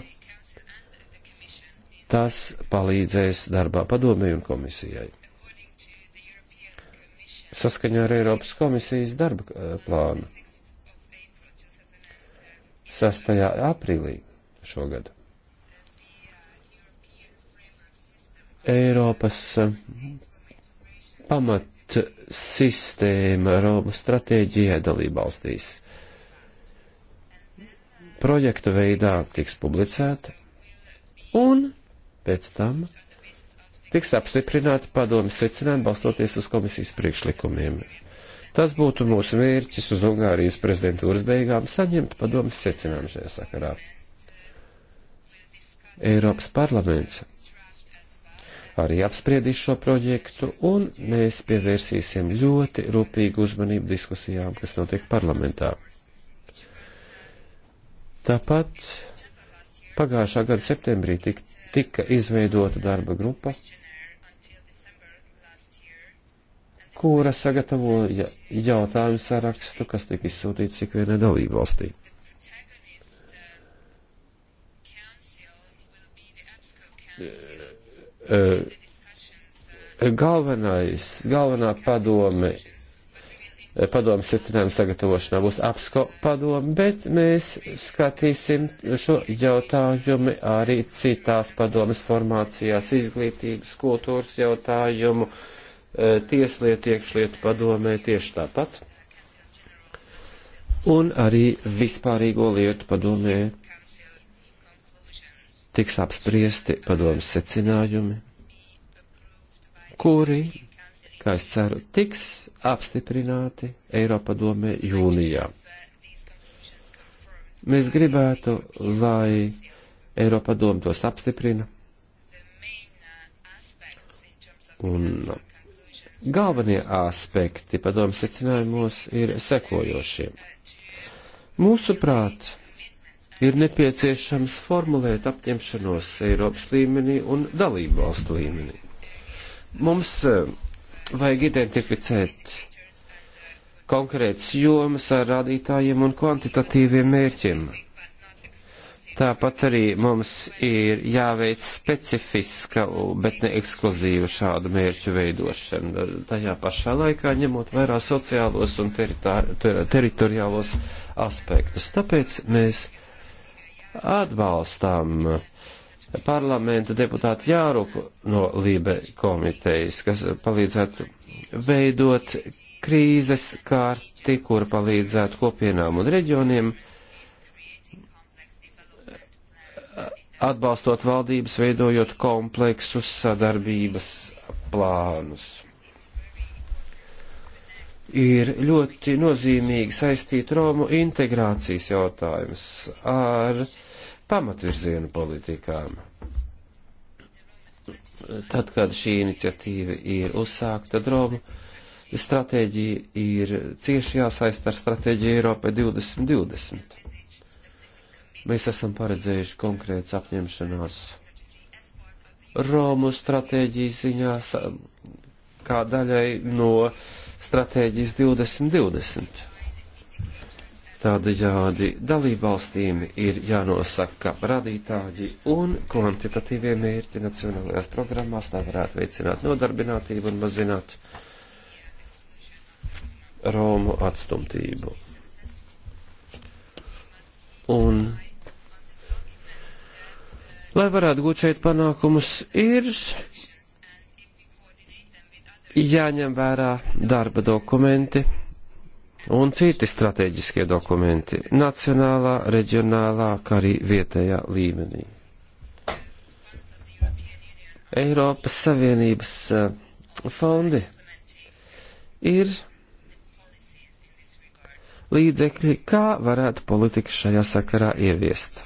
tas palīdzēs darbā padomēju un komisijai. Saskaņā ar Eiropas komisijas darba eh, plānu 6. aprīlī šogad. Eiropas eh, pamat sistēma Roma stratēģijai dalībvalstīs. Projekta veidā tiks publicēta un pēc tam tiks apstiprināti padomi secinājumi balstoties uz komisijas priekšlikumiem. Tas būtu mūsu mērķis uz Ungārijas prezidentūras beigām saņemt padomas secinājumu šajā sakarā. Eiropas parlaments arī apspriedīs šo projektu, un mēs pievērsīsim ļoti rūpīgu uzmanību diskusijām, kas notiek parlamentā. Tāpat pagājušā gada septembrī tik, tika izveidota darba grupa, kura sagatavoja jautājumu sarakstu, kas tika izsūtīts ik vienai dalību valstī. Yeah. Eh, galvenais, galvenā padome, eh, padome secinājuma sagatavošanā būs apsko padome, bet mēs skatīsim šo jautājumu arī citās padomes formācijās, izglītības, kultūras jautājumu, eh, tieslietu, iekšlietu padomē tieši tāpat un arī vispārīgo lietu padomē tiks apspriesti padomas secinājumi, kuri, kā es ceru, tiks apstiprināti Eiropadomē jūnijā. Mēs gribētu, lai Eiropadoma tos apstiprina. Un galvenie aspekti padomu secinājumos ir sekojošie. Mūsuprāt, ir nepieciešams formulēt apņemšanos Eiropas līmenī un dalību valstu līmenī. Mums eh, vajag identificēt konkrētas jomas ar rādītājiem un kvantitatīviem mērķiem. Tāpat arī mums ir jāveic specifiska, bet ne ekskluzīva šādu mērķu veidošana. Tajā pašā laikā ņemot vērā sociālos un teritoriālos aspektus. Tāpēc mēs atbalstām parlamenta deputātu Jārupu no Lībe komitejas, kas palīdzētu veidot krīzes kārti, kur palīdzētu kopienām un reģioniem, atbalstot valdības, veidojot kompleksus sadarbības plānus ir ļoti nozīmīgi saistīt Romu integrācijas jautājumus ar pamatvirzienu politikām. Tad, kad šī iniciatīva ir uzsākta, tad Romu stratēģija ir cieši jāsaista ar stratēģiju Eiropai 2020. Mēs esam paredzējuši konkrēts apņemšanās Romu stratēģijas ziņā kā daļai no uh, stratēģijas 2020. Tādējādi dalībvalstīm ir jānosaka radītāji un kvantitatīvie mērķi nacionālajās programmās, lai varētu veicināt nodarbinātību un mazināt Romu atstumtību. Un, lai varētu gūt šeit panākumus, ir jāņem vērā darba dokumenti un citi strateģiskie dokumenti - nacionālā, reģionālā, kā arī vietējā līmenī. Eiropas Savienības eh, fondi ir līdzekļi, kā varētu politiku šajā sakarā ieviest.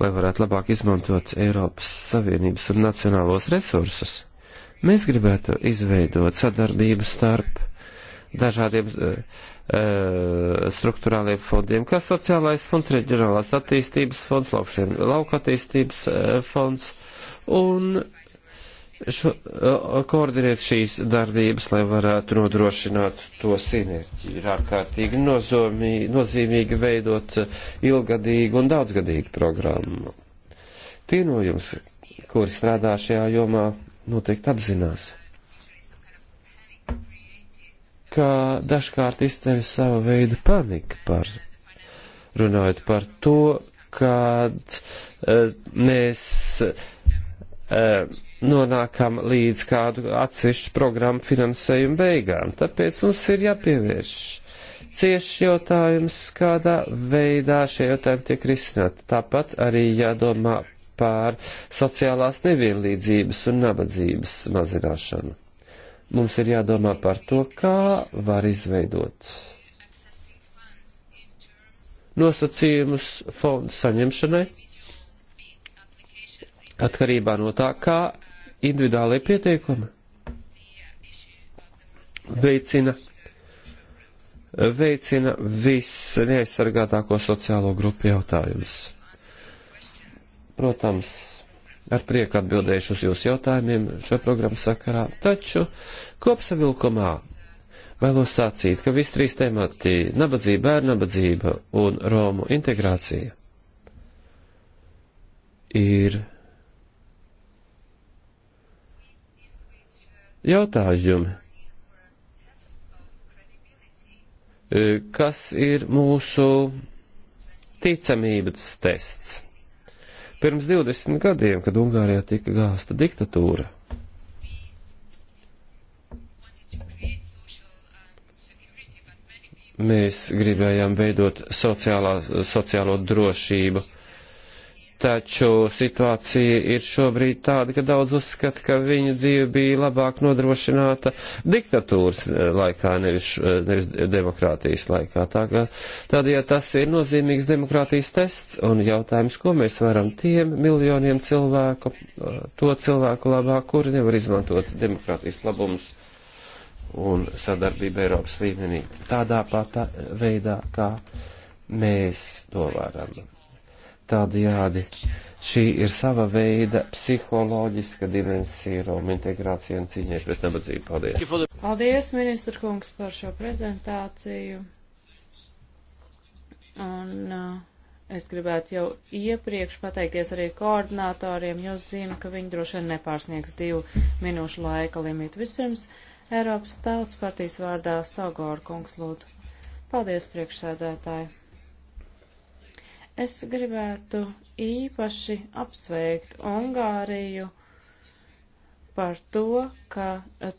lai varētu labāk izmantot Eiropas Savienības un nacionālos resursus, mēs gribētu izveidot sadarbību starp dažādiem uh, struktūrāliem fondiem, kā sociālais fonds, reģionālās attīstības fonds, lauksiem, lauka attīstības uh, fonds un šo, koordinēt šīs darbības, lai varētu nodrošināt to sinerģiju. Ir ārkārtīgi nozomī, nozīmīgi veidot ilgadīgu un daudzgadīgu programmu. Tie no jums, kuri strādā šajā jomā, noteikti apzinās, ka dažkārt izceļ savu veidu panika par, runājot par to, kad uh, mēs uh, nonākam līdz kādu atsevišķu programmu finansējumu beigām. Tāpēc mums ir jāpievērš cieši jautājums, kādā veidā šie jautājumi tiek risināti. Tāpat arī jādomā pār sociālās nevienlīdzības un nabadzības mazināšanu. Mums ir jādomā par to, kā var izveidot nosacījumus fondu saņemšanai, atkarībā no tā, kā individuālai pieteikumi veicina, veicina viss neaizsargātāko sociālo grupu jautājumus. Protams, ar prieku atbildēšu uz jūsu jautājumiem šo programmu sakarā, taču kopsavilkumā vēlos sacīt, ka visi trīs temati - nabadzība, bērnabadzība un Romu integrācija - ir jautājumi, e, kas ir mūsu ticamības tests. Pirms 20 gadiem, kad Ungārijā tika gāsta diktatūra, mēs gribējām veidot sociālā, sociālo drošību taču situācija ir šobrīd tāda, ka daudz uzskata, ka viņu dzīve bija labāk nodrošināta diktatūras laikā, nevis, nevis demokrātijas laikā. Tā kā tādēļ ja tas ir nozīmīgs demokrātijas tests un jautājums, ko mēs varam tiem miljoniem cilvēku, to cilvēku labā, kuri nevar izmantot demokrātijas labumus un sadarbību Eiropas līmenī tādā patā veidā, kā mēs to varam Tādējādi šī ir sava veida psiholoģiska dimensija Roma integrācija un cīņai pret nabadzību. Paldies! Paldies, ministra kungs, par šo prezentāciju. Un uh, es gribētu jau iepriekš pateikties arī koordinātoriem, jo zinu, ka viņi droši vien nepārsniegs divu minūšu laika limitu. Vispirms Eiropas Tautas partijas vārdā Sogor kungs lūdzu. Paldies, priekšsēdētāji! Es gribētu īpaši apsveikt Ungāriju par to, ka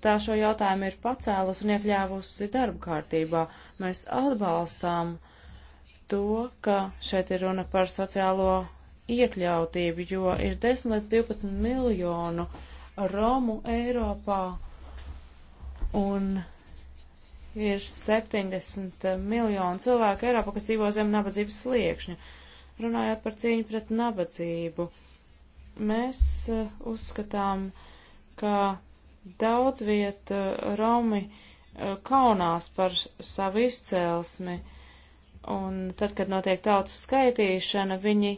tā šo jautājumu ir pacēlus un iekļāvusi darba kārtībā. Mēs atbalstām to, ka šeit ir runa par sociālo iekļautību, jo ir 10 līdz 12 miljonu Romu Eiropā un ir 70 miljonu cilvēku Eiropā, kas dzīvo zem nabadzības sliekšņa. Runājot par cīņu pret nabadzību, mēs eh, uzskatām, ka daudz viet eh, Romi eh, kaunās par savu izcēlesmi, un tad, kad notiek tautas skaitīšana, viņi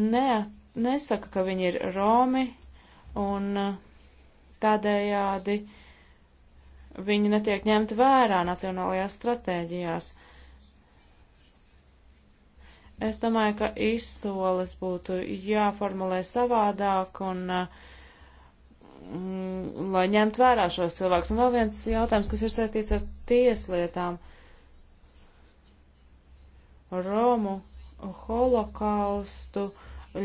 ne, nesaka, ka viņi ir Romi, un tādējādi viņi netiek ņemti vērā nacionālajās stratēģijās. Uh, Es domāju, ka izsoles būtu jāformulē savādāk un uh, mm, lai ņemt vērā šos cilvēkus. Un vēl viens jautājums, kas ir saistīts ar tieslietām. Romu holokaustu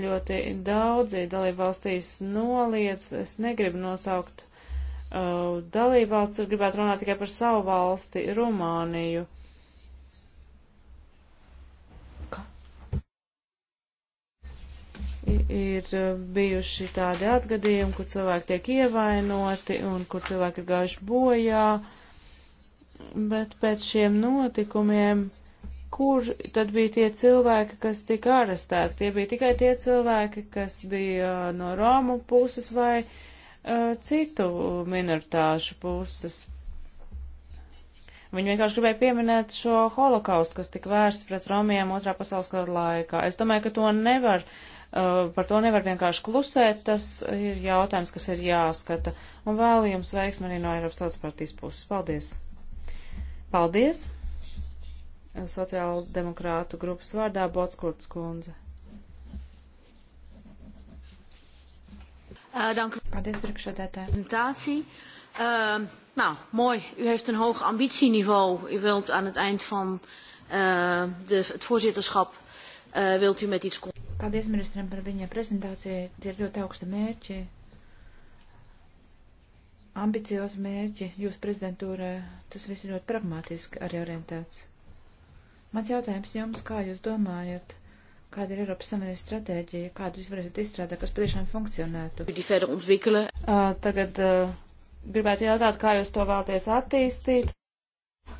ļoti daudzi dalībvalstīs noliec. Es negribu nosaukt uh, dalībvalsts, es gribētu runāt tikai par savu valsti, Rumāniju. Uh, ir e, bijuši tādi atgadījumi, kur cilvēki tiek ievainoti un kur cilvēki ir gājuši bojā, bet pēc šiem notikumiem, kur tad bija tie cilvēki, kas tika arestēti? Tie bija tikai tie cilvēki, kas bija e, no Romu puses vai uh, citu minoritāšu puses. Viņi vienkārši gribēja pieminēt šo holokaustu, kas tika vērsts pret Romiem otrā pasaules kara laikā. Es domāju, ka to nevar uh, Eh, par to nevar vienkārši klusēt, tas ir jautājums, kas ir jāskata. Un vēl jums veiksmi arī no Eiropas Tautas partijas puses. Paldies! Paldies! Sociāldemokrātu grupas vārdā Botskurts kundze. Eh, dank u. Paldies, presentatie. Uh, nou, mooi. U heeft een hoog ambitieniveau. U wilt aan het eind van uh, de, het voorzitterschap Eh, wilt u met iets... Paldies ministram par viņa prezentāciju. Tie ir ļoti augsti mērķi, ambiciozi mērķi. Jūs prezidentūrā tas viss ir ļoti pragmatiski arī orientēts. Mans jautājums jums, kā jūs domājat, kāda ir Eiropas Savienības stratēģija, kādu jūs varēsiet izstrādāt, kas patiešām funkcionētu? Uh, tagad uh, gribētu jautāt, kā jūs to vēlaties attīstīt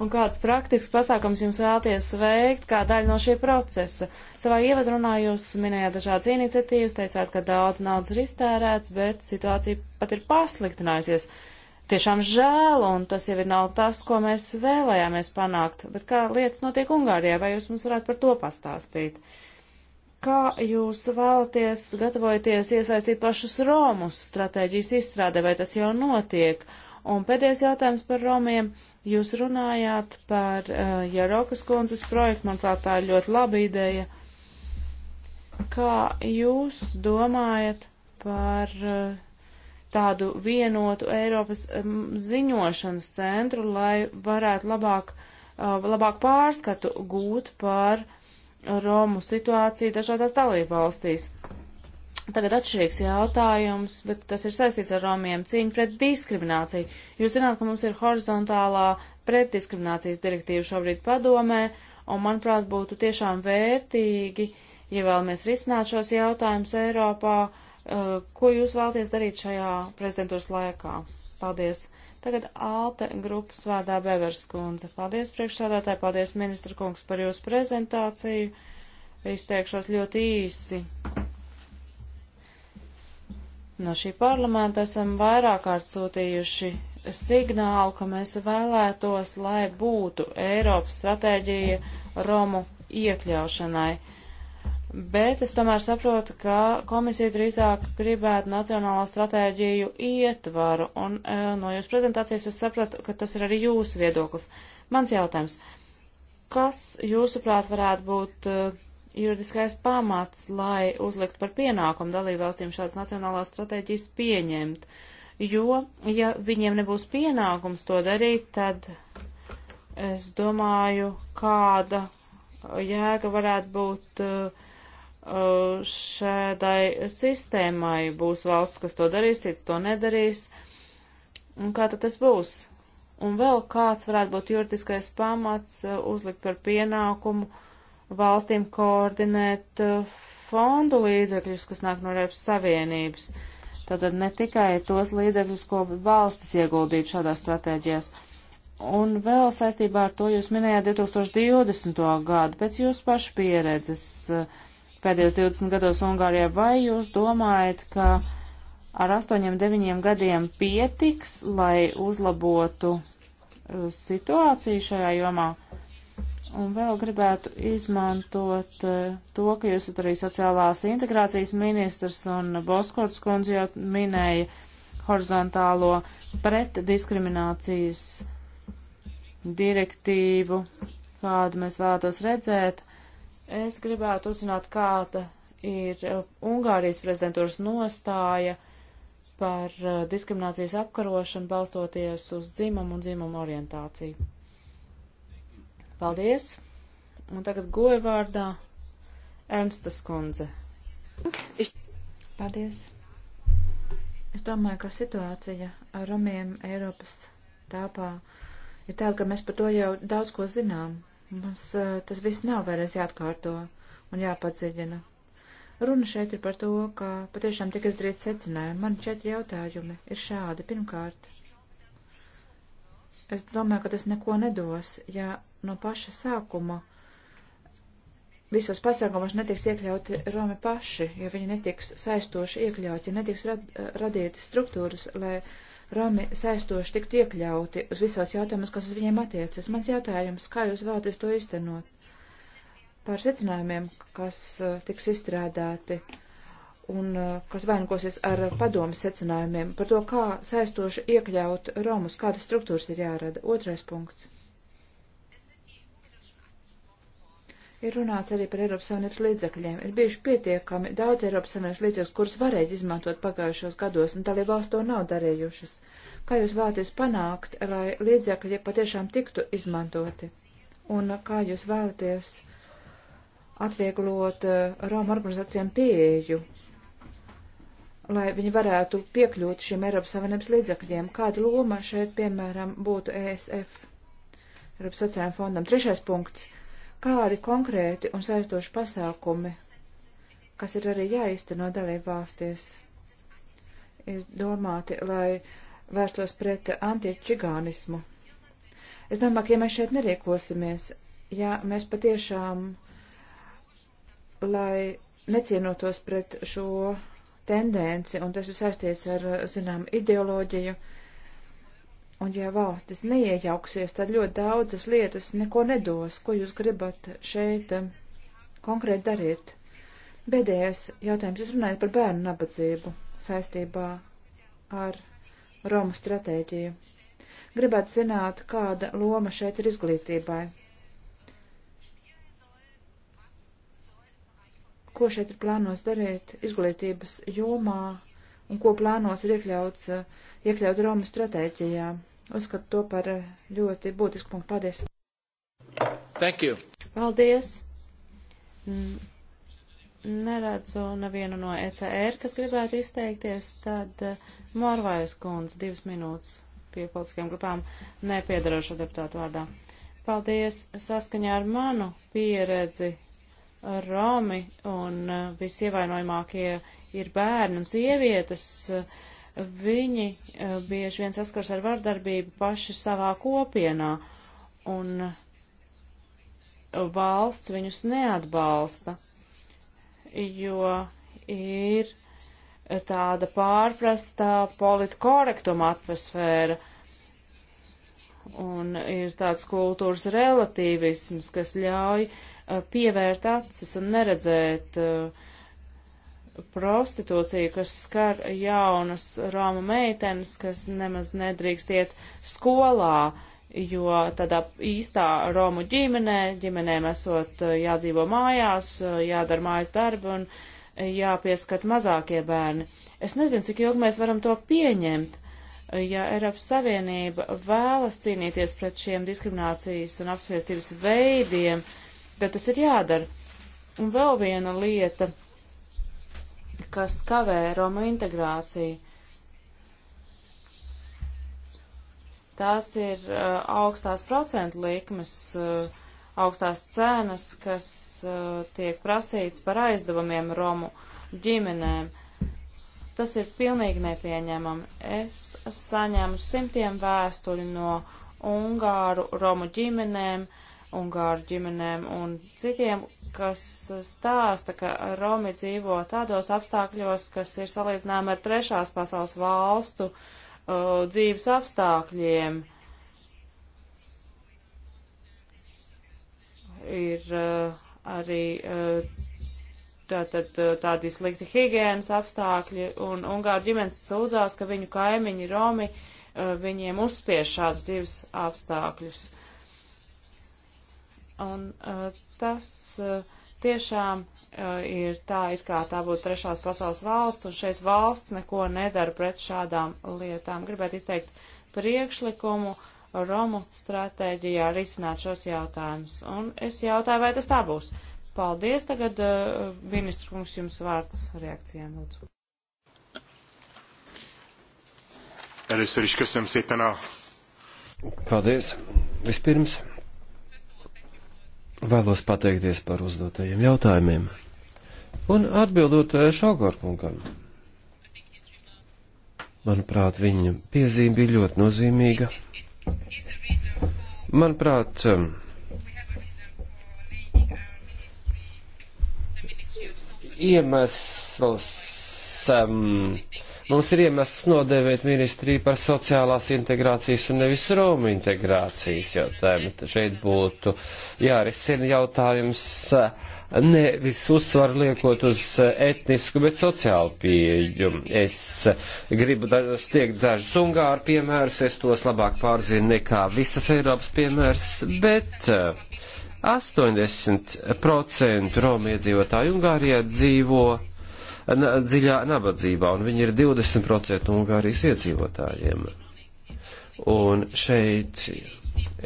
un kādas praktiskas pasākums jums vēlties veikt kā daļa no šī procesa. Savā ievadrunā jūs minējāt dažādas iniciatīvas, teicāt, ka daudz naudas ir iztērēts, bet situācija pat ir pasliktinājusies. Tiešām žēl, un tas jau ir nav tas, ko mēs vēlējāmies panākt, bet kā lietas notiek Ungārijā, vai jūs mums varētu par to pastāstīt? Kā jūs vēlaties, gatavojaties iesaistīt pašus Romus stratēģijas izstrādē, vai tas jau notiek? Uh, Un pēdējais jautājums par Romiem. Jūs runājāt par uh, Jarokas kundzes projektu, manuprāt, tā ir ļoti laba ideja. Kā jūs domājat par uh, tādu vienotu Eiropas um, ziņošanas centru, lai varētu labāk, uh, labāk pārskatu gūt par Romu situāciju dažādās dalībvalstīs? Tagad atšķirīgs jautājums, bet tas ir saistīts ar romiem - cīņa pret diskrimināciju. Jūs zināt, ka mums ir horizontālā pretdiskriminācijas direktīva šobrīd padomē, un, manuprāt, būtu tiešām vērtīgi, ja vēlamies risināt šos jautājumus Eiropā, uh, ko jūs vēlties darīt šajā prezidentūras laikā. Paldies! Tagad Alte grupas vārdā Bevers kundze. Paldies priekšsādātāji, paldies ministra kungs par jūsu prezentāciju. Izteikšos ļoti īsi No šī parlamenta esam vairāk kārt sūtījuši signālu, ka mēs vēlētos, lai būtu Eiropas stratēģija Romu iekļaušanai. Bet es tomēr saprotu, ka komisija drīzāk gribētu nacionālo stratēģiju ietvaru, un eh, no jūsu prezentācijas es sapratu, ka tas ir arī jūsu viedoklis. Mans jautājums, Kas, jūsuprāt, varētu būt eh, juridiskais pamats, lai uzlikt par pienākumu dalībvalstīm šādas nacionālās stratēģijas pieņemt? Jo, ja viņiem nebūs pienākums to darīt, tad es domāju, kāda jēga varētu būt eh, šādai sistēmai. Būs valsts, kas to darīs, cits to nedarīs. Un kā tad tas būs? Un vēl kāds varētu būt juridiskais pamats eh, uzlikt par pienākumu valstīm koordinēt eh, fondu līdzekļus, kas nāk no Eiropas Savienības. Tātad ne tikai tos līdzekļus, ko valstis ieguldītu šādās stratēģijās. Un vēl saistībā ar to jūs minējāt 2020. gadu, pēc jūsu pašu pieredzes eh, pēdējos 20 gados Ungārijā, vai jūs domājat, ka ar 8-9 gadiem pietiks, lai uzlabotu uh, situāciju šajā jomā. Un vēl gribētu izmantot uh, to, ka jūs esat arī sociālās integrācijas ministrs un Boskorts kundze jau minēja horizontālo pretdiskriminācijas direktīvu, kādu mēs vēlētos redzēt. Es gribētu uzzināt, kāda ir uh, Ungārijas prezidentūras nostāja uh, par uh, diskriminācijas apkarošanu balstoties uz dzimumu un dzimumu orientāciju. Paldies! Un tagad goja vārdā Ernsta Skundze. Paldies! Es domāju, ka situācija ar romiem Eiropas tāpā ir tāda, ka mēs par to jau daudz ko zinām. Mums uh, tas viss nav vēlreiz jāatkārto un jāpadziļina. Runa šeit ir par to, ka patiešām tika izdarīt secinājumi. Man četri jautājumi ir šādi. Pirmkārt, es domāju, ka tas neko nedos, ja no paša sākuma visos pasākumos netiks iekļauti Romi paši, ja viņi netiks saistoši iekļauti, ja netiks rad, radīti struktūras, lai Romi saistoši tiktu iekļauti uz visos jautājumus, kas uz viņiem attiecas. Mans jautājums, kā jūs vēlaties to iztenot? par secinājumiem, kas eh, tiks izstrādāti un eh, kas vainagosies ar padomas secinājumiem par to, kā saistoši iekļaut Romus, kādas struktūras ir jārada. Otrais punkts. Ir runāts arī par Eiropas Savienības līdzekļiem. Ir bijuši pietiekami daudz Eiropas Savienības līdzekļus, kurus varēja izmantot pagājušos gados, un dalība valsts to nav darījušas. Kā jūs vēlaties panākt, lai līdzekļi patiešām tiktu izmantoti? Un eh, kā jūs vēlaties atvieglot eh, Roma organizācijām pieeju, lai viņi varētu piekļūt šiem Eiropas Savienības līdzakļiem. Kāda loma šeit, piemēram, būtu ESF, Eiropas sociālajiem fondam? Trešais punkts. Kādi konkrēti un saistoši pasākumi, kas ir arī jāizteno dalību valstīs, ir domāti, lai vērstos pret antičigānismu? Es domāju, ka ja mēs šeit nerīkosimies, ja mēs patiešām lai necienotos pret šo tendenci, un tas ir saistīts ar, zinām, ideoloģiju, un ja valstis neiejauksies, tad ļoti daudzas lietas neko nedos, ko jūs gribat šeit um, konkrēti darīt. Bēdējais jautājums, jūs runājat par bērnu nabadzību saistībā ar Romu stratēģiju. Gribētu zināt, kāda loma šeit ir izglītībai. ko šeit ir plānos darīt izglītības jomā un ko plānos ir iekļauts, eh, iekļaut Romas stratēģijā. Uzskatu to par eh, ļoti būtisku punktu. Paldies! Thank you! Paldies! Neredzu nevienu no ECR, kas gribētu izteikties, tad eh, Morvajas kundze divas minūtes pie politiskajām grupām nepiedarošo deputātu vārdā. Paldies! Saskaņā ar manu pieredzi Romi un eh, visievainojamākie ir bērni un sievietes, viņi eh, bieži vien saskars ar vardarbību paši savā kopienā, un eh, valsts viņus neatbalsta, jo ir tāda pārprastā politkorektuma atmosfēra, un ir tāds kultūras relativisms, kas ļauj uh, Eh, pievērt acis un neredzēt eh, prostitūciju, kas skar jaunas Roma meitenes, kas nemaz nedrīkst iet skolā, jo tādā īstā Romu ģimenē, ģimenēm esot eh, jādzīvo mājās, jādara mājas darbi un jāpieskat mazākie bērni. Es nezinu, cik ilgi mēs varam to pieņemt. Ja Eiropas Savienība vēlas cīnīties pret šiem diskriminācijas un apspiestības veidiem, uh, bet tas ir jādara. Un vēl viena lieta, kas kavē Roma integrāciju. Tās ir uh, augstās procentu likmes, uh, augstās cenas, kas uh, tiek prasīts par aizdevumiem Romu ģimenēm. Tas ir pilnīgi nepieņemami. Es saņēmu simtiem vēstuļu no Ungāru Romu ģimenēm, uh, Ungāru ģimenēm un citiem, kas stāsta, ka Romi dzīvo tādos apstākļos, kas ir salīdzināmi ar trešās pasaules valstu uh, dzīves apstākļiem. Ir uh, arī uh, tātad uh, tādi slikti higienas apstākļi, un Ungāru ģimenes sūdzās, ka viņu kaimiņi Romi uh, viņiem uzspiež šādus dzīves apstākļus. Un uh, tas uh, tiešām uh, ir tā, it kā tā būtu trešās pasaules valsts, un šeit valsts neko nedara pret šādām lietām. Gribētu izteikt priekšlikumu Romu stratēģijā risināt šos jautājumus. Un es jautāju, vai tas tā būs. Paldies. Tagad uh, ministru kungs jums vārds reakcijām lūdzu. Először is köszönöm szépen a... Paldies. Vispirms Vēlos pateikties par uzdotajiem jautājumiem. Un atbildot eh, Šogorkungam, manuprāt, viņa piezīme bija ļoti nozīmīga. Manuprāt, eh, iemesls um, Mums ir iemesls nodēvēt ministriju par sociālās integrācijas un nevis Romu integrācijas jautājumu. Šeit būtu jārisina jautājums eh, nevis uzsvaru liekot uz eh, etnisku, bet sociālu pieeju. Es eh, gribu sniegt dažus Ungāru piemērus, es tos labāk pārzinu nekā visas Eiropas piemērs, bet 80% Romu iedzīvotāju Ungārijā dzīvo dziļā nabadzībā, un viņi ir 20% Ungārijas iedzīvotājiem. Un šeit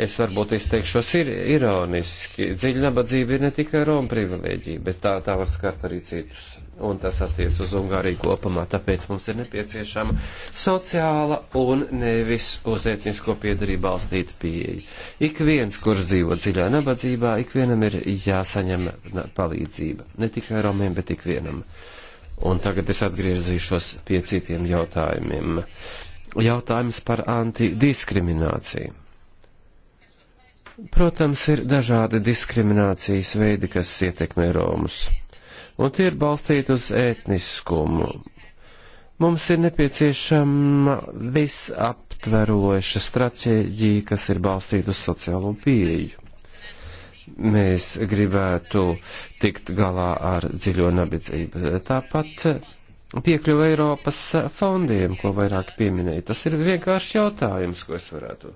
es varbūt izteikšos ir, ironiski. Dziļa nabadzība ir ne tikai Roma privilēģija, bet tā, tā var skart arī citus. Un tas attiec uz Ungāriju kopumā, tāpēc mums ir nepieciešama sociāla un nevis uz etnisko piedarību balstīta pieeja. Ik viens, kurš dzīvo dziļā nabadzībā, ik vienam ir jāsaņem palīdzība. Ne tikai Romiem, bet ik vienam. Uh, Un tagad es atgriezīšos pie citiem jautājumiem. Jautājums par antidiskrimināciju. Protams, ir dažādi diskriminācijas veidi, kas ietekmē Romus, un tie ir balstīti uz ētniskumu. Mums ir nepieciešama visaptveroša stratēģija, kas ir balstīta uz sociālo pieeju mēs gribētu tikt galā ar dziļo nabadzību. Tāpat piekļuva Eiropas fondiem, ko vairāk pieminēja. Tas ir vienkārši jautājums, ko es varētu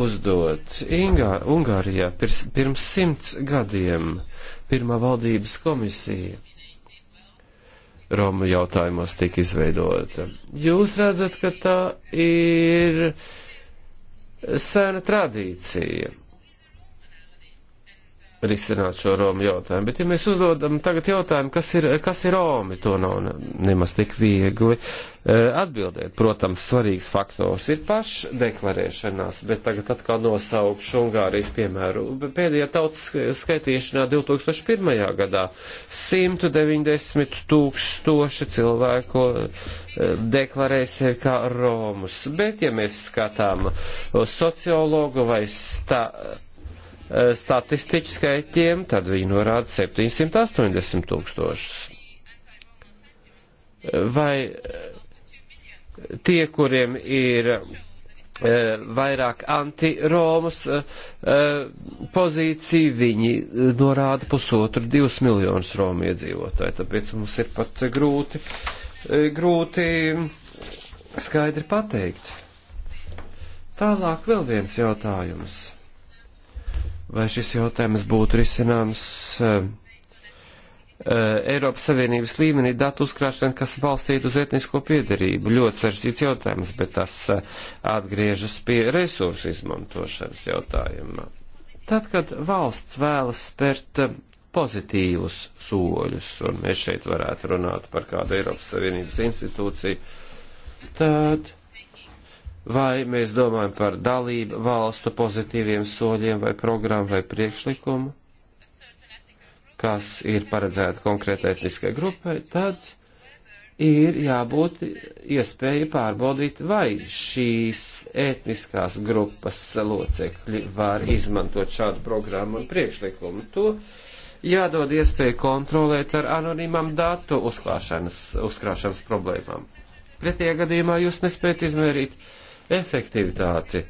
uzdot. Ingā, Ungārijā pirms, pirms simts gadiem pirmā valdības komisija Romu jautājumos tika izveidota. Jūs redzat, ka tā ir sena tradīcija risināt šo Romu jautājumu. Bet ja mēs uzdodam tagad jautājumu, kas ir, kas ir Romi, to nav nemaz tik viegli eh, atbildēt. Protams, svarīgs faktors ir pašdeklarēšanās, bet tagad atkal nosaukšu Ungārijas piemēru. Pēdējā tautas skaitīšanā 2001. gadā 190 tūkstoši cilvēku eh, deklarēja sevi kā Romus. Bet, ja mēs skatām sociologu vai stā, Eh, statistiķu skaitļiem, tad viņi norāda 780 tūkstošus. Eh, vai eh, tie, kuriem ir vairāk anti-Romas pozīcija, viņi norāda pusotru divus miljonus Romu iedzīvotāju, tāpēc mums ir pat grūti, grūti skaidri pateikt. Tālāk vēl viens jautājums vai šis jautājums būtu risināms uh, Eiropas Savienības līmenī datu uzkrāšana, kas balstīta uz etnisko piedarību. Ļoti sarežģīts jautājums, bet tas eh, atgriežas pie resursu izmantošanas jautājuma. Tad, kad valsts vēlas spērt pozitīvus soļus, un mēs šeit varētu runāt par kādu Eiropas Savienības institūciju, tad vai mēs domājam par dalību valstu pozitīviem soļiem vai programmu vai priekšlikumu, kas ir paredzēta konkrētai etniskai grupai, tad ir jābūt iespēja pārbaudīt, vai šīs etniskās grupas locekļi var izmantot šādu programmu un priekšlikumu. To jādod iespēja kontrolēt ar anonīmām datu uzkrāšanas problēmām. Pretējā gadījumā jūs nespējat izmērīt uh, efektivitāti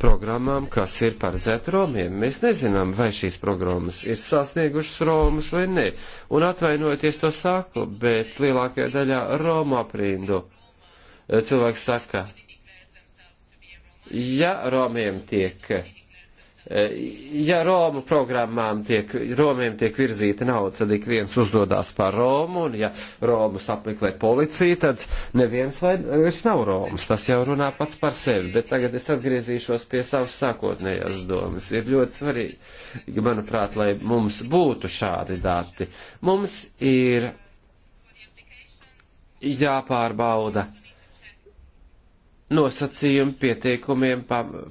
programmām, kas ir paredzēta Romiem. Mēs nezinām, vai šīs programmas ir sasniegušas Romas vai nē. Un atvainojieties to saku, bet lielākajā daļā Romu aprindu cilvēks saka, ja Romiem tiek Eh, ja Romu programmām tiek, Romiem tiek virzīta nauda, tad ik viens uzdodas par Romu, un ja Romus apmeklē policija, tad neviens vairs nav Roms. Tas jau runā pats par sevi, bet tagad es atgriezīšos pie savas sākotnējās domas. Ir ļoti svarīgi, manuprāt, lai mums būtu šādi dati. Mums ir jāpārbauda nosacījumi, pieteikumiem,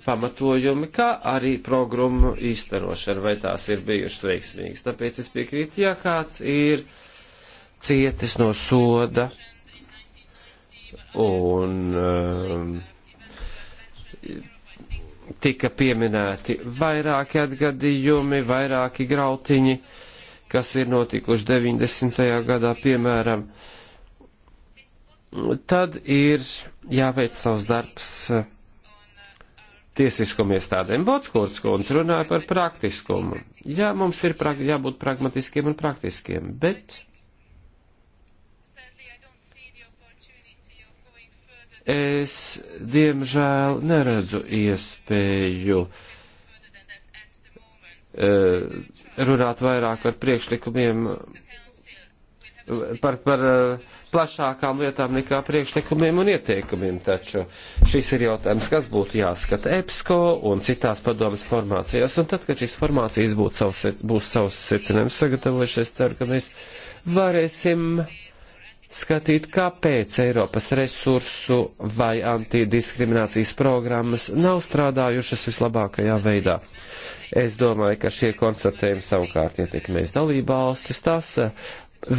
pamatojumi, kā arī programmu īstenošana, vai tās ir bijušas veiksmīgas. Tāpēc es piekrītu, ja kāds ir cietis no soda un um, tika pieminēti vairāki atgadījumi, vairāki grautiņi, kas ir notikuši 90. gadā, piemēram, uh, tad ir jāveic savs darbs eh, tiesiskumu iestādēm. Botskurts kundze runāja par praktiskumu. Jā, mums ir pra jābūt pragmatiskiem un praktiskiem, bet es diemžēl neredzu iespēju eh, runāt vairāk par priekšlikumiem, par, par uh, plašākām lietām nekā priekšlikumiem un ieteikumiem, taču šis ir jautājums, kas būtu jāskata EPSCO un citās padomas formācijās, un tad, kad šīs formācijas būtu savs, būs savs secinājums sagatavojušies, ceru, ka mēs varēsim skatīt, kāpēc Eiropas resursu vai antidiskriminācijas programmas nav strādājušas vislabākajā veidā. Es domāju, ka šie konstatējumi savukārt ietekmēs dalībvalstis, tas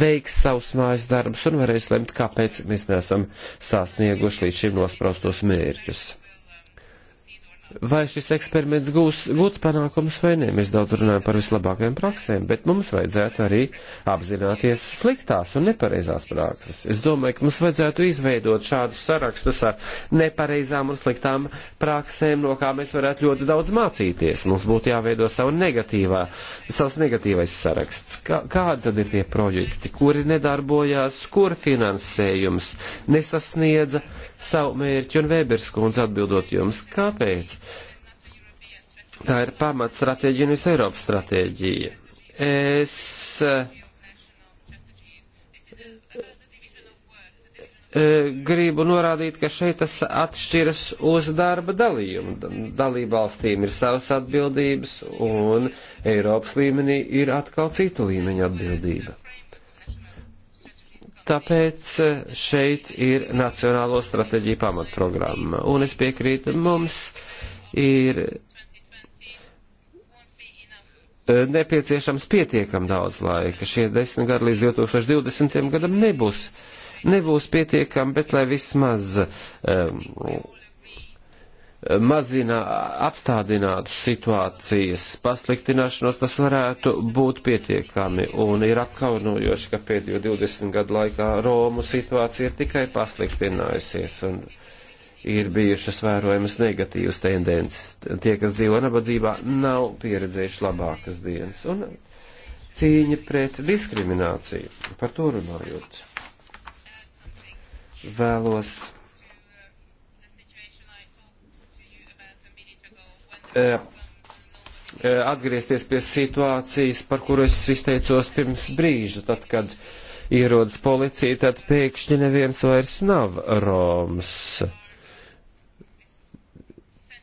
veiks savus mājas darbus un varēs lemt, kāpēc mēs nesam sasnieguši līdz šim nospraustos mērķus vai šis eksperiments gūs gūts panākums vai nē. Mēs daudz runājam par vislabākajām praksēm, bet mums vajadzētu arī apzināties sliktās un nepareizās prakses. Es domāju, ka mums vajadzētu izveidot šādus sarakstus ar nepareizām un sliktām praksēm, no kā mēs varētu ļoti daudz mācīties. Mums būtu jāveido savu negatīvā, savs negatīvais saraksts. Kā, kādi tad ir tie projekti, kuri nedarbojās, kur finansējums nesasniedza? savu mērķi, un Vēberskundze atbildot jums, kāpēc? Tā ir pamatstratēģija un visa Eiropas stratēģija. Es eh, eh, gribu norādīt, ka šeit tas atšķiras uz darba dalījumu. Dalībvalstīm ir savas atbildības, un Eiropas līmenī ir atkal cita līmeņa atbildība. Tāpēc eh, šeit ir Nacionālo strateģiju pamatprogramma. Un es piekrītu, mums ir eh, nepieciešams pietiekam daudz laika. Šie desmit gadi līdz 2020. gadam nebūs, nebūs pietiekami, bet lai vismaz um, mazina apstādinātu situācijas pasliktināšanos, tas varētu būt pietiekami. Un ir apkaunojoši, ka pēdējo 20 gadu laikā Romu situācija ir tikai pasliktinājusies. Un ir bijušas vērojamas negatīvas tendences. Tie, kas dzīvo nabadzībā, nav pieredzējuši labākas dienas. Un cīņa pret diskrimināciju, par to runājot, vēlos E, e, atgriezties pie situācijas, par kuru es izteicos pirms brīža, tad, kad ierodas policija, tad pēkšņi neviens vairs nav Roms.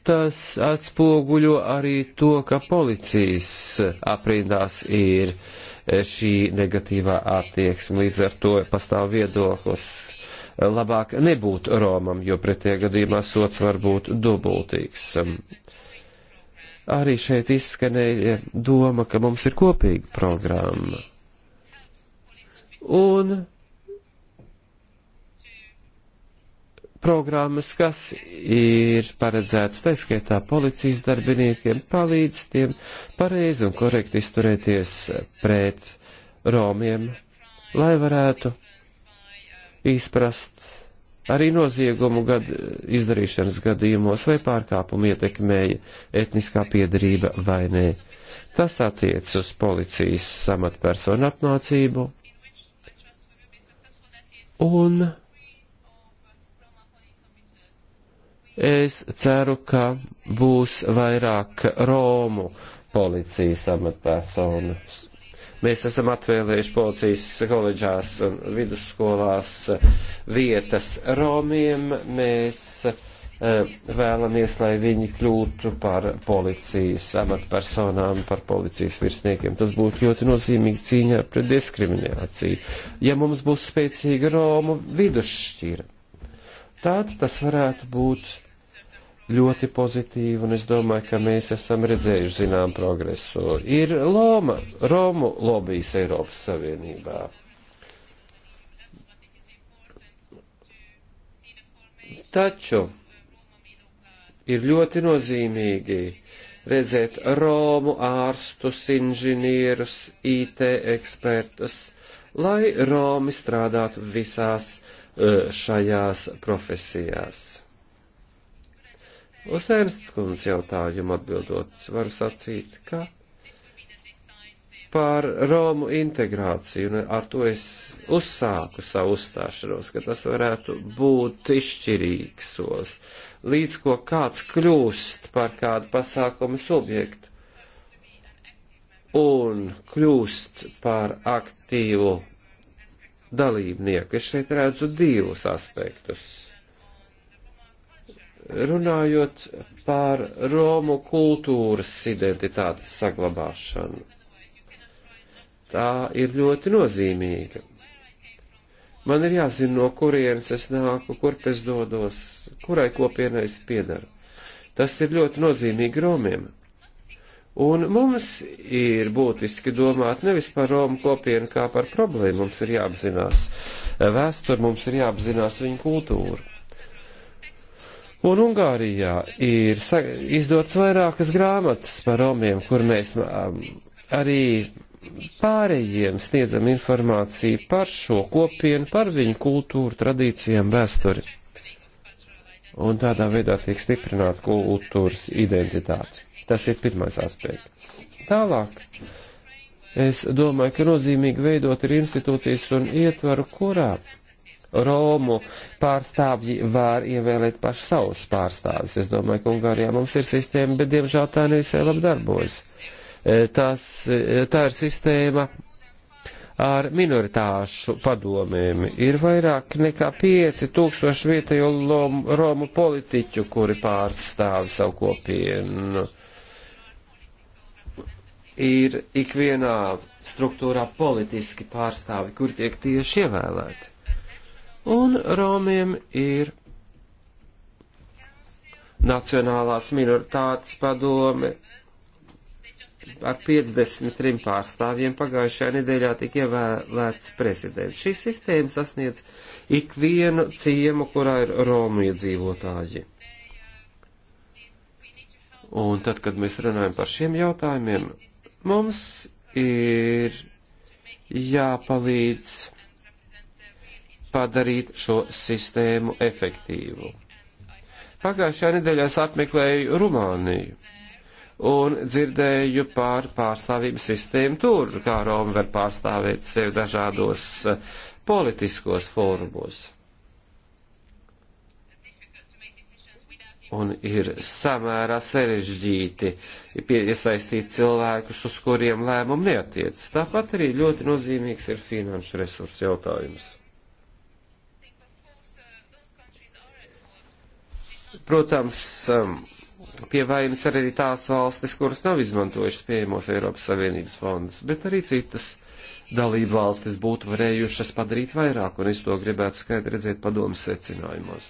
Tas atspoguļo arī to, ka policijas aprindās ir šī negatīvā attieksme, līdz ar to pastāv viedoklis. Labāk nebūt Romam, jo pretie gadījumā sots var būt dubultīgs arī šeit izskanēja doma, ka mums ir kopīga programma. Un programmas, kas ir paredzētas taiskaitā policijas darbiniekiem, palīdz tiem pareizi un korekti izturēties pret romiem, lai varētu izprast arī noziegumu gad, izdarīšanas gadījumos vai pārkāpumu ietekmēja etniskā piedarība vai nē. Tas attiec uz policijas samatpersonu apmācību un es ceru, ka būs vairāk Romu policijas amatpersonas Mēs esam atvēlējuši policijas koledžās un vidusskolās vietas Romiem. Mēs eh, vēlamies, lai viņi kļūtu par policijas amatpersonām, par policijas virsniekiem. Tas būtu ļoti nozīmīgi cīņā pret diskrimināciju. Ja mums būs spēcīga Romu vidusšķira, tāds tas varētu būt ļoti pozitīva, un es domāju, ka mēs esam redzējuši zinām progresu. Ir Loma, Romu lobijas Eiropas Savienībā. Taču ir ļoti nozīmīgi redzēt Romu ārstus, inženierus, IT ekspertus, lai Romi strādātu visās eh, šajās profesijās Uz Ernstskundas jautājumu atbildot, varu sacīt, ka par Romu integrāciju, un ar to es uzsāku savu uzstāšanos, ka tas varētu būt izšķirīgs solis, līdz ko kāds kļūst par kādu pasākumu subjektu un kļūst par aktīvu dalībnieku. Es šeit redzu divus aspektus Runājot par Romu kultūras identitātes saglabāšanu, tā ir ļoti nozīmīga. Man ir jāzina, no kurienes es nāku, kurp es dodos, kurai kopienai es piedaru. Tas ir ļoti nozīmīgi Romiem. Un mums ir būtiski domāt nevis par Romu kopienu kā par problēmu, mums ir jāapzinās vēsturi, mums ir jāapzinās viņu kultūru. Un Ungārijā ir izdots vairākas grāmatas par romiem, kur mēs um, arī pārējiem sniedzam informāciju par šo kopienu, par viņu kultūru, tradīcijām, vēsturi. Un tādā veidā tiek stiprināta kultūras identitāte. Tas ir pirmais aspekts. Tālāk. Es domāju, ka nozīmīgi veidot ir institūcijas un ietvaru, kurā Romu pārstāvji var ievēlēt paši savus pārstāvis. Es domāju, ka Ungārijā mums ir sistēma, bet diemžēl tā nevisai labi darbojas. E, tas, e, tā ir sistēma ar minoritāšu padomēm. Ir vairāk nekā 5000 vietējo Romu politiķu, kuri pārstāv savu kopienu. Ir ikvienā struktūrā politiski pārstāvi, kur tiek tieši ievēlēti un Romiem ir Nacionālās minoritātes padome ar 53 pārstāvjiem pagājušajā nedēļā tika ievēlēts prezidents. Šī sistēma sasniedz ikvienu ciemu, kurā ir Romu iedzīvotāji. Un tad, kad mēs runājam par šiem jautājumiem, mums ir jāpalīdz padarīt šo sistēmu efektīvu. Pagājušajā nedēļā es apmeklēju Rumāniju un dzirdēju par pārstāvību sistēmu tur, kā Roma var pārstāvēt sevi dažādos eh, politiskos fórumos. Un ir samērā sarežģīti iesaistīt cilvēkus, uz kuriem lēmumu neatiec. Tāpat arī ļoti nozīmīgs ir finanšu resursu jautājums. Protams, um, pie vainas arī tās valstis, kuras nav izmantojušas pieejamos Eiropas Savienības fondus, bet arī citas dalību valstis būtu varējušas padarīt vairāk, un es to gribētu skaidri redzēt padomas secinājumos.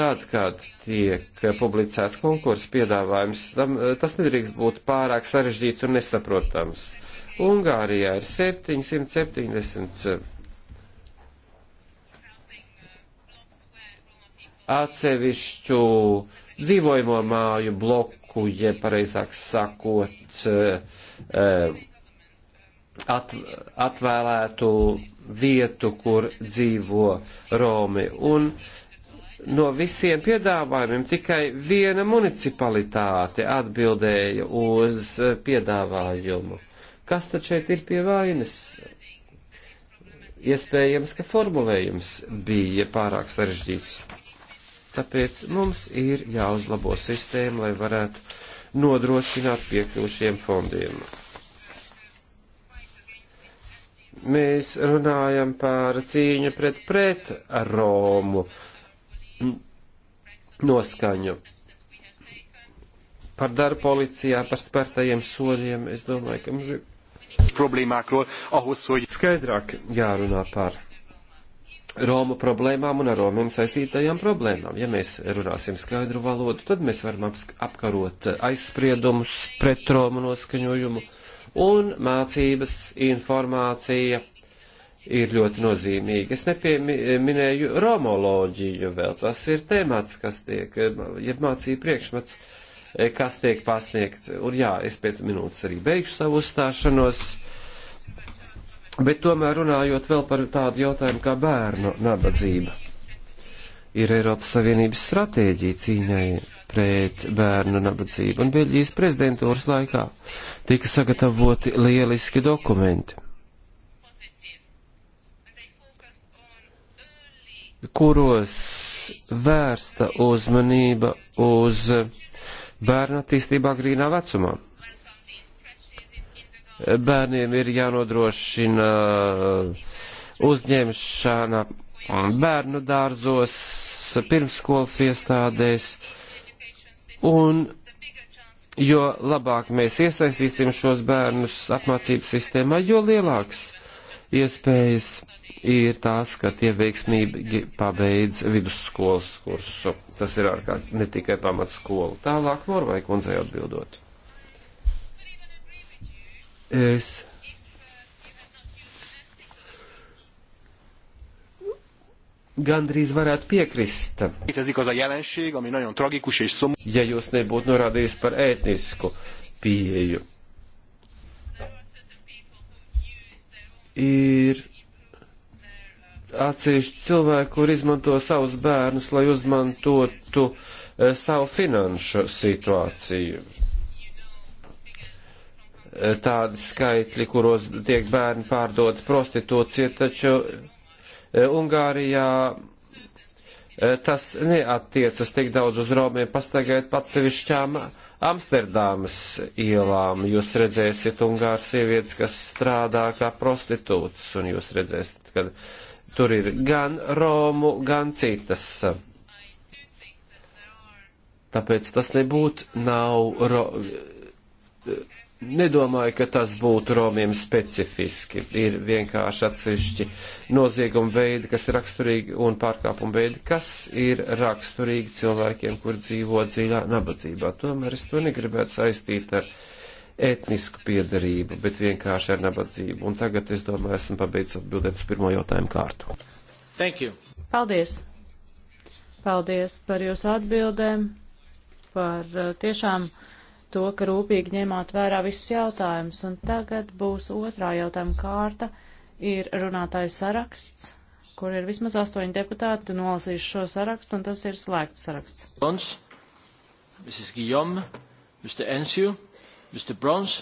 Tad, kad tiek publicēts konkursu piedāvājums, tam, eh, tas nedrīkst būt pārāk sarežģīts un nesaprotams. Ungārijā ir 770 atsevišķu dzīvojamo māju bloku, jeb pareizāk sakot, eh, eh, at, atvēlētu vietu, kur dzīvo Romi. Un no visiem piedāvājumiem tikai viena municipalitāte atbildēja uz eh, piedāvājumu. Kas tad šeit ir pie vainas? Iespējams, ka formulējums bija pārāk sarežģīts. Tāpēc mums ir jāuzlabo sistēma, lai varētu nodrošināt piekļūšiem fondiem. Mēs runājam par cīņu pret pret Romu noskaņu par darbu policijā, par spērtajiem soļiem. Es domāju, ka mums ir problēmākról, ahhoz, hogy skaidrāk jārunā par Romu problēmām un ar Romiem saistītajām problēmām. Ja mēs runāsim skaidru valodu, tad mēs varam apkarot aizspriedumus, pret Romu noskaņojumu un mācības informācija ir ļoti nozīmīga. Es nepieminēju romoloģiju vēl, tas ir temats, kas tiek, jeb mācīja priekšmets, kas tiek pasniegts. Un jā, es pēc minūtes arī beigšu savu uzstāšanos Bet tomēr runājot vēl par tādu jautājumu kā bērnu nabadzība. Ir Eiropas Savienības stratēģija cīņai pret bērnu nabadzību, un Beļģijas prezidentūras laikā tika sagatavoti lieliski dokumenti, kuros vērsta uzmanība uz bērnu attīstībā grīnā vecumā bērniem ir jānodrošina uh, uzņemšana bērnu dārzos, pirmskolas iestādēs, un jo labāk mēs iesaistīsim šos bērnus apmācības sistēmā, jo lielāks iespējas ir tās, ka tie veiksmīgi pabeidz vidusskolas kursu. Tas ir ārkārt ne tikai pamatskolu. Tālāk Morvai kundzei atbildot. Es gandrīz varētu piekrist. Ja jūs nebūtu norādījis par ētnisku pieeju. Ir atsevišķi cilvēki, kur izmanto savus bērnus, lai uzmantotu eh, savu finanšu situāciju tādi skaitļi, kuros tiek bērni pārdot prostitūcija, taču e, Ungārijā e, tas neattiecas tik daudz uz Romiem, pastagaiet patsevišķām Amsterdāmas ielām. Jūs redzēsiet Ungāras sievietes, kas strādā kā prostitūtas, un jūs redzēsiet, ka tur ir gan Romu, gan citas. Tāpēc tas nebūtu nav. Ro nedomāju, ka tas būtu Romiem specifiski. Ir vienkārši atsevišķi nozieguma veidi, kas ir raksturīgi, un pārkāpuma veidi, kas ir raksturīgi cilvēkiem, kur dzīvo dziļā nabadzībā. Tomēr es to negribētu saistīt ar etnisku piedarību, bet vienkārši ar nabadzību. Un tagad, es domāju, esmu pabeidzis atbildēt uz pirmo jautājumu kārtu. Thank you. Paldies. Paldies par jūsu atbildēm, par eh, tiešām uh, to, ka rūpīgi ņēmāt vērā visus jautājumus. Un tagad būs otrā jautājuma kārta. Ir runātājs saraksts, kur ir vismaz astoņi deputāti. Nolasīšu šo sarakstu, un tas ir slēgts saraksts. Bons, Mrs. Guillaume, Mr. Ensju, Mr. Brons,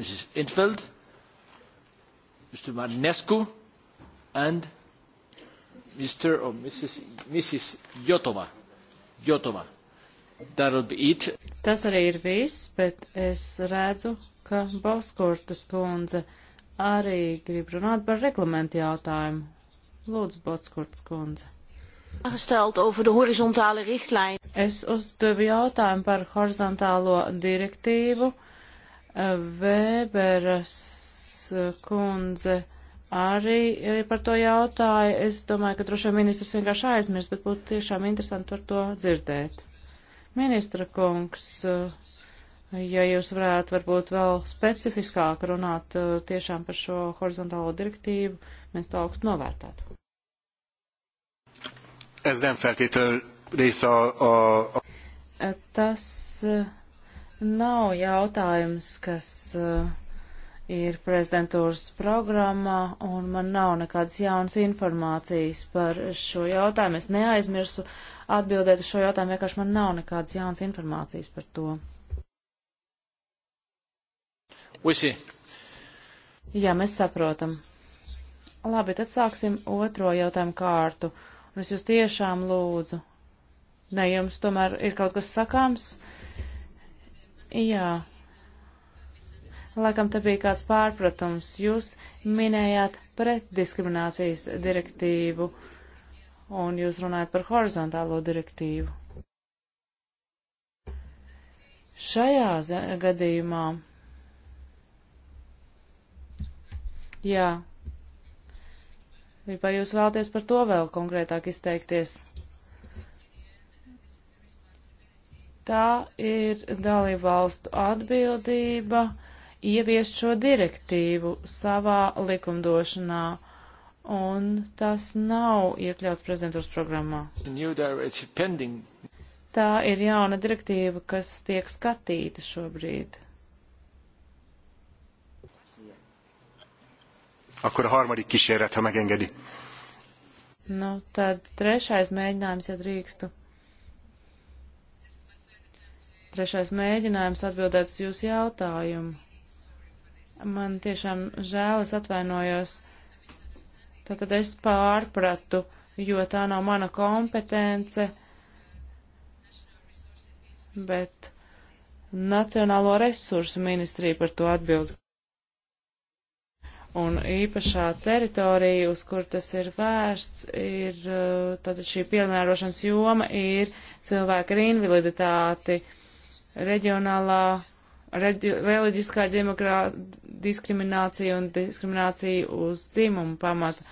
Mrs. Intveld, Mr. Marinescu, and Mr. or Mrs. Mrs. Jotova. Jotova. Tas arī ir viss, bet es redzu, ka Boskurtas kundze arī grib runāt par reglamentu jautājumu. Lūdzu, Boskurtas kundze. Es uzdevu jautājumu par horizontālo direktīvu. Vēberas kundze arī par to jautāja. Es domāju, ka droši vien ministrs vienkārši aizmirst, bet būtu tiešām interesanti par to dzirdēt. Ministra kungs, eh, ja jūs varētu varbūt vēl specifiskāk runāt eh, tiešām par šo horizontālo direktīvu, mēs to augstu novērtētu. Ez nem feltétlenül része a, a... Eh, tas nav jautājums, kas ir prezidentūras programmā, un man nav nekādas jaunas informācijas par šo jautājumu. Es neaizmirsu atbildēt uz šo jautājumu, vienkārši man nav nekādas jaunas informācijas par to. Visi. Jā, mēs saprotam. Labi, tad sāksim otro jautājumu kārtu. Un es jūs tiešām lūdzu. Ne, jums tomēr ir kaut kas sakāms? Jā. Laikam te bija kāds pārpratums. Jūs minējāt pretdiskriminācijas direktīvu. Uh, un jūs runājat par horizontālo direktīvu. Šajā gadījumā, jā, vai jūs vēlaties par to vēl konkrētāk izteikties? Tā ir dalību valstu atbildība ieviest šo direktīvu savā likumdošanā un tas nav iekļauts prezidentūras programmā. Tā ir jauna direktīva, kas tiek skatīta šobrīd. Akkor a harmadik kísérlet, ha megengedi. Nu, tad trešais mēģinājums, ja drīkstu. Trešais mēģinājums atbildēt uz jūsu jautājumu. Man tiešām žēl, es atvainojos Tātad es pārpratu, jo tā nav mana kompetence, bet Nacionālo resursu ministrija par to atbild. Un īpašā teritorija, uz kur tas ir vērsts, ir, uh, tātad šī piemērošanas joma ir cilvēki ar invaliditāti, reģionālā reliģiskā diskriminācija un diskriminācija uz dzimumu pamata.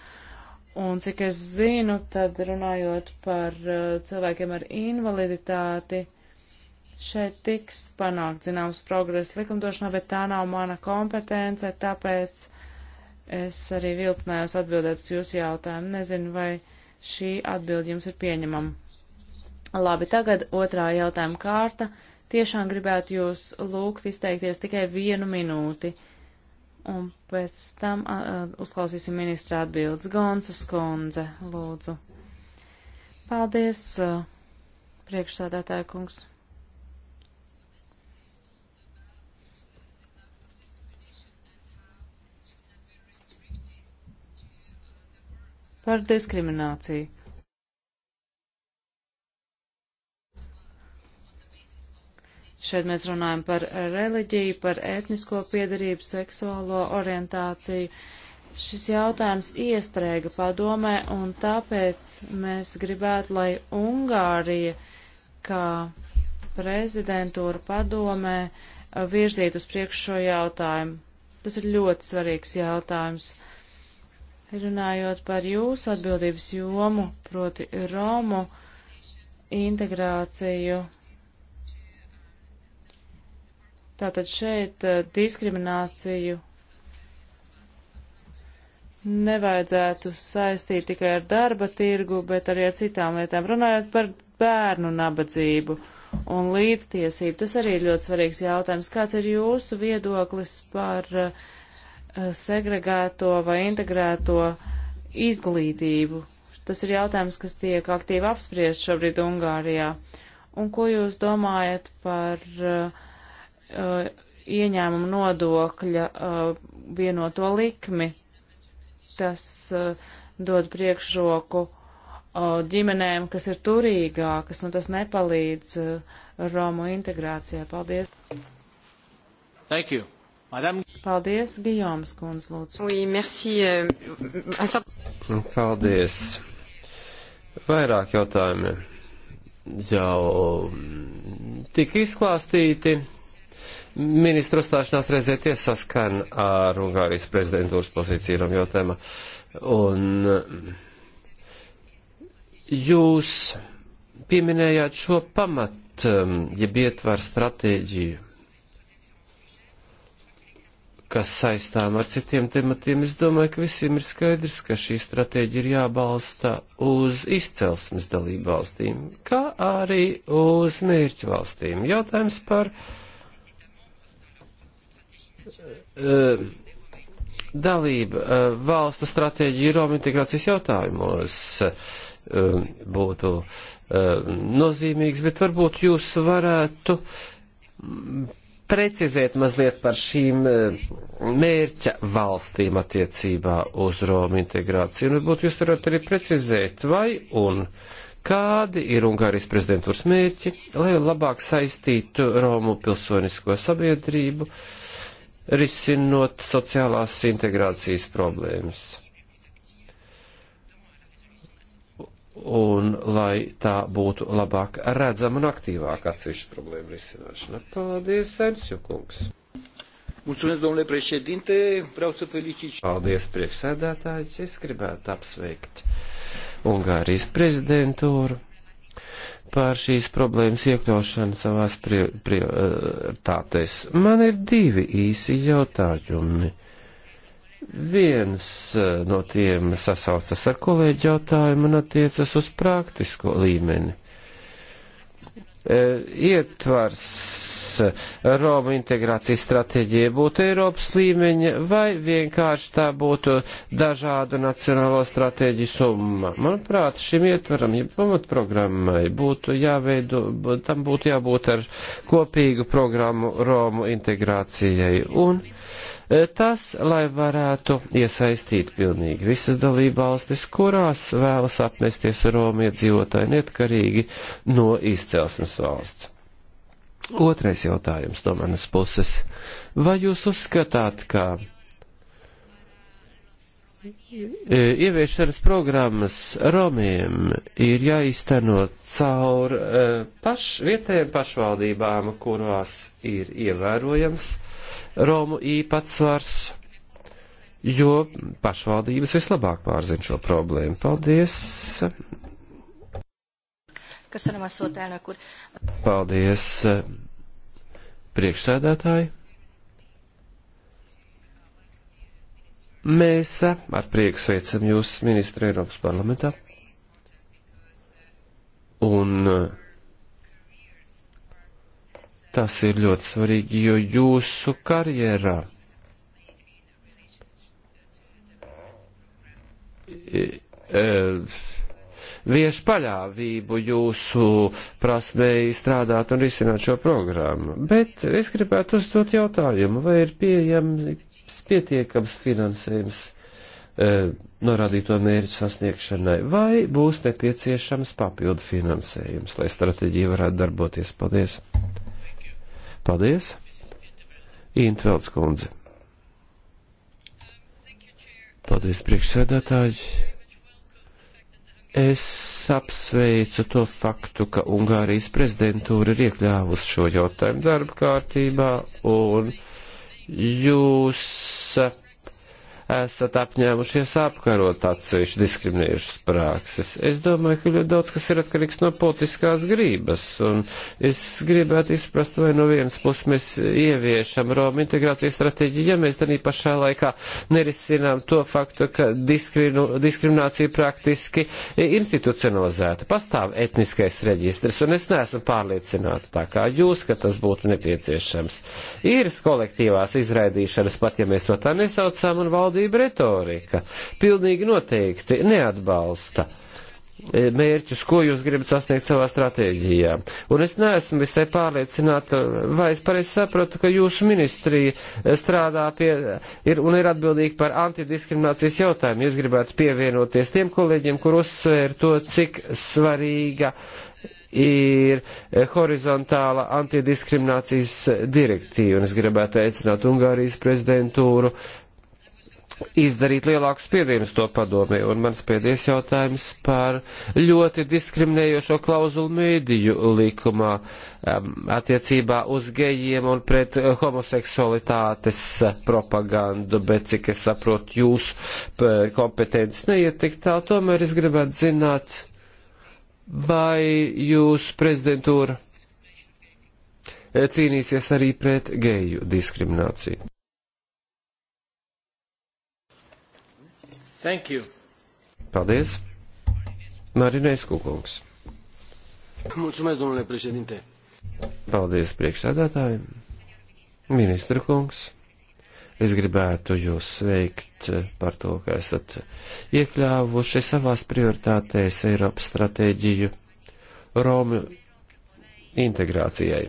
Un cik es zinu, tad runājot par uh, cilvēkiem ar invaliditāti, šeit tiks panākt zināms progress likumdošanā, bet tā nav mana kompetence, tāpēc es arī vilcinājos atbildēt uz jūsu jautājumu. Nezinu, vai šī atbildi jums ir pieņemama. Labi, tagad otrā jautājuma kārta. Tiešām gribētu jūs lūgt izteikties tikai vienu minūti. Uh, Un pēc tam uh, uzklausīsim ministra atbildes. Gonsas kundze, lūdzu. Paldies, uh, priekšsādātāja kungs. Par diskrimināciju. Šeit mēs runājam par reliģiju, par etnisko piedarību, seksuālo orientāciju. Šis jautājums iestrēga padomē, un tāpēc mēs gribētu, lai Ungārija, kā prezidentūra padomē, virzīt uz priekšu šo jautājumu. Tas ir ļoti svarīgs jautājums. Runājot par jūsu atbildības jomu, proti Romu integrāciju Tātad šeit eh, diskrimināciju nevajadzētu saistīt tikai ar darba tirgu, bet arī ar citām lietām. Runājot par bērnu nabadzību un līdztiesību, tas arī ir ļoti svarīgs jautājums. Kāds ir jūsu viedoklis par eh, segregēto vai integrēto izglītību? Tas ir jautājums, kas tiek aktīvi apspriest šobrīd Ungārijā. Un ko jūs domājat par uh, uh, ieņēmumu nodokļa uh, vienoto likmi. Tas uh, dod priekšroku uh, ģimenēm, kas ir turīgākas, un tas nepalīdz uh, Romu integrācijā. Paldies! Thank you. Madame... Paldies, Gijoms kundz, lūdzu. Oui, merci. Euh, Paldies. Vairāk jautājumi jau mm, tika izklāstīti ministru uzstāšanās reizē tiesaskan ar Ungārijas prezidentūras pozīcijām jautājumā. Un mm, jūs pieminējāt šo pamat, mm, jeb ietvaru stratēģiju, kas saistām ar citiem tematiem. Es domāju, ka visiem ir skaidrs, ka šī stratēģija ir jābalsta uz izcelsmes dalību valstīm, kā arī uz mērķu valstīm. Jautājums par uh, Eh, dalība eh, valstu stratēģija Roma integrācijas jautājumos eh, būtu nozīmīgs, bet varbūt jūs varētu mm, precizēt mazliet par šīm mērķa valstīm attiecībā uz Romu integrāciju. Un varbūt jūs varat arī precizēt, vai un kādi ir Ungārijas prezidentūras mērķi, lai labāk saistītu Romu pilsonisko sabiedrību. Uh, risinot sociālās integrācijas problēmas. Un lai tā būtu labāk redzama un aktīvāk atsevišķa problēma risināšana. Paldies, Sensju kungs! Mulțumesc, domnule președinte, vreau să felicit. Paldies, priekšsēdētājs, es gribētu apsveikt Ungārijas prezidentūru par šīs problēmas iekļaušanu savās prioritātēs. Eh, Man ir divi īsi jautājumi. Viens eh, no tiem sasaucas ar kolēģi jautājumu un attiecas uz praktisko līmeni. E, ietvars e, Roma integrācijas stratēģija būtu Eiropas līmeņa vai vienkārši tā būtu dažādu nacionālo stratēģiju summa. Manuprāt, šim ietvaram, ja pamatprogrammai būtu jāveido, tam būtu jābūt ar kopīgu programmu Romu integrācijai. Un Tas, lai varētu iesaistīt pilnīgi visas dalībvalstis, kurās vēlas apmesties Romu iedzīvotāji neatkarīgi no izcelsmes valsts. Otrais jautājums no manas puses. Vai jūs uzskatāt, ka e, Ieviešanas programmas Romiem ir jāizteno caur e, paš, vietējiem pašvaldībām, kurās ir ievērojams Romu īpatsvars, jo pašvaldības vislabāk pārzina šo problēmu. Paldies! Köszönöm a szót, elnök úr. Paldies, priekšsēdētāji. Mēs ar prieku sveicam jūs, ministra Eiropas parlamentā. Un uh, Tas ir ļoti svarīgi, jo jūsu karjerā e, viešu paļāvību jūsu prasmēji strādāt un risināt šo programmu. Bet es gribētu uzdot jautājumu, vai ir pieejams pietiekams finansējums e, norādīto mērķu sasniegšanai, vai būs nepieciešams papildu finansējums, lai stratēģija varētu darboties. Paldies! Paldies! Intvelds kundze. Paldies, priekšsēdētāji! Es apsveicu to faktu, ka Ungārijas prezidentūra ir iekļāvusi šo jautājumu darba kārtībā, un jūs esat apņēmušies apkarot atsevišķi diskriminējušas prakses. Es domāju, ka ļoti daudz kas ir atkarīgs no politiskās grības, un es gribētu izprast, vai no vienas puses mēs ieviešam Roma integrācijas stratēģiju, ja mēs arī pašā laikā nerisinām to faktu, ka diskrinu, diskriminācija praktiski ir institucionalizēta. Pastāv etniskais reģistrs, un es neesmu pārliecināta tā kā jūs, ka tas būtu nepieciešams. Ir kolektīvās izraidīšanas, pat ja mēs to tā nesaucam, un valdība valdība retorika pilnīgi noteikti neatbalsta eh, mērķus, ko jūs gribat sasniegt savā stratēģijā. Un es neesmu visai pārliecināta, vai es pareizi sapratu, ka jūsu ministrija eh, strādā pie ir, un ir atbildīga par antidiskriminācijas jautājumu. Jūs gribētu pievienoties tiem kolēģiem, kur uzsvēra to, cik svarīga ir eh, horizontāla antidiskriminācijas direktīva. Un es gribētu aicināt Ungārijas prezidentūru uh, izdarīt lielāku spiedienu uz to padomē. Un mans pēdējais jautājums par ļoti diskriminējošo klauzulu mēdīju likumā um, attiecībā uz gejiem un pret eh, homoseksualitātes eh, propagandu, bet cik es saprotu, jūs eh, kompetences neietik tā, tomēr es gribētu zināt, vai jūs prezidentūra cīnīsies arī pret geju diskrimināciju. Thank you. Paldies. Marinesku kungs. Mulțumesc, domnule președinte. Paldies priekšsēdētājiem. Ministra kungs. Es gribētu jūs sveikt par to, ka esat iekļāvuši savās prioritātēs Eiropas stratēģiju Romu integrācijai.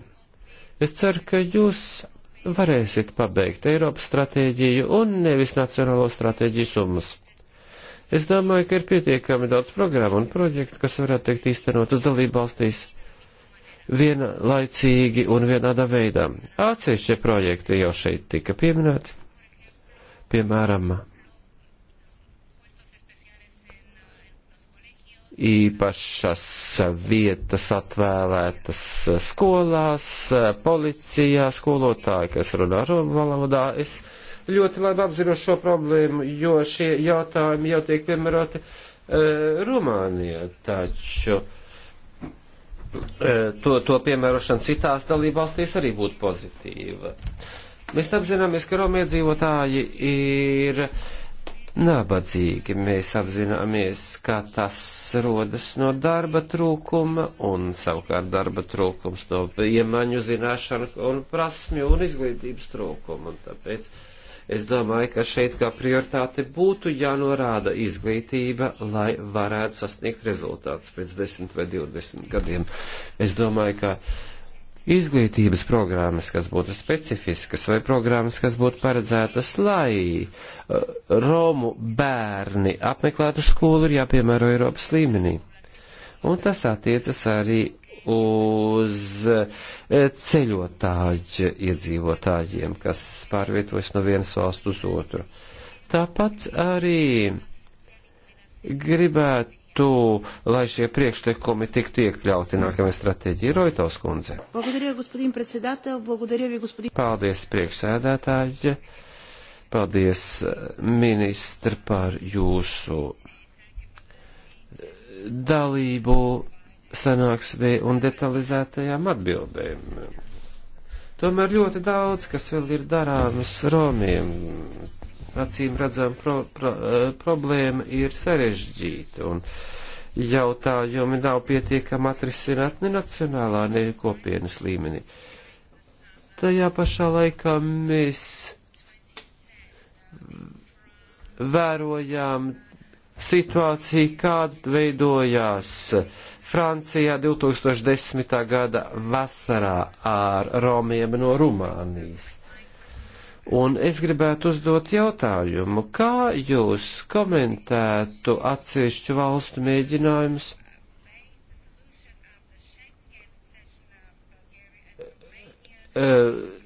Es ceru, ka jūs varēsiet pabeigt Eiropas stratēģiju un nevis nacionālo stratēģiju summas. Es domāju, ka ir pietiekami daudz programmu un projektu, kas varētu tikt īstenotas dalību valstīs vienlaicīgi un vienādā veidā. Atsevišķie projekti jau šeit tika pieminēti. Piemēram, īpašas vietas atvēlētas skolās, policijā, skolotāji, kas runā romu valodā. Es ļoti labi apzinos šo problēmu, jo šie jautājumi jau tiek piemēroti uh, Rumānijā. Taču uh, to, to piemērošana citās dalībvalstīs arī būtu pozitīva. Mēs apzināmies, ka romiedzīvotāji ir nabadzīgi. Mēs apzināmies, ka tas rodas no darba trūkuma un savukārt darba trūkums no iemaņu zināšanu un prasmju un izglītības trūkuma. Un tāpēc uh, Es domāju, ka šeit kā prioritāte būtu jānorāda izglītība, lai varētu sasniegt rezultātus pēc 10 vai 20 gadiem. Es domāju, ka izglītības programmas, kas būtu specifiskas, vai programmas, kas būtu paredzētas, lai uh, Romu bērni apmeklētu skolu, ir jāpiemēro Eiropas līmenī. Un tas attiecas arī uz e, ceļotāju iedzīvotājiem, kas pārvietojas no vienas valsts uz otru. Tāpat arī gribētu, lai šie priekšlikumi tiktu iekļauti nākamajā stratēģijā. Roitovs kundze. Paldies, priekšsēdētāji. Paldies, ministri, par jūsu dalību sanāksmē un detalizētajām atbildēm. Tomēr ļoti daudz, kas vēl ir darāmas Romiem, acīm redzam, pro, pro, eh, problēma ir sarežģīta un jautājumi nav pietiekami atrisināt ne nacionālā, ne kopienas līmenī. Tajā pašā laikā mēs vērojām situācija, kāda veidojās Francijā 2010. gada vasarā ar Romiem no Rumānijas. Un es gribētu uzdot jautājumu, kā jūs komentētu atsevišķu valstu mēģinājumus uh,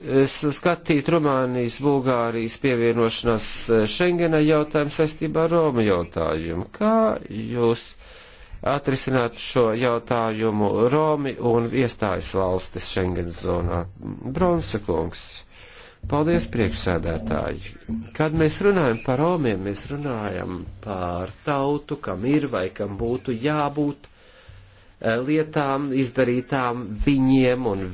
skatīt Rumānijas, Bulgārijas pievienošanās e, Schengena jautājumu saistībā ar Roma jautājumu. Kā jūs atrisināt šo jautājumu Romi un iestājas valstis Schengen zonā? Bronsa kungs. Paldies, priekšsēdētāji. Kad mēs runājam par Romiem, mēs runājam par tautu, kam ir vai kam būtu jābūt e, lietām izdarītām viņiem un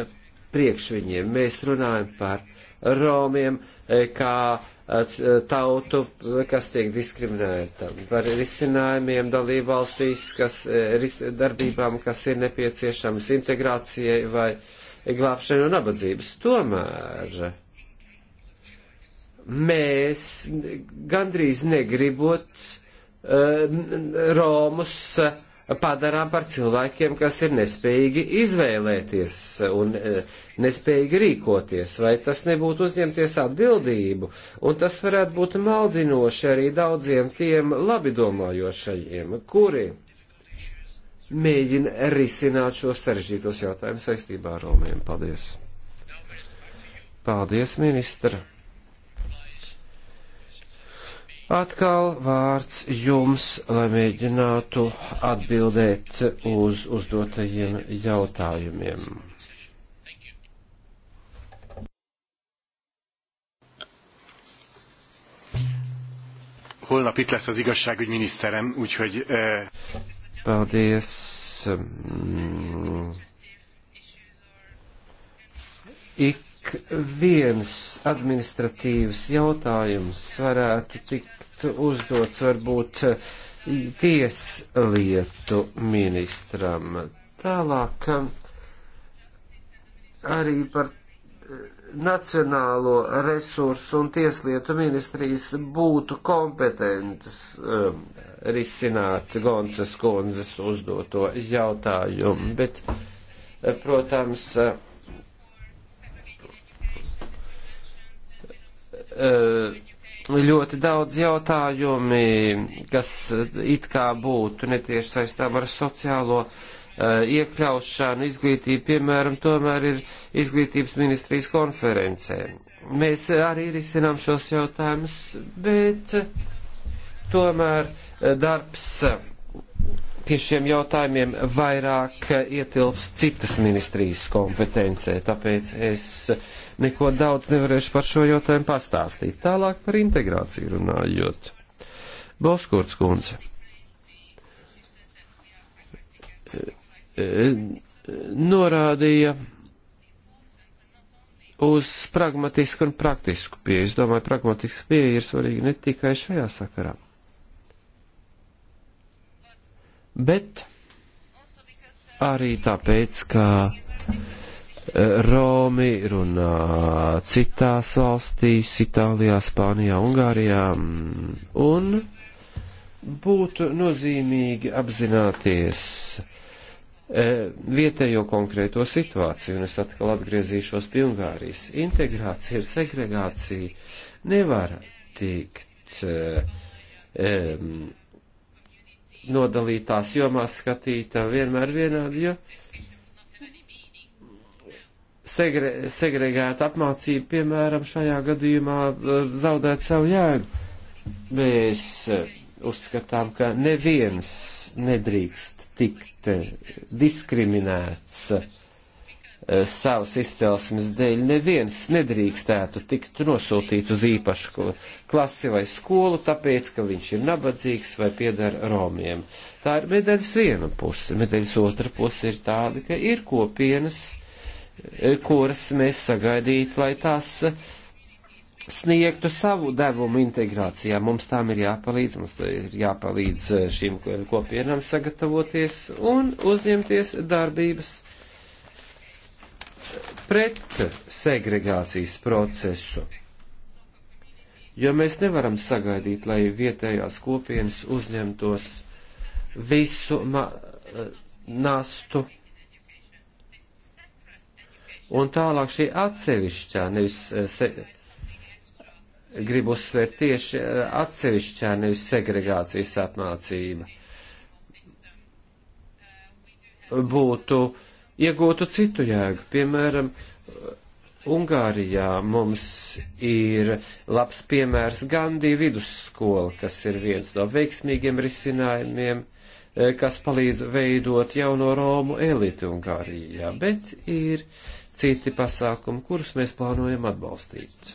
e, priekš viņiem. Mēs runājam par Romiem e, kā e, e, tautu, kas tiek diskriminēta, par risinājumiem dalībvalstīs, kas darbībām, kas ir nepieciešams integrācijai vai glābšanu no nabadzības. Tomēr mēs gandrīz negribot Romus uh, padarām par cilvēkiem, kas ir nespējīgi izvēlēties un e, nespējīgi rīkoties, vai tas nebūtu uzņemties atbildību, un tas varētu būt maldinoši arī daudziem tiem labi domājošajiem, kuri mēģina risināt šos sarežģītos jautājumus saistībā ar Romiem. Paldies! Paldies, ministra! Atkal vārds jums, lai mēģinātu atbildēt uz uzdotajiem jautājumiem. Holnap itt lesz az igazságügyminiszterem, úgyhogy... Uh... Paldies. Um, ik ik viens administratīvs jautājums varētu tikt uzdots varbūt eh, tieslietu ministram. Tālāk eh, arī par eh, nacionālo resursu un tieslietu ministrijas būtu kompetentas um, risināt Goncas kundzes uzdoto jautājumu, bet, protams, uh, Eh, ļoti daudz jautājumi, kas eh, it kā būtu netieši saistām ar sociālo eh, iekļaušanu, izglītību, piemēram, tomēr ir izglītības ministrijas konferencē. Mēs arī risinām šos jautājumus, bet tomēr darbs pie šiem jautājumiem vairāk ietilps citas ministrijas kompetencē, tāpēc es neko daudz nevarēšu par šo jautājumu pastāstīt. Tālāk par integrāciju runājot. Bolskurts kundze. E, e, norādīja uz pragmatisku un praktisku pieeju. Es domāju, pragmatisks pieeja ir svarīga ne tikai šajā sakarā bet arī tāpēc, ka e, Romi runā citās valstīs, Itālijā, Spānijā, Ungārijā, mm, un būtu nozīmīgi apzināties e, vietējo konkrēto situāciju, un es atkal atgriezīšos pie Ungārijas. Integrācija ir segregācija, nevar tikt um, nodalītās jomās skatīta vienmēr vienādi, jo segre, segregēta apmācība, piemēram, šajā gadījumā e, zaudēt savu jēgu. Mēs e, uzskatām, ka neviens nedrīkst tikt diskriminēts Eh, savas izcelsmes dēļ neviens nedrīkstētu tikt nosūtīts uz īpašu klasi vai skolu, tāpēc, ka viņš ir nabadzīgs vai piedara romiem. Tā ir medaļas viena puse. Medaļas otra puse ir tāda, ka ir kopienas, eh, kuras mēs sagaidītu, lai tās eh, sniegtu savu devumu integrācijā. Mums tām ir jāpalīdz, mums ir jāpalīdz šīm kopienām sagatavoties un uzņemties darbības pret segregācijas procesu, jo mēs nevaram sagaidīt, lai vietējās kopienas uzņemtos visu eh, nastu. Un tālāk šī atsevišķā, nevis eh, se, gribu uzsvērt tieši eh, atsevišķā, nevis segregācijas apmācība, būtu uh, iegūtu citu jēgu. Piemēram, Ungārijā mums ir labs piemērs Gandī vidusskola, kas ir viens no veiksmīgiem risinājumiem, e, kas palīdz veidot jauno Romu eliti Ungārijā, bet ir citi pasākumi, kurus mēs plānojam atbalstīt.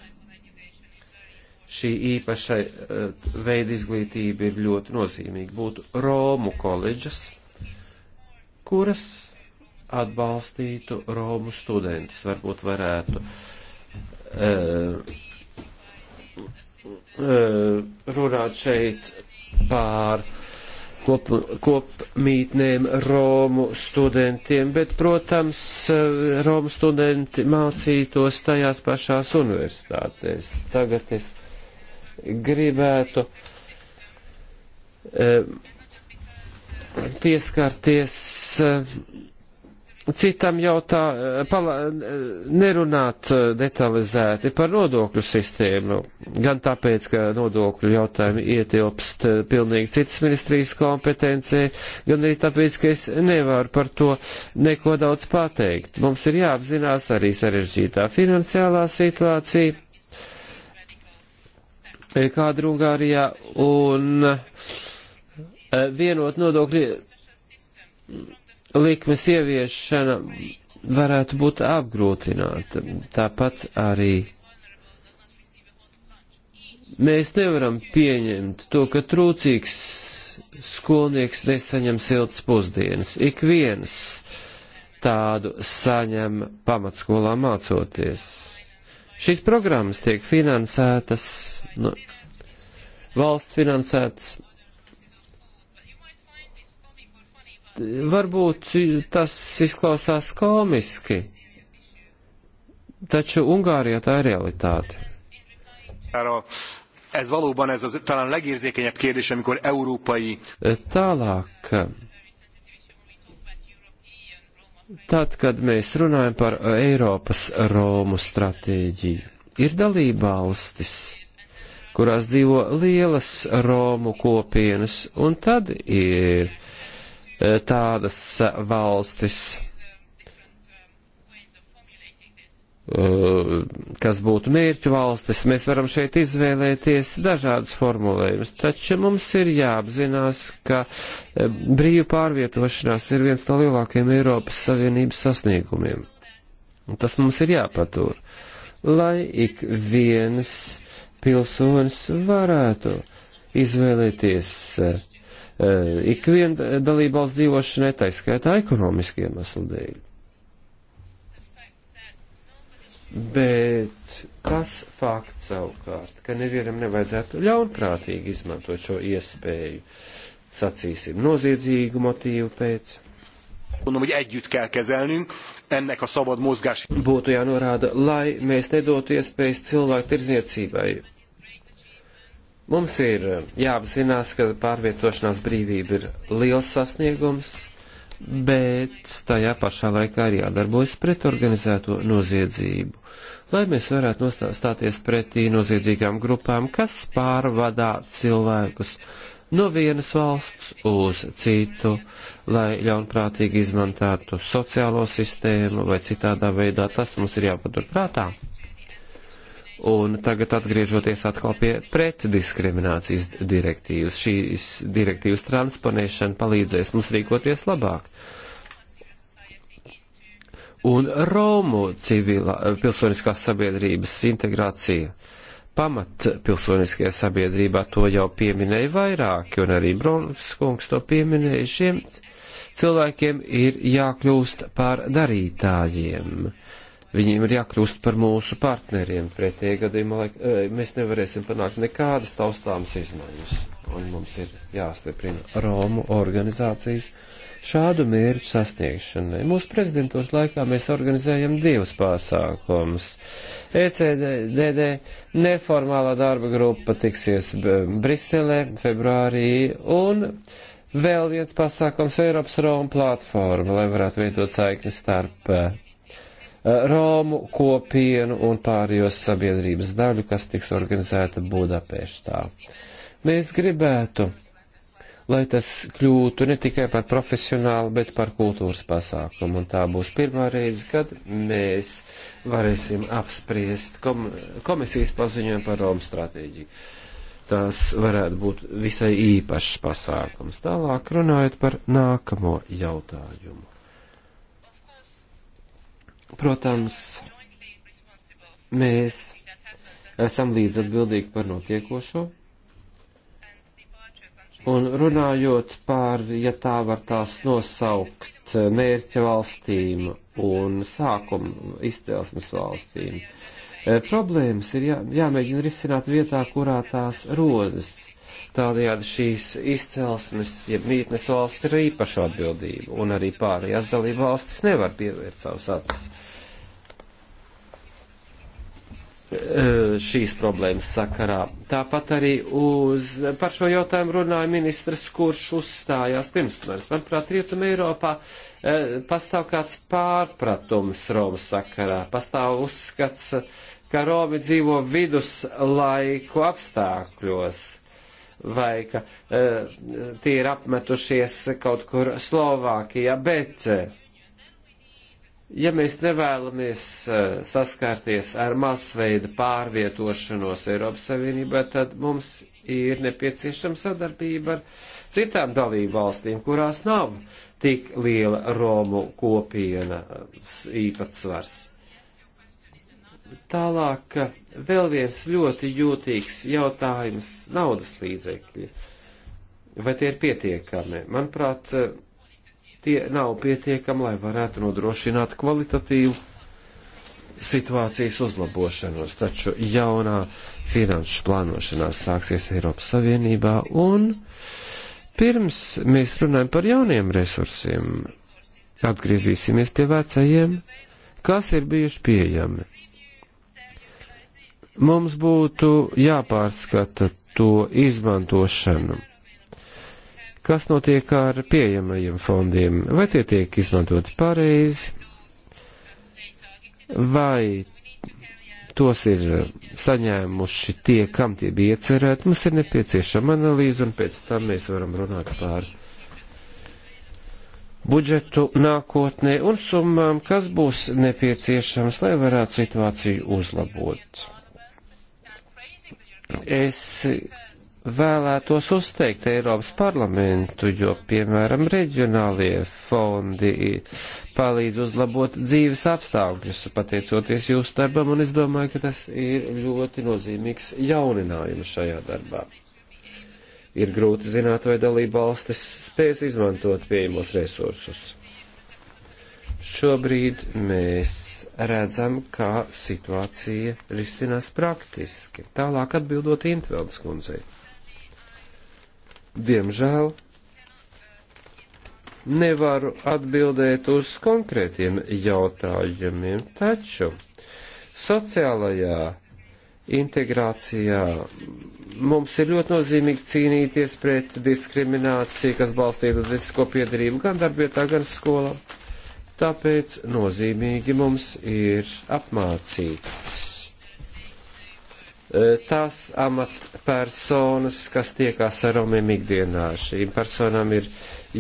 Šī īpaša e, veida izglītība ir ļoti nozīmīga. Būtu Romu koledžas, kuras atbalstītu Romu studentus. Varbūt varētu uh, uh, runāt šeit pār kop, kopmītnēm Romu studentiem, bet, protams, eh, Romu studenti mācītos tajās pašās universitātēs. Tagad es gribētu e, pieskarties citam jautā, pala, nerunāt detalizēti par nodokļu sistēmu, gan tāpēc, ka nodokļu jautājumi ietilpst pilnīgi citas ministrijas kompetencē, gan arī tāpēc, ka es nevaru par to neko daudz pateikt. Mums ir jāapzinās arī sarežģītā finansiālā situācija, kāda Ungārijā, un eh, vienot nodokļu likmes ieviešana varētu būt apgrūtināta. Tāpat arī mēs nevaram pieņemt to, ka trūcīgs skolnieks nesaņem silts pusdienas. Ik viens tādu saņem pamatskolā mācoties. Šīs programmas tiek finansētas, nu, valsts finansētas varbūt tas izklausās komiski, taču Ungārijā tā ir realitāte. Ez valóban ez az talán legérzékenyebb kérdés, amikor európai... Tālāk, tad, kad mēs runājam par Eiropas Romu stratēģiju, ir dalībvalstis, kurās dzīvo lielas Romu kopienas, un tad ir uh, E, tādas valstis, e, kas būtu mērķu valstis, mēs varam šeit izvēlēties dažādus formulējumus, taču mums ir jāapzinās, ka e, brīva pārvietošanās ir viens no lielākajiem Eiropas Savienības sasniegumiem. Un tas mums ir jāpatur, lai ik viens pilsonis varētu izvēlēties uh, Eh, ikviena eh, dalībvalsts dzīvošanai, tā skaitā ekonomiski iemeslu dēļ. Bet tas fakts savukārt, ka nevienam nevajadzētu ļaunprātīgi izmantot šo iespēju, sacīsim, noziedzīgu motīvu pēc. Mondom, hogy együtt kell kezelnünk ennek a szabad mozgás. Būtu jānorāda, lai mēs nedotu iespējas cilvēku tirzniecībai, Mums ir eh, jāapzinās, ka pārvietošanās brīvība ir liels sasniegums, bet tajā pašā laikā ir jādarbojas pret organizēto noziedzību, lai mēs varētu nostāties pretī noziedzīgām grupām, kas pārvadā cilvēkus no vienas valsts uz citu, lai ļaunprātīgi izmantātu sociālo sistēmu vai citādā veidā. Tas mums ir jāpatur prātā. Un tagad atgriežoties atkal pie pretdiskriminācijas direktīvas. Šīs direktīvas transponēšana palīdzēs mums rīkoties labāk. Un Romu civilā, pilsoniskās sabiedrības integrācija pamat pilsoniskajā sabiedrībā to jau pieminēja vairāki, un arī Bronis kungs to pieminēja. Šiem cilvēkiem ir jākļūst par darītājiem. Uh, Viņiem ir jākļūst par mūsu partneriem. Pretējā gadījumā eh, mēs nevarēsim panākt nekādas taustāmas izmaiņas. Un mums ir jāstiprina Romu organizācijas šādu mērķu sasniegšanai. Mūsu prezidentos laikā mēs organizējam divus pasākumus. ECDD neformālā darba grupa tiksies Briselē februārī un vēl viens pasākums Eiropas Roma platforma, lai varētu veidot saikni starp eh, Eh, Romu kopienu un pārējos sabiedrības daļu, kas tiks organizēta Budapeštā. Mēs gribētu, lai tas kļūtu ne tikai par profesionālu, bet par kultūras pasākumu. Un tā būs pirmā reize, kad mēs varēsim apspriest kom komisijas paziņojumu par Romu stratēģiju. Tas varētu būt visai īpašs pasākums. Tālāk runājot par nākamo jautājumu. Protams, mēs esam līdz atbildīgi par notiekošo. Un runājot par, ja tā var tās nosaukt, mērķa valstīm un sākuma izcelsmes valstīm, e, problēmas ir jā, jāmēģina risināt vietā, kurā tās rodas. Tādējādi šīs izcelsmes, jeb ja mītnes valsts ir īpaša atbildība, un arī pārējās dalība valstis nevar pievērt savus acis Eh, šīs problēmas sakarā. Tāpat arī uz, par šo jautājumu runāja ministrs, kurš uzstājās pirms manis. Manuprāt, Rietuma Eiropā eh, pastāv kāds pārpratums Romu sakarā. Pastāv uzskats, ka Romi dzīvo viduslaiku apstākļos vai ka eh, tie ir apmetušies kaut kur Slovākijā, bet Ja mēs nevēlamies eh, saskārties ar masveida pārvietošanos Eiropas Savienībā, tad mums ir nepieciešama sadarbība ar citām dalību valstīm, kurās nav tik liela Romu kopiena īpatsvars. Tālāk eh, vēl viens ļoti jūtīgs jautājums - naudas līdzekļi. Vai tie ir pietiekami? Manuprāt, eh, tie nav pietiekami, lai varētu nodrošināt kvalitatīvu situācijas uzlabošanos. Taču jaunā finanšu plānošanās sāksies Eiropas Savienībā un pirms mēs runājam par jauniem resursiem, atgriezīsimies pie vecajiem, kas ir bijuši pieejami. Mums būtu jāpārskata to izmantošanu kas notiek ar pieejamajiem fondiem, vai tie tiek izmantoti pareizi, vai tos ir saņēmuši tie, kam tie bija iecerēti. Mums ir nepieciešama analīze, un pēc tam mēs varam runāt par budžetu nākotnē un summām, kas būs nepieciešams, lai varētu situāciju uzlabot. Es vēlētos uzteikt Eiropas parlamentu, jo, piemēram, reģionālie fondi palīdz uzlabot dzīves apstākļus, pateicoties jūsu darbam, un es domāju, ka tas ir ļoti nozīmīgs jauninājums šajā darbā. Ir grūti zināt, vai dalība valstis spēs izmantot pieejamos resursus. Šobrīd mēs redzam, kā situācija risinās praktiski. Tālāk atbildot Intveldes kundzei diemžēl nevaru atbildēt uz konkrētiem jautājumiem, taču sociālajā integrācijā mums ir ļoti nozīmīgi cīnīties pret diskrimināciju, kas balstīta uz visisko piedarību gan darbietā, gan skolā. Tāpēc nozīmīgi mums ir apmācīts Eh, tās amatpersonas, kas tiekās ar romiem ikdienā. Šīm personām ir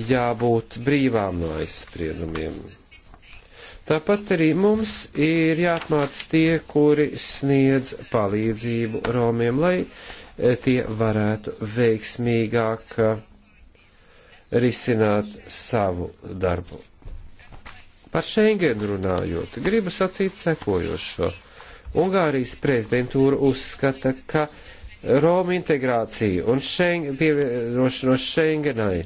jābūt brīvām no aizspriedumiem. Tāpat arī mums ir jāapmāc tie, kuri sniedz palīdzību romiem, lai eh, tie varētu veiksmīgāk eh, risināt savu darbu. Par Schengen runājot, gribu sacīt sekojošo. Ungārijas prezidentūra uzskata, ka Roma integrācija un šeng, pievienošanos Schengenai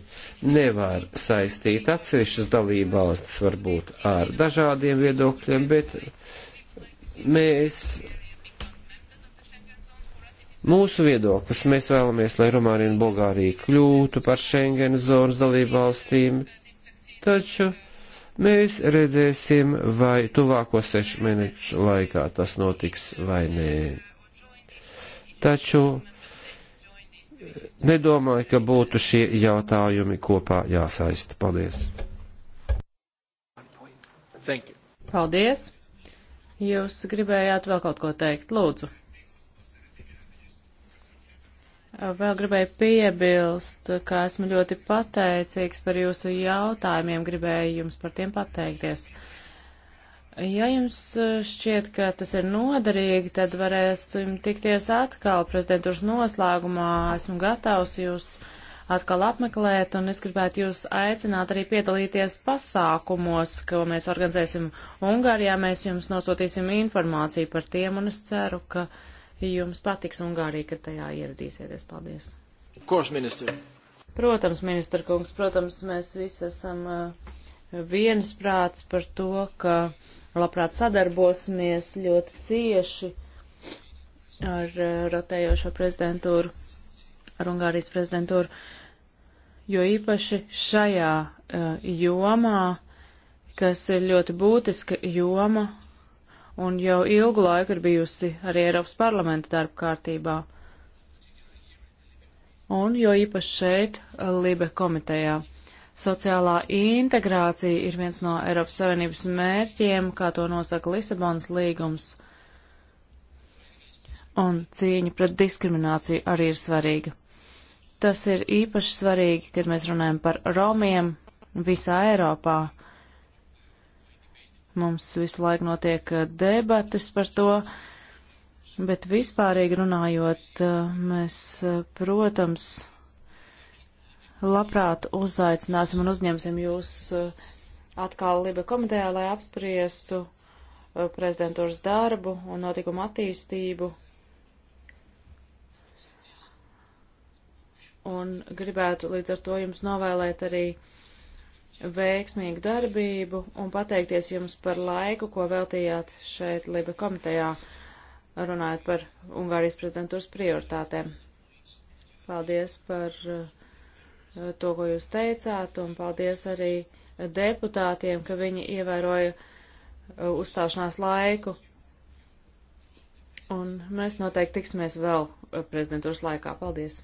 nevar saistīt atsevišķas dalībvalstis varbūt ar dažādiem viedokļiem, bet mēs Mūsu viedoklis mēs vēlamies, lai Rumānija un Bulgārija kļūtu par Schengen zonas dalību valstīm, taču Mēs redzēsim, vai tuvāko sešu mēnešu laikā tas notiks vai nē. Taču nedomāju, ka būtu šie jautājumi kopā jāsaista. Paldies! Paldies! Jūs gribējāt vēl kaut ko teikt, lūdzu. Vēl gribēju piebilst, ka esmu ļoti pateicīgs par jūsu jautājumiem, gribēju jums par tiem pateikties. Ja jums šķiet, ka tas ir noderīgi, tad varēsim tikties atkal prezidentūras noslēgumā. Esmu gatavs jūs atkal apmeklēt, un es gribētu jūs aicināt arī piedalīties pasākumos, ko mēs organizēsim Ungārijā. Mēs jums nosūtīsim informāciju par tiem, un es ceru, ka. Uh, jums patiks Ungārija, kad tajā ieradīsieties. Paldies! Kors, ministri! Protams, ministra kungs, protams, mēs visi esam uh, viensprāts par to, ka labprāt sadarbosimies ļoti cieši ar uh, rotējošo prezidentūru, ar Ungārijas prezidentūru, jo īpaši šajā uh, jomā, kas ir ļoti būtiska joma un jau ilgu laiku ir bijusi arī Eiropas parlamenta darba kārtībā. Un jo īpaši šeit, Libe komitejā. Sociālā integrācija ir viens no Eiropas Savienības mērķiem, kā to nosaka Lisabonas līgums, un cīņa pret diskrimināciju arī ir svarīga. Tas ir īpaši svarīgi, kad mēs runājam par romiem visā Eiropā Mums visu laiku notiek uh, debates par to, bet vispārīgi runājot, uh, mēs, uh, protams, labprāt uzaicināsim un uzņemsim jūs atkal Liba komitejā, lai apspriestu prezidentūras darbu un notikumu attīstību. Un gribētu līdz ar to jums novēlēt arī veiksmīgu darbību un pateikties jums par laiku, ko veltījāt šeit Liba komitejā, runājot par Ungārijas prezidentūras prioritātēm. Paldies par eh, to, ko jūs teicāt, un paldies arī deputātiem, ka viņi ievēroja eh, uzstāšanās laiku. Un mēs noteikti tiksimies vēl eh, prezidentūras laikā. Paldies!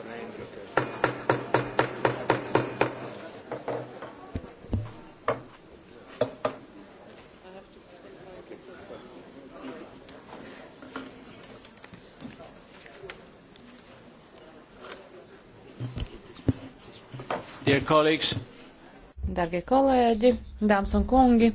Darbie kolēģi, dāmas un kungi,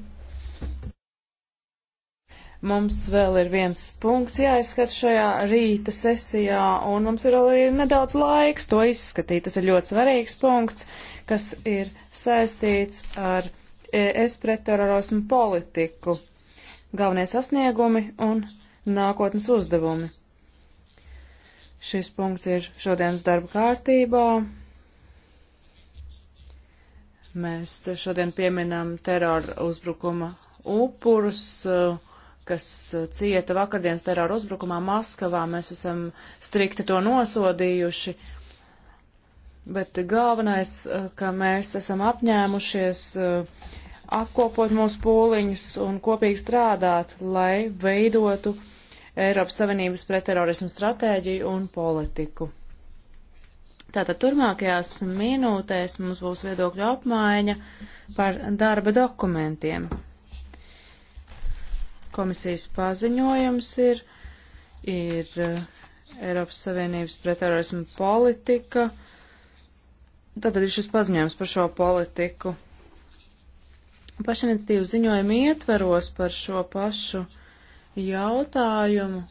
mums vēl ir viens punkts jāizskata šajā rīta sesijā, un mums ir arī nedaudz laiks to izskatīt. Tas ir ļoti svarīgs punkts, kas ir saistīts ar es pretterorismu politiku, galvenie sasniegumi un nākotnes uzdevumi. Šis punkts ir šodienas darba kārtībā. Mēs šodien pieminam terora uzbrukuma upurus, kas cieta vakardienas terora uzbrukumā Maskavā. Mēs esam strikti to nosodījuši. Bet galvenais, ka mēs esam apņēmušies eh, apkopot mūsu pūliņus un kopīgi strādāt, lai veidotu Eiropas Savienības pretterorismu stratēģiju un politiku. Tātad turmākajās minūtēs mums būs viedokļu apmaiņa par darba dokumentiem. Komisijas paziņojums ir, ir eh, Eiropas Savienības pretterorismu politika. Tātad ir šis paziņojums par šo politiku. Pašiniciatīvu ziņojumu ietveros par šo pašu jautājumu,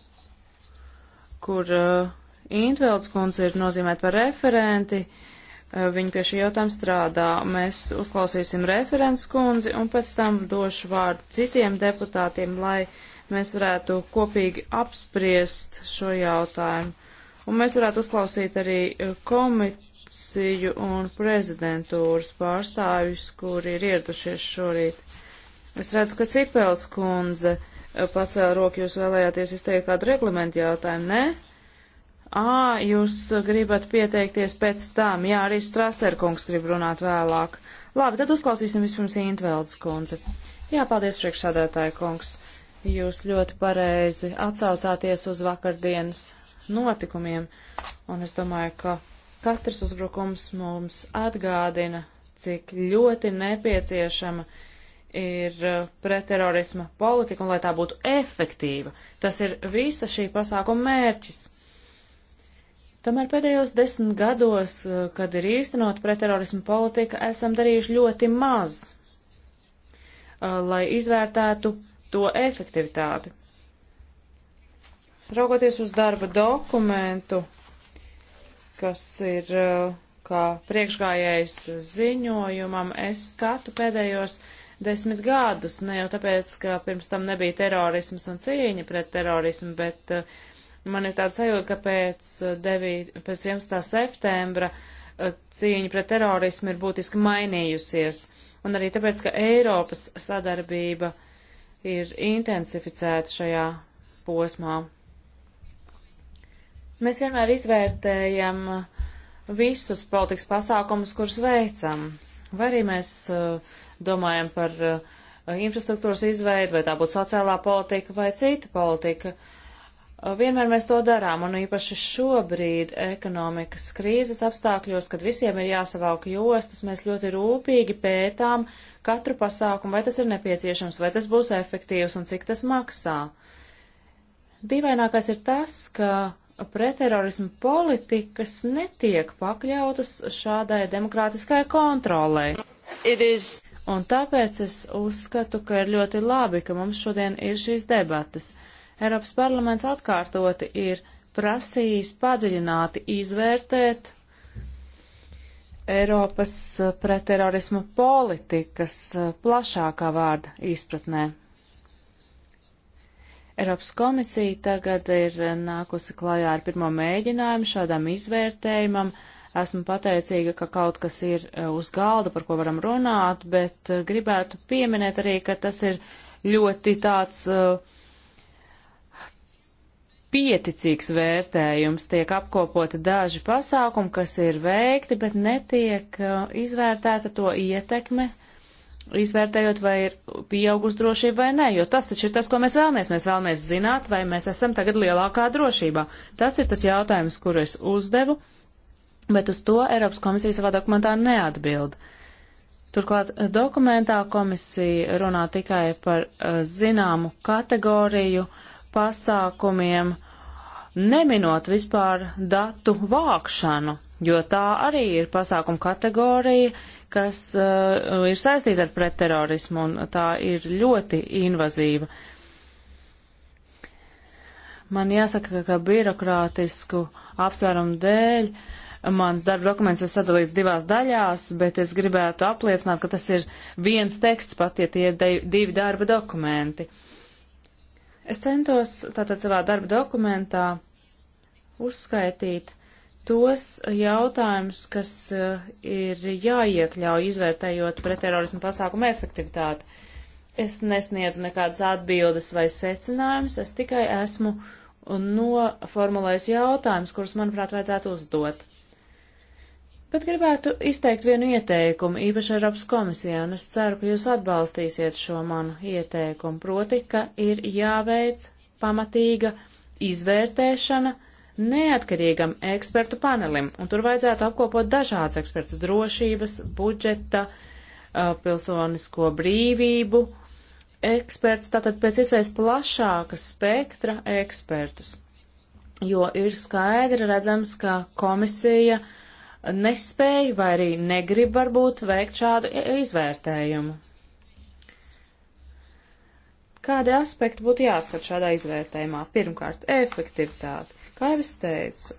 kur uh, Intvelds kundze ir nozīmēta par referenti. Eh, Viņa pie šī jautājuma strādā. Mēs uzklausīsim referents kundzi un pēc tam došu vārdu citiem deputātiem, lai mēs varētu kopīgi apspriest šo jautājumu. Un mēs varētu uzklausīt arī eh, komisiju un prezidentūras pārstāvjus, kuri ir ieradušies šorīt. Es redzu, ka Sipels kundze eh, pacēla roku, jūs vēlējāties izteikt kādu reglamentu jautājumu, nē? ā, jūs gribat pieteikties pēc tam. Jā, arī Straserkungs grib runāt vēlāk. Labi, tad uzklausīsim vispirms Intveldes kundze. Jā, paldies priekšsādātāja kungs. Jūs ļoti pareizi atsaucāties uz vakardienas notikumiem, un es domāju, ka katrs uzbrukums mums atgādina, cik ļoti nepieciešama ir uh, pretterorisma politika un lai tā būtu efektīva. Tas ir visa šī pasākuma mērķis. Tomēr pēdējos desmit gados, eh, kad ir īstenot pretterorismu politika, esam darījuši ļoti maz, eh, lai izvērtētu to efektivitāti. Raugoties uz darba dokumentu, kas ir eh, kā priekšgājējs ziņojumam, es skatu pēdējos desmit gadus, ne jau tāpēc, ka pirms tam nebija terorisms un cīņa pret terorismu, bet uh, Man ir tāds sajūta, ka pēc, 9, uh, pēc 11. septembra uh, cīņa pret terorismu ir būtiski mainījusies, un arī tāpēc, ka Eiropas sadarbība ir intensificēta šajā posmā. Mēs vienmēr izvērtējam uh, visus politikas pasākumus, kurus veicam, vai arī mēs domājam par infrastruktūras izveidu, vai tā būtu sociālā politika vai cita politika. Uh, Uh, vienmēr mēs to darām, un īpaši šobrīd ekonomikas krīzes apstākļos, kad visiem ir jāsavalk jostas, mēs ļoti rūpīgi pētām katru pasākumu, vai tas ir nepieciešams, vai tas būs efektīvs un cik tas maksā. Dīvainākais ir tas, ka pretterorismu politikas netiek pakļautas šādai demokrātiskai kontrolē. Un tāpēc es uzskatu, ka ir ļoti labi, ka mums šodien ir šīs debatas. Uh, Eiropas parlaments atkārtoti ir prasījis padziļināti izvērtēt Eiropas eh, pretterorisma politikas eh, plašākā vārda izpratnē. Eiropas komisija tagad ir eh, nākusi klajā ar pirmo mēģinājumu šādam izvērtējumam. Esmu pateicīga, ka kaut kas ir uz galda, par ko varam runāt, bet gribētu pieminēt arī, ka tas ir ļoti tāds uh, pieticīgs vērtējums, tiek apkopota daži pasākumi, kas ir veikti, bet netiek uh, izvērtēta to ietekme, izvērtējot, vai ir pieaugusi drošība vai nē, jo tas taču ir tas, ko mēs vēlamies. Mēs vēlamies zināt, vai mēs esam tagad lielākā drošībā. Tas ir tas jautājums, kuru es uzdevu, bet uz to Eiropas komisija savā dokumentā neatbild. Turklāt eh, dokumentā komisija runā tikai par eh, zināmu kategoriju uh, pasākumiem, neminot vispār datu vākšanu, jo tā arī ir pasākuma kategorija, kas uh, ir saistīta ar pretterorismu, un tā ir ļoti invazīva. Man jāsaka, ka birokrātisku apsvērumu dēļ mans darba dokuments ir sadalīts divās daļās, bet es gribētu apliecināt, ka tas ir viens teksts, pat ja tie ir divi darba dokumenti. Uh, Es centos tātad savā darba dokumentā uzskaitīt tos jautājumus, kas eh, ir jāiekļauj izvērtējot pretterorismu pasākumu efektivitāti. Es nesniedzu nekādas atbildes vai secinājumus, es tikai esmu noformulējusi jautājumus, kurus, manuprāt, vajadzētu uzdot. Bet gribētu izteikt vienu ieteikumu, īpaši Eiropas komisijā, un es ceru, ka jūs atbalstīsiet šo manu ieteikumu, proti, ka ir jāveic pamatīga izvērtēšana neatkarīgam ekspertu panelim, un tur vajadzētu apkopot dažādas ekspertus - drošības, budžeta, pilsonisko brīvību ekspertus, tātad pēc iespējas plašāka spektra ekspertus, jo ir skaidri redzams, ka komisija uh, nespēj vai arī negrib varbūt veikt šādu izvērtējumu. Kādi aspekti būtu jāskat šādā izvērtējumā? Pirmkārt, efektivitāte. Kā jau es teicu,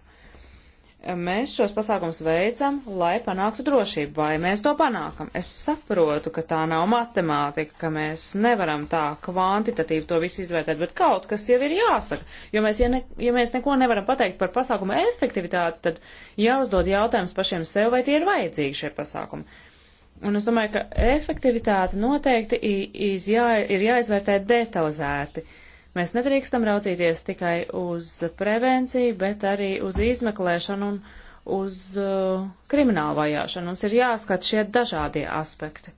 mēs šos pasākums veicam, lai panāktu drošību, vai mēs to panākam. Es saprotu, ka tā nav matemātika, ka mēs nevaram tā kvantitatīvi to visu izvērtēt, bet kaut kas jau ir jāsaka. Jo mēs, ja, ne, ja mēs neko nevaram pateikt par pasākumu efektivitāti, tad jāuzdod jautājums pašiem sev, vai tie ir vajadzīgi šie pasākumi. Un es domāju, ka efektivitāte noteikti iz, jā, ir jāizvērtē detalizēti. Uh, Mēs nedrīkstam raucīties tikai uz prevenciju, bet arī uz izmeklēšanu un uz uh, kriminālu vajāšanu. Mums ir jāskat šie dažādie aspekti.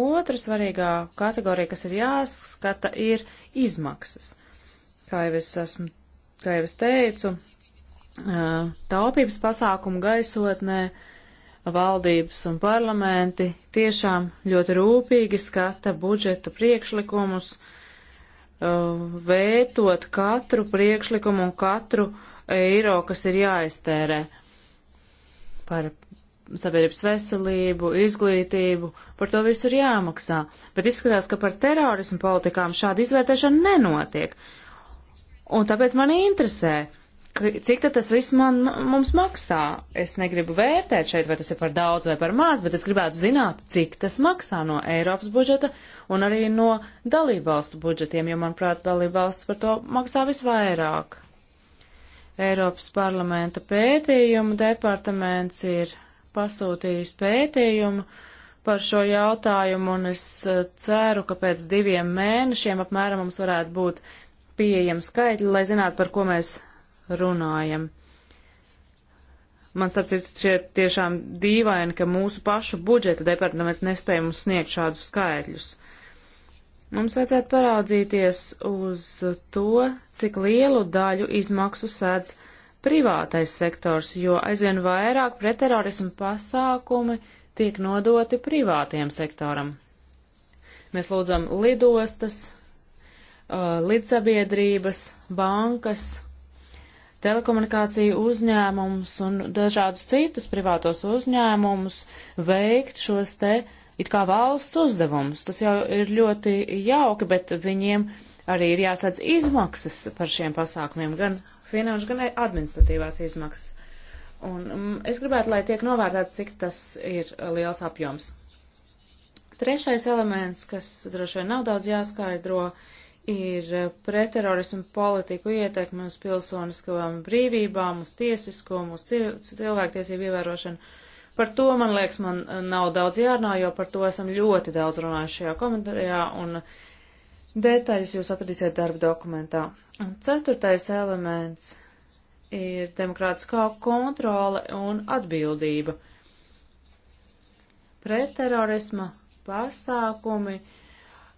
Otra svarīgā kategorija, kas ir jāskata, ir izmaksas. Kā jau es, esmu, kā jau es teicu, uh, taupības pasākumu gaisotnē valdības un parlamenti tiešām ļoti rūpīgi skata budžeta priekšlikumus, uh, Uh, vētot katru priekšlikumu un katru eiro, kas ir jāiztērē par sabiedrības veselību, izglītību, par to visu ir jāmaksā. Bet izskatās, ka par terorismu politikām šāda izvērtēšana nenotiek. Un tāpēc mani interesē, uh, cik tad tas viss man, mums maksā. Es negribu vērtēt šeit, vai tas ir par daudz vai par maz, bet es gribētu zināt, cik tas maksā no Eiropas budžeta un arī no dalībvalstu budžetiem, jo, manuprāt, dalībvalsts par to maksā visvairāk. Eiropas parlamenta pētījumu departaments ir pasūtījis pētījumu par šo jautājumu, un es eh, ceru, ka pēc diviem mēnešiem apmēram mums varētu būt pieejami skaitļi, lai zinātu, par ko mēs runājam. Man starp citu šķiet tiešām dīvaini, ka mūsu pašu budžeta departaments nespēja mums sniegt šādus skaidļus. Mums vajadzētu paraudzīties uz to, cik lielu daļu izmaksu sēdz privātais sektors, jo aizvien vairāk pretterorismu pasākumi tiek nodoti privātiem sektoram. Mēs lūdzam lidostas, uh, līdzsabiedrības, bankas telekomunikāciju uzņēmumus un dažādus citus privātos uzņēmumus veikt šos te it kā valsts uzdevumus. Tas jau ir ļoti jauki, bet viņiem arī ir jāsadz izmaksas par šiem pasākumiem, gan finanšu, gan administratīvās izmaksas. Un mm, es gribētu, lai tiek novērtēts, cik tas ir liels apjoms. Trešais elements, kas droši vien nav daudz jāskaidro, ir ir eh, pretterorismu politiku ietekme uz pilsoniskajām brīvībām, uz tiesiskumu, uz cil cilvēktiesību ievērošanu. Par to, man liekas, man eh, nav daudz jārunā, jo par to esam ļoti daudz runājuši šajā komentārā, un detaļas jūs atradīsiet darba dokumentā. Un ceturtais elements ir demokrātiskā kontrole un atbildība. Pretterorisma pasākumi uh,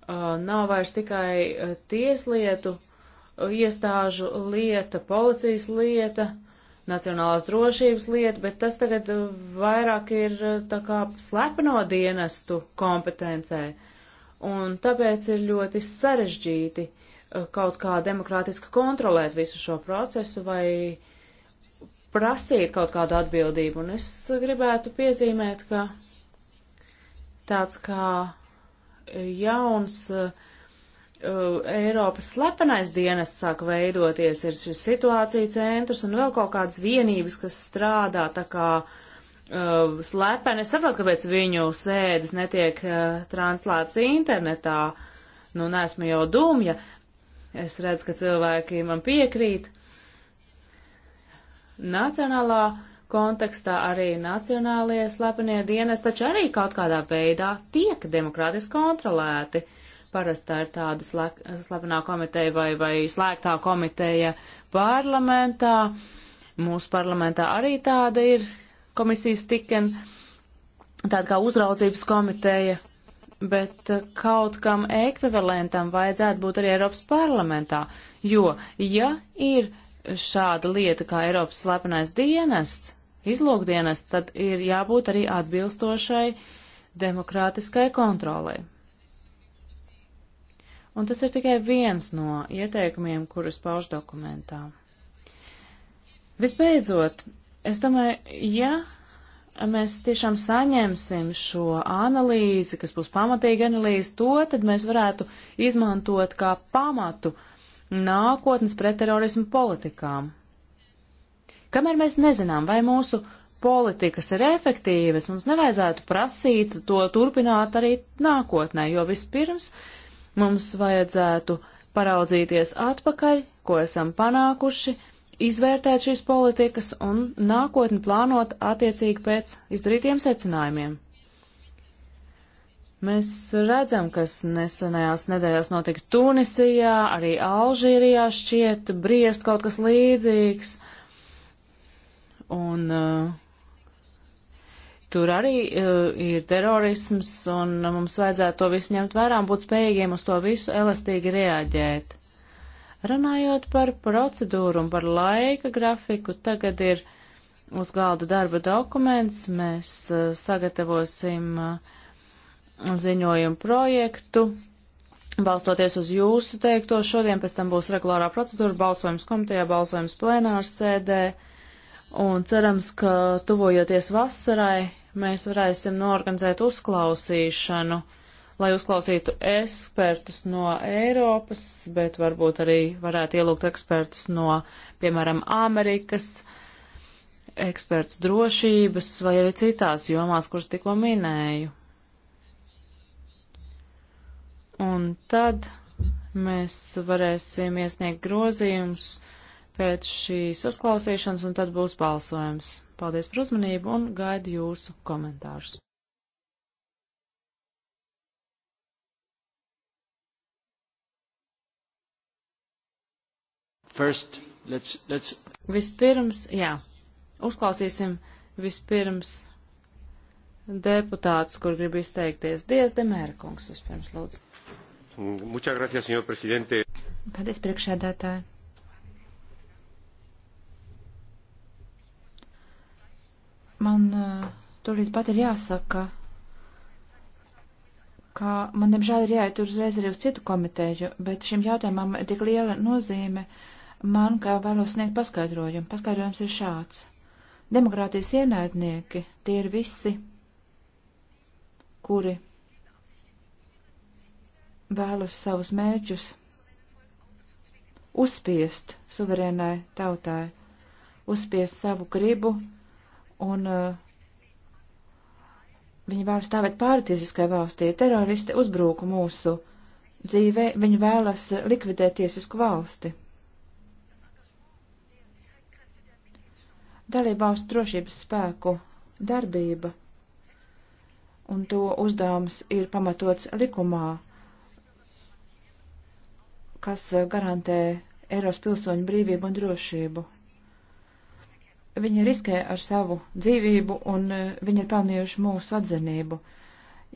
Uh, nav vairs tikai uh, tieslietu uh, iestāžu lieta, policijas lieta, nacionālās drošības lieta, bet tas tagad vairāk ir tā kā slepeno dienestu kompetencē. Un tāpēc ir ļoti sarežģīti kaut kā demokrātiski kontrolēt visu šo procesu vai prasīt kaut kādu atbildību. Un es gribētu piezīmēt, ka tāds kā jauns uh, Eiropas slepenais dienests sāk veidoties, ir šis situācija centrs un vēl kaut kādas vienības, kas strādā tā kā uh, slepeni. Es saprotu, kāpēc viņu sēdes netiek uh, translētas internetā. Nu, nesmu jau dumja. Es redzu, ka cilvēki man piekrīt. Nacionālā uh, kontekstā arī nacionālie slepenie dienas taču arī kaut kādā veidā tiek demokrātiski kontrolēti. Parasti tā ir tāda slēk, slepenā komiteja vai, vai slēgtā komiteja parlamentā. Mūsu parlamentā arī tāda ir komisijas tiken, tāda kā uzraudzības komiteja, bet kaut kam ekvivalentam vajadzētu būt arī Eiropas parlamentā, jo, ja ir šāda lieta kā Eiropas slepenais dienests, izlūkdienas, tad ir jābūt arī atbilstošai demokrātiskai kontrolai. Un tas ir tikai viens no ieteikumiem, kurus pauž dokumentā. Visbeidzot, es domāju, ja mēs tiešām saņemsim šo analīzi, kas būs pamatīga analīze, to tad mēs varētu izmantot kā pamatu nākotnes pretterorismu politikām. Kamēr mēs nezinām, vai mūsu politikas ir efektīvas, mums nevajadzētu prasīt to turpināt arī nākotnē, jo vispirms mums vajadzētu paraudzīties atpakaļ, ko esam panākuši, izvērtēt šīs politikas un nākotni plānot attiecīgi pēc izdarītiem secinājumiem. Mēs redzam, kas nesenajās nedēļās notika Tunisijā, arī Alžīrijā šķiet briest kaut kas līdzīgs. Uh, Un uh, tur arī uh, ir terorisms, un mums vajadzētu to visu ņemt vērā un būt spējīgiem uz to visu elastīgi reaģēt. Runājot par procedūru un par laika grafiku, tagad ir uz galda darba dokuments, mēs uh, sagatavosim uh, ziņojumu projektu, balstoties uz jūsu teikto šodien, pēc tam būs regulārā procedūra, balsojums komitejā, balsojums plenārs sēdē. Uh, un cerams, ka tuvojoties vasarai, mēs varēsim norganizēt uzklausīšanu, lai uzklausītu ekspertus no Eiropas, bet varbūt arī varētu ielūgt ekspertus no, piemēram, Amerikas, eksperts drošības vai arī citās jomās, kuras tikko minēju. Un tad mēs varēsim iesniegt grozījumus pēc šīs uzklausīšanas, un tad būs balsojums. Paldies par uzmanību un gaidu jūsu komentārus. First, let's, let's... Vispirms, jā, uzklausīsim vispirms deputātus, kur grib izteikties. Dievs, Demērkungs, vispirms lūdzu. Muchas gracias, señor presidente. Paldies, priekšēdētāji. Man uh, tūlīt pat ir jāsaka, ka man, diemžēl, ir jāiet uzreiz arī uz citu komiteju, bet šim jautājumam ir tik liela nozīme man, kā vēlos sniegt paskaidrojumu. Paskaidrojums ir šāds. Demokrātijas ienaidnieki tie ir visi, kuri vēlas savus mērķus uzspiest suverēnai tautai, uzspiest savu gribu un uh, viņi vēl stāvēt pārtiesiskai valstī. Teroristi uzbruku mūsu dzīvē, viņi vēlas likvidēt tiesisku valsti. Dalībvalstu drošības spēku darbība un to uzdevums ir pamatots likumā, kas garantē Eiros pilsoņu brīvību un drošību viņi riskē ar savu dzīvību un eh, viņi ir pelnījuši mūsu atzinību.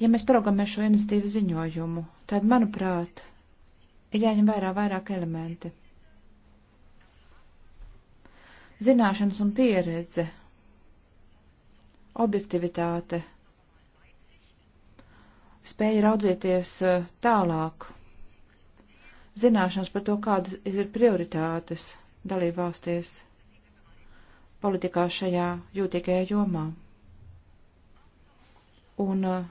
Ja mēs programmējam šo iniciatīvu ziņojumu, tad, manuprāt, ir jāņem vērā vairāk elementi. Zināšanas un pieredze, objektivitāte, spēja raudzīties eh, tālāk, zināšanas par to, kādas ir prioritātes dalībvalstīs politikā šajā jūtīgajā jomā. Un eh,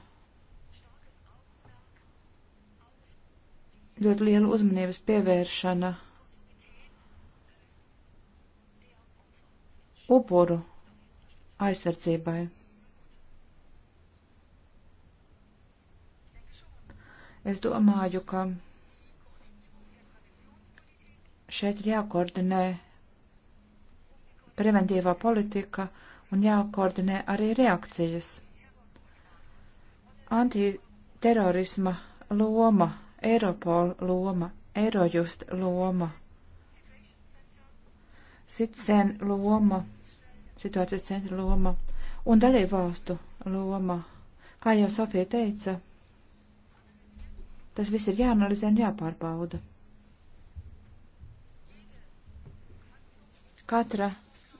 ļoti liela uzmanības pievēršana upuru aizsardzībai. Es domāju, ka šeit jākoordinē preventīvā politika un jākoordinē arī reakcijas. Antiterorisma loma, Eiropola loma, Eirojust loma, Sitsen loma, situācijas centra loma un dalībvalstu loma. Kā jau Sofija teica, tas viss ir jāanalizē un jāpārbauda. Katra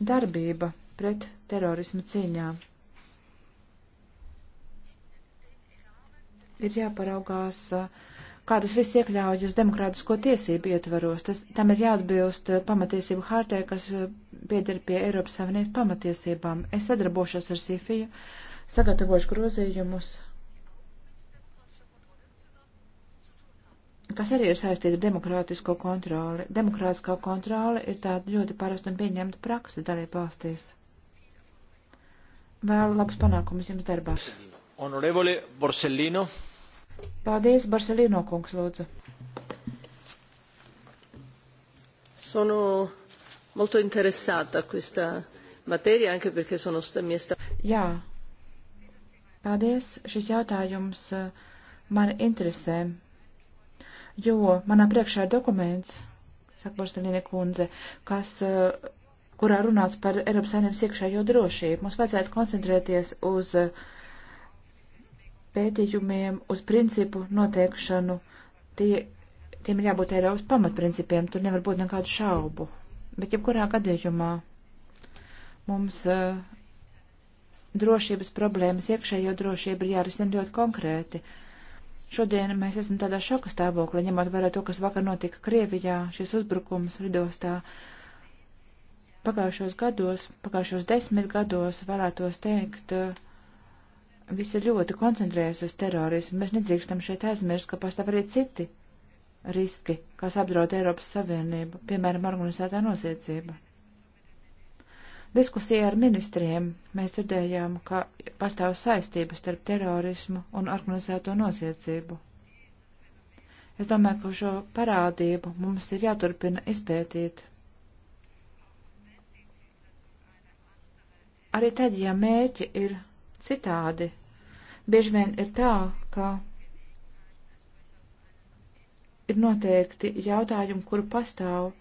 darbība pret terorismu cīņā. Ir jāparaugās, kā tas viss iekļaujas demokrātisko tiesību ietvaros. Tas, tam ir jāatbilst pamatiesību hārtē, kas pieder pie Eiropas Savienības pamatiesībām. Es sadarbošos ar Sīfiju, sagatavošu grozījumus kas arī ir saistīta ar demokrātisko kontroli. Demokrātiskā kontrole ir tāda ļoti parasta un pieņemta praksa dalība valstīs. Vēlu labus panākumus jums darbā. Honorevole Borsellino. Paldies, Borsellino kungs, lūdzu. Sono molto interessata a questa materia, anche perché sono mia sta... Jā. Paldies, šis jautājums eh, man interesē jo manā priekšā ir dokuments, saka Borstelīne kundze, kas, eh, kurā runāts par Eiropas saimnības iekšējo drošību. Mums vajadzētu koncentrēties uz eh, pētījumiem, uz principu noteikšanu. Tie, tiem ir jābūt Eiropas pamatprincipiem, tur nevar būt nekādu šaubu. Bet jebkurā gadījumā mums eh, drošības problēmas, iekšējo drošību ir jārisina ļoti konkrēti. Uh, Šodien mēs esam tādā šoka stāvoklī, ņemot vērā to, kas vakar notika Krievijā, šis uzbrukums lidostā. Pagājušos gados, pagājušos desmit gados, varētos teikt, viss ir ļoti koncentrējies uz terorismu. Mēs nedrīkstam šeit aizmirst, ka pastāv arī citi riski, kas apdraud Eiropas Savienību, piemēram, organizētā noziedzība. Diskusijā ar ministriem mēs dzirdējām, ka pastāv saistības starp terorismu un organizēto noziedzību. Es domāju, ka šo parādību mums ir jāturpina izpētīt. Arī tad, ja mērķi ir citādi, bieži vien ir tā, ka ir noteikti jautājumi, kuru pastāv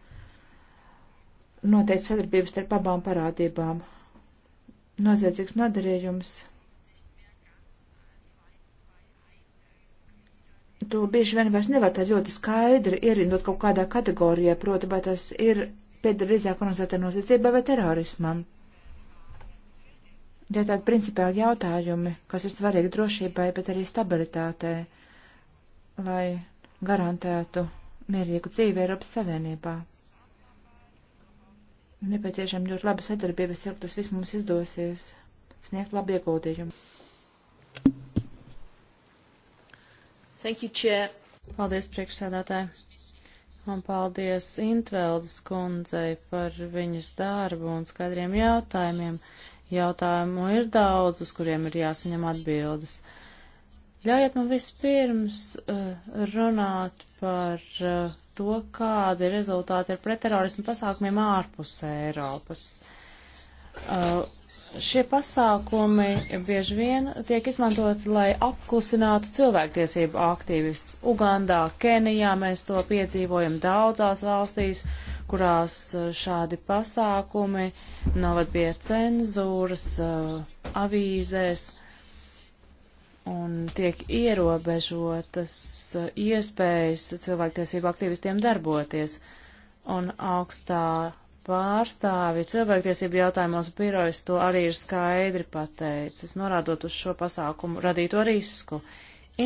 noteikti sadarbības starp abām parādībām. Noziedzīgs nodarījums. To bieži vien vairs nevar tā ļoti skaidri ierindot kaut kādā kategorijā, proti, vai tas ir piedarīzāk organizētā noziedzība vai terorismam. Ja tādi principiāli jautājumi, kas ir svarīgi drošībai, bet arī stabilitātei, lai garantētu mierīgu dzīvi Eiropas Savienībā. Nepieciešama ļoti laba sadarbība, ja tas viss mums izdosies sniegt labu ieguldījumu. Thank you, Chair. Paldies, priekšsēdētāji. Un paldies Intveldes kundzei par viņas darbu un skaidriem jautājumiem. Jautājumu ir daudz, uz kuriem ir jāsaņem atbildes. Ļaujiet man vispirms uh, runāt par uh, to, kādi rezultāti ir pretterorismu pasākumiem ārpus Eiropas. Uh, šie pasākumi bieži vien tiek izmantoti, lai apklusinātu cilvēktiesību aktīvistus. Ugandā, Kenijā mēs to piedzīvojam daudzās valstīs, kurās uh, šādi pasākumi novad pie cenzūras, uh, avīzēs un tiek ierobežotas uh, iespējas cilvēktiesību aktīvistiem darboties. Un augstā pārstāvi cilvēktiesību jautājumos birojas to arī ir skaidri pateicis, norādot uz šo pasākumu radīto risku.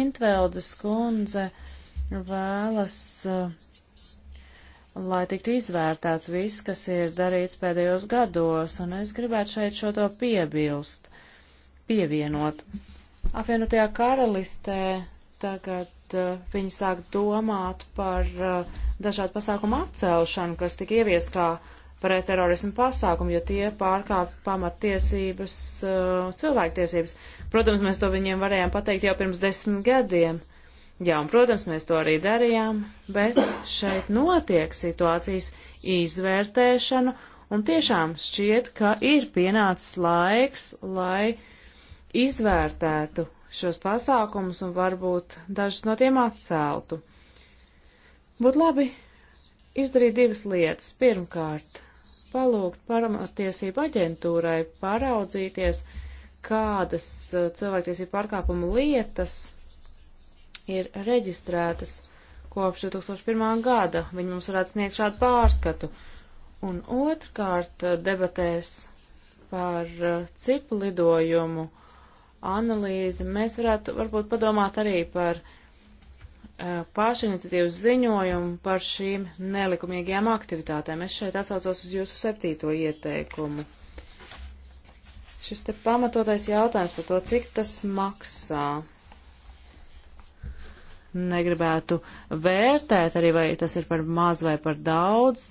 Intveldes kundze vēlas, uh, lai tiktu izvērtāts viss, kas ir darīts pēdējos gados, un es gribētu šeit šo to piebilst, pievienot. Mm Apvienotajā karalistē tagad uh, viņi sāk domāt par uh, dažādu pasākumu atcelšanu, kas tika ieviest kā pretterorismu pasākumu, jo tie pārkāp pamattiesības, uh, cilvēktiesības. Protams, mēs to viņiem varējām pateikt jau pirms desmit gadiem. Jā, un, protams, mēs to arī darījām, bet šeit notiek situācijas izvērtēšanu, un tiešām šķiet, ka ir pienācis laiks, lai uh, izvērtētu šos pasākumus un varbūt dažus no tiem atceltu. Būtu labi izdarīt divas lietas. Pirmkārt, palūgt pamatiesību aģentūrai paraudzīties, kādas uh, cilvēktiesību pārkāpumu lietas ir reģistrētas kopš 2001. gada. Viņi mums varētu sniegt šādu pārskatu. Un otrkārt, uh, debatēs par uh, cipu lidojumu uh, analīzi, mēs varētu varbūt padomāt arī par uh, pašiniciatīvas ziņojumu par šīm nelikumīgajām aktivitātēm. Es šeit atsaucos uz jūsu septīto ieteikumu. Šis te pamatotais jautājums par to, cik tas maksā. Negribētu vērtēt arī, vai tas ir par maz vai par daudz.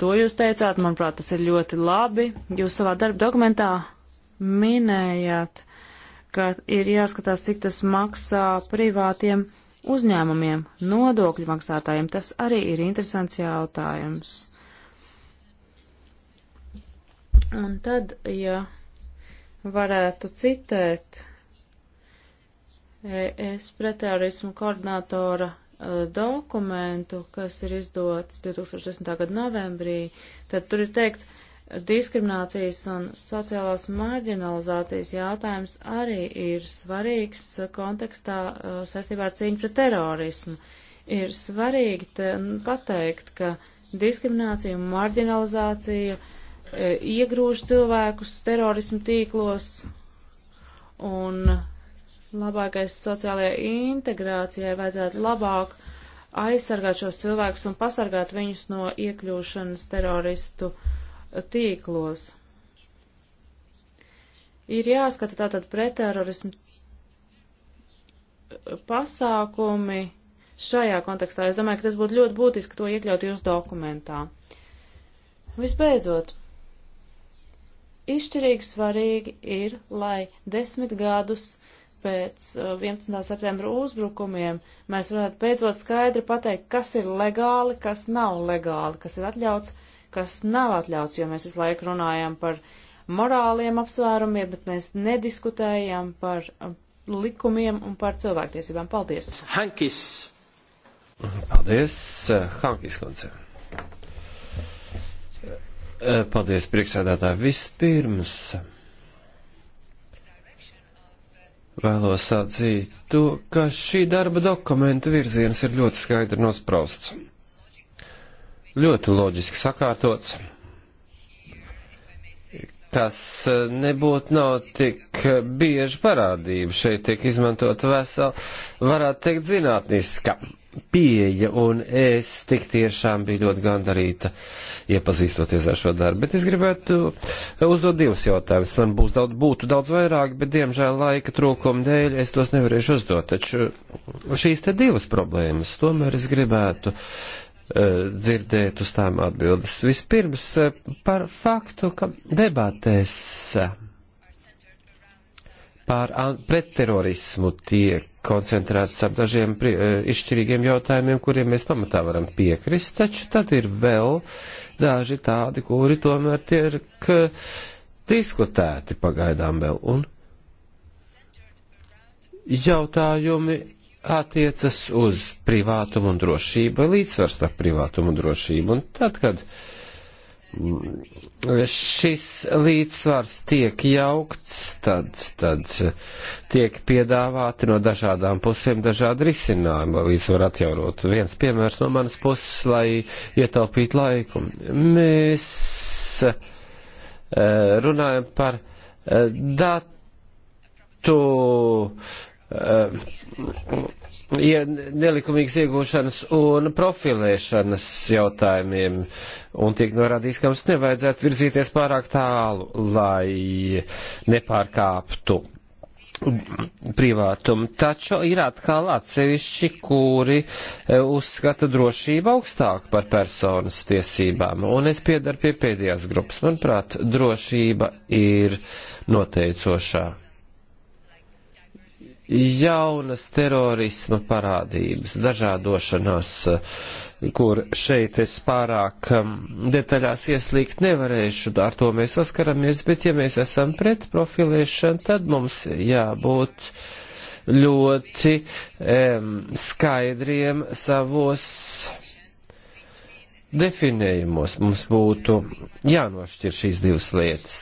To jūs teicāt, manuprāt, tas ir ļoti labi. Jūs savā darba dokumentā minējāt ka ir jāskatās, cik tas maksā privātiem uzņēmumiem, nodokļu maksātājiem. Tas arī ir interesants jautājums. Un tad, ja varētu citēt es pretērismu koordinātora e, dokumentu, kas ir izdots 2010. gada novembrī, tad tur ir teikts, diskriminācijas un sociālās marginalizācijas jautājums arī ir svarīgs kontekstā uh, saistībā ar cīņu pret terorismu. Ir svarīgi te, pateikt, ka diskriminācija un marginalizācija e, iegrūž cilvēkus terorismu tīklos un labākais sociālajai integrācijai vajadzētu labāk aizsargāt šos cilvēkus un pasargāt viņus no iekļūšanas teroristu uh, tīklos. Ir jāskata tātad pretterorismu pasākumi šajā kontekstā. Es domāju, ka tas būtu ļoti būtiski to iekļaut jūsu dokumentā. Visbeidzot, izšķirīgi svarīgi ir, lai desmit gadus pēc 11. Uh, septembra uzbrukumiem mēs varētu beidzot skaidri pateikt, kas ir legāli, kas nav legāli, kas ir atļauts kas nav atļauts, jo mēs visu laiku runājam par morāliem apsvērumiem, bet mēs nediskutējam par um, likumiem un par cilvēktiesībām. Paldies! Hankis! Paldies, Hankis koncē. Paldies, priekšsēdētāji. Vispirms vēlos atzīt to, ka šī darba dokumenta virziens ir ļoti skaidri nosprausts ļoti loģiski sakārtots, kas e, nebūtu nav tik bieži parādība. Šeit tiek izmantot vesela, varētu teikt, zinātniska pieeja, un es tik tiešām biju ļoti gandarīta iepazīstoties ar šo darbu. Bet es gribētu uzdot divus jautājumus. Man būs daudz, būtu daudz vairāk, bet diemžēl laika trūkuma dēļ es tos nevarēšu uzdot. Taču šīs te divas problēmas tomēr es gribētu Eh, dzirdēt uz tām atbildes. Vispirms eh, par faktu, ka debatēs eh, pār pretterorismu tiek koncentrēts ap dažiem pri, izšķirīgiem jautājumiem, kuriem mēs pamatā varam piekrist, taču tad ir vēl daži tādi, kuri tomēr tiek diskutēti pagaidām vēl. Un jautājumi attiecas uz privātumu un drošību, vai līdzsvars starp privātumu un drošību. Un tad, kad mm, šis līdzsvars tiek jaukts, tad, tad tiek piedāvāti no dažādām pusēm dažādi risinājumi, lai līdzsvaru atjaunot. Viens piemērs no manas puses, lai ietaupītu laiku. Mēs eh, runājam par eh, datu Uh, nelikumīgas iegūšanas un profilēšanas jautājumiem, un tiek norādīts, ka mums nevajadzētu virzīties pārāk tālu, lai nepārkāptu privātumu. Taču ir atkal atsevišķi, kuri e, uzskata drošību augstāk par personas tiesībām, un es piedaru pie pēdējās grupas. Manuprāt, drošība ir noteicošā jaunas terorisma parādības, dažādošanās, kur šeit es pārāk um, detaļās ieslīgt nevarēšu, ar to mēs saskaramies, bet ja mēs esam pret profilēšanu, tad mums jābūt ļoti um, skaidriem savos definējumos. Mums būtu jānošķir šīs divas lietas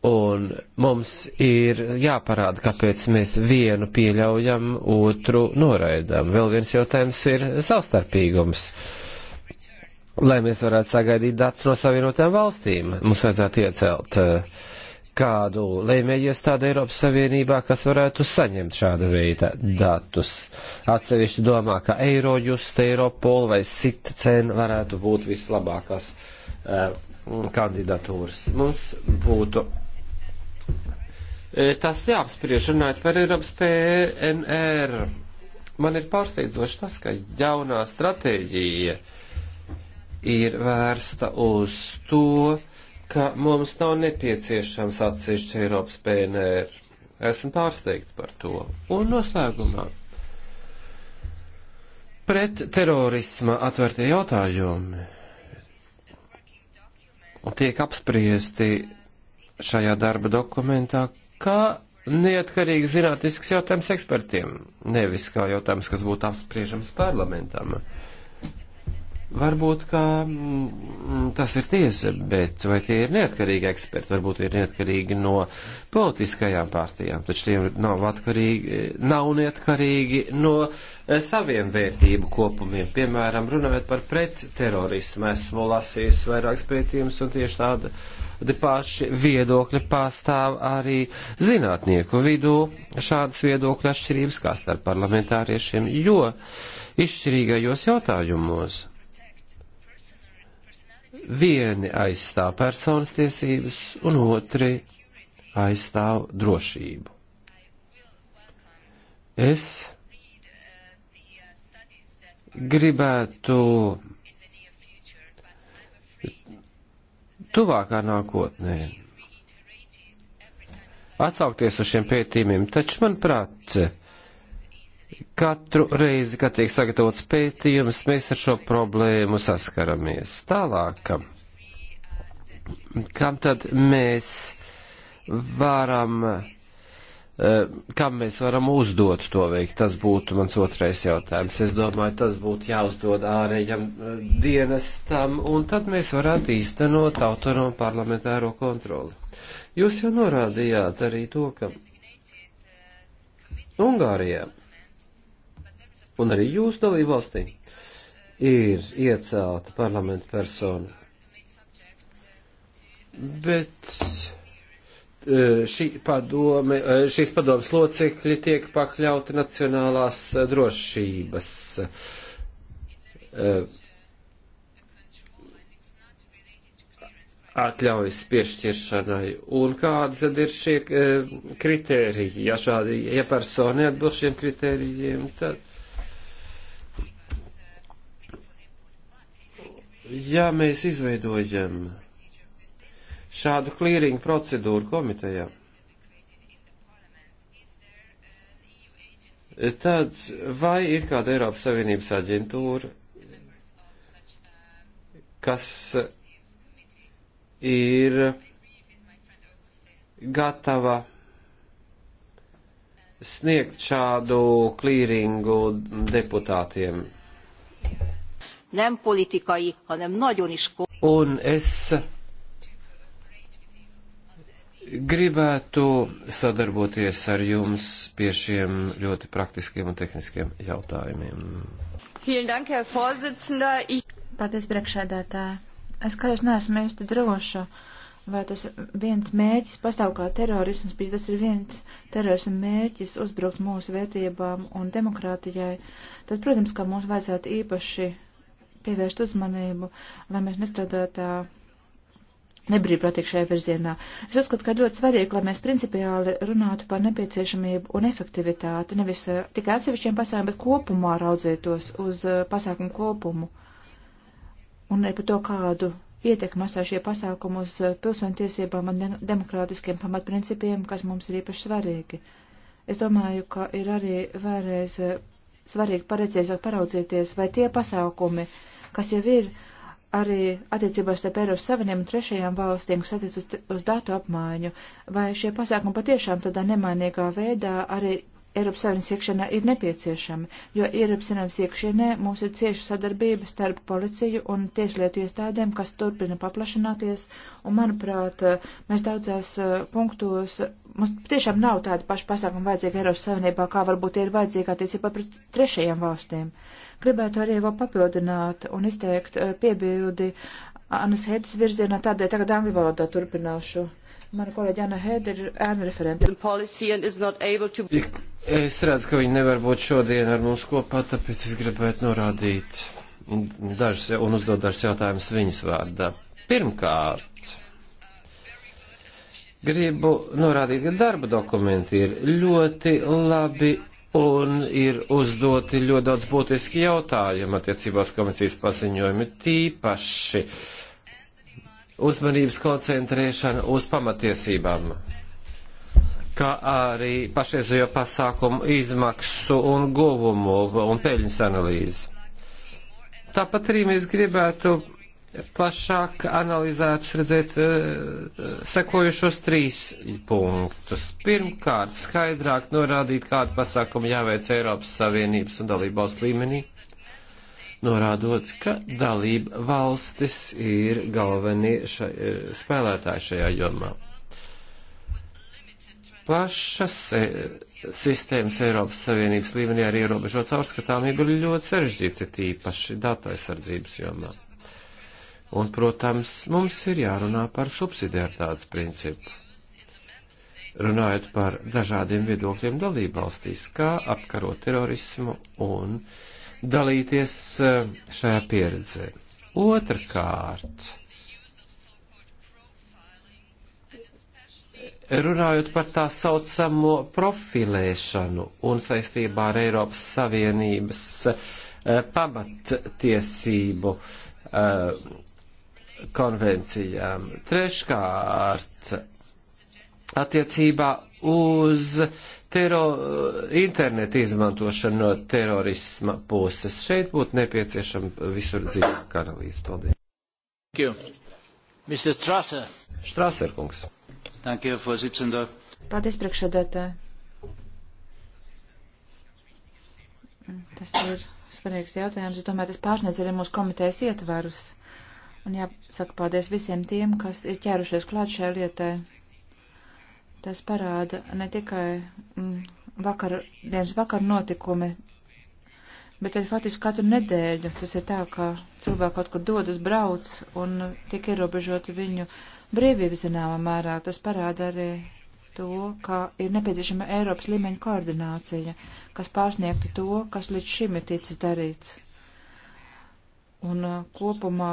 Un mums ir jāparāda, kāpēc mēs vienu pieļaujam, otru noraidām. Vēl viens jautājums ir savstarpīgums. Lai mēs varētu sagaidīt datus no savienotām valstīm, mums vajadzētu iecelt eh, kādu lēmēju iestādi Eiropas Savienībā, kas varētu saņemt šāda veida datus. Atsevišķi domā, ka Eirojust, Eiropol vai Sitcen varētu būt vislabākās uh, kandidatūras. Mums būtu E, tas jāapspriež runājot par Eiropas PNR. Man ir pārsteidzoši tas, ka jaunā stratēģija ir vērsta uz to, ka mums nav nepieciešams atsevišķi Eiropas PNR. Esmu pārsteigts par to. Un noslēgumā. Pret terorisma atvērtie jautājumi tiek apspriesti šajā darba dokumentā, kā neatkarīgi zinātnisks jautājums ekspertiem, nevis kā jautājums, kas būtu apspriežams parlamentam. Varbūt, ka mm, tas ir tiesa, bet vai tie ir neatkarīgi eksperti, varbūt ir neatkarīgi no politiskajām pārtījām, taču tiem nav atkarīgi, nav neatkarīgi no eh, saviem vērtību kopumiem. Piemēram, runājot par pretterorismu, esmu lasījis vairākas pētījumus un tieši tāda. Uh, paši viedokļi pastāv arī zinātnieku vidū šādas viedokļu atšķirības kā starp parlamentāriešiem, jo izšķirīgajos jautājumos vieni aizstāv personas tiesības un otri aizstāv drošību. Es gribētu tuvākā nākotnē atsaukties uz šiem pētījumiem, taču, manuprāt, katru reizi, kad tiek sagatavots pētījums, mēs ar šo problēmu saskaramies. Tālāk, kam tad mēs varam Eh, kam mēs varam uzdot to veikt? Tas būtu mans otrais jautājums. Es domāju, tas būtu jāuzdod ārējam eh, dienestam, un tad mēs varētu īstenot autonomu parlamentāro kontroli. Jūs jau norādījāt arī to, ka Ungārijā un arī jūsu dalībvalstī ir iecelta parlamenta persona. Bet šī padome, šīs padomas locekļi tiek pakļauti nacionālās drošības atļaujas piešķiršanai. Un kādi tad ir šie kritēriji? Ja šādi, ja persona neatbilst šiem kritērijiem, tad. Ja mēs izveidojam šādu klīringu procedūru komitejā, tad vai ir kāda Eiropas Savienības aģentūra, kas ir gatava sniegt šādu klīringu deputātiem? Nem politikai, hanem nagyon is. Un es gribētu sadarboties ar jums pie šiem ļoti praktiskiem un tehniskiem jautājumiem. Paldies, priekšēdētāji. Es kādreiz neesmu īsti droša, vai tas viens mērķis pastāv kā terorisms, bet tas ir viens terorisma mērķis uzbrukt mūsu vērtībām un demokrātijai. Tad, protams, ka mums vajadzētu īpaši pievērst uzmanību, lai mēs nestrādātu nebrīvprātīgi šajā virzienā. Es uzskatu, ka ļoti svarīgi, lai mēs principiāli runātu par nepieciešamību un efektivitāti, nevis eh, tikai atsevišķiem pasākumiem, bet kopumā raudzētos uz eh, pasākumu kopumu un arī par to, kādu ietekmi asā šie pasākumi uz eh, pilsoņu tiesībām un demokrātiskiem pamatprincipiem, kas mums ir īpaši svarīgi. Es domāju, ka ir arī vēlreiz svarīgi pareizāk paraudzīties, vai tie pasākumi, kas jau ir, uh, arī attiecībās starp Eiropas Savienību un trešajām valstīm, kas attiec uz, uz datu apmaiņu, vai šie pasākumi patiešām tādā nemainīgā veidā arī Eiropas Savienības iekšienā ir nepieciešami, jo Eiropas Savienības iekšienē mums ir cieša sadarbība starp policiju un tieslietu iestādēm, kas turpina paplašināties, un manuprāt, mēs daudzās eh, punktos, mums tiešām nav tāda paša pasākuma vajadzīga Eiropas Savienībā, kā varbūt ir vajadzīga attiecībā pret trešajām valstīm. Uh, Gribētu arī vēl papildināt un izteikt eh, piebildi Anas Hedas virzienā, tādēļ tagad angļu valodā turpināšu. Mana kolēģa Anna Heda ir ēnu referente. Es redzu, ka viņi nevar būt šodien ar mums kopā, tāpēc es gribētu norādīt dažus un uzdot dažus jautājumus viņas vārdā. Pirmkārt, gribu norādīt, ka darba dokumenti ir ļoti labi Un ir uzdoti ļoti daudz būtiski jautājumi attiecībā uz komisijas paziņojumu, tīpaši uzmanības koncentrēšana uz pamatiesībām, kā arī pašreizējo pasākumu izmaksu un guvumu un peļņas analīzi. Tāpat arī mēs gribētu plašāk analizētus, redzēt, eh, sekojušos trīs punktus. Pirmkārt, skaidrāk norādīt, kādu pasākumu jāveic Eiropas Savienības un dalību valsts līmenī, norādot, ka dalība valstis ir galvenie šai, eh, spēlētāji šajā jomā. Plašas e, sistēmas Eiropas Savienības līmenī ar ierobežot caurskatāmību ir ļoti sarežģīts, ir tīpaši datu aizsardzības jomā. Un, protams, mums ir jārunā par subsidiaritātes principu. Runājot par dažādiem viedokļiem dalībvalstīs, kā apkarot terorismu un dalīties eh, šajā pieredzē. Otrakārt, runājot par tā saucamo profilēšanu un saistībā ar Eiropas Savienības eh, pamattiesību uh, konvencijām. Treškārt, attiecībā uz tero, internetu izmantošanu no terorisma puses. Šeit būtu nepieciešama visur dzīvāka analīze. Paldies. Thank you. Mr. Strasser. Strasser kungs. Thank you, Vorsitzender. Paldies, priekšsēdētāji. Tas ir svarīgs jautājums. Es domāju, tas pārsniedz arī mūsu komitejas ietvarus. Un jāsaka paldies visiem tiem, kas ir ķērušies klāt šai lietai. Tas parāda ne tikai mm, vakar, dienas vakar notikumi, bet arī faktiski katru nedēļu. Tas ir tā, ka cilvēki kaut kur dodas, brauc un tiek ierobežoti viņu brīvība zināmā mērā. Tas parāda arī to, ka ir nepieciešama Eiropas līmeņa koordinācija, kas pārsniegtu to, kas līdz šim ir ticis darīts. Un uh, kopumā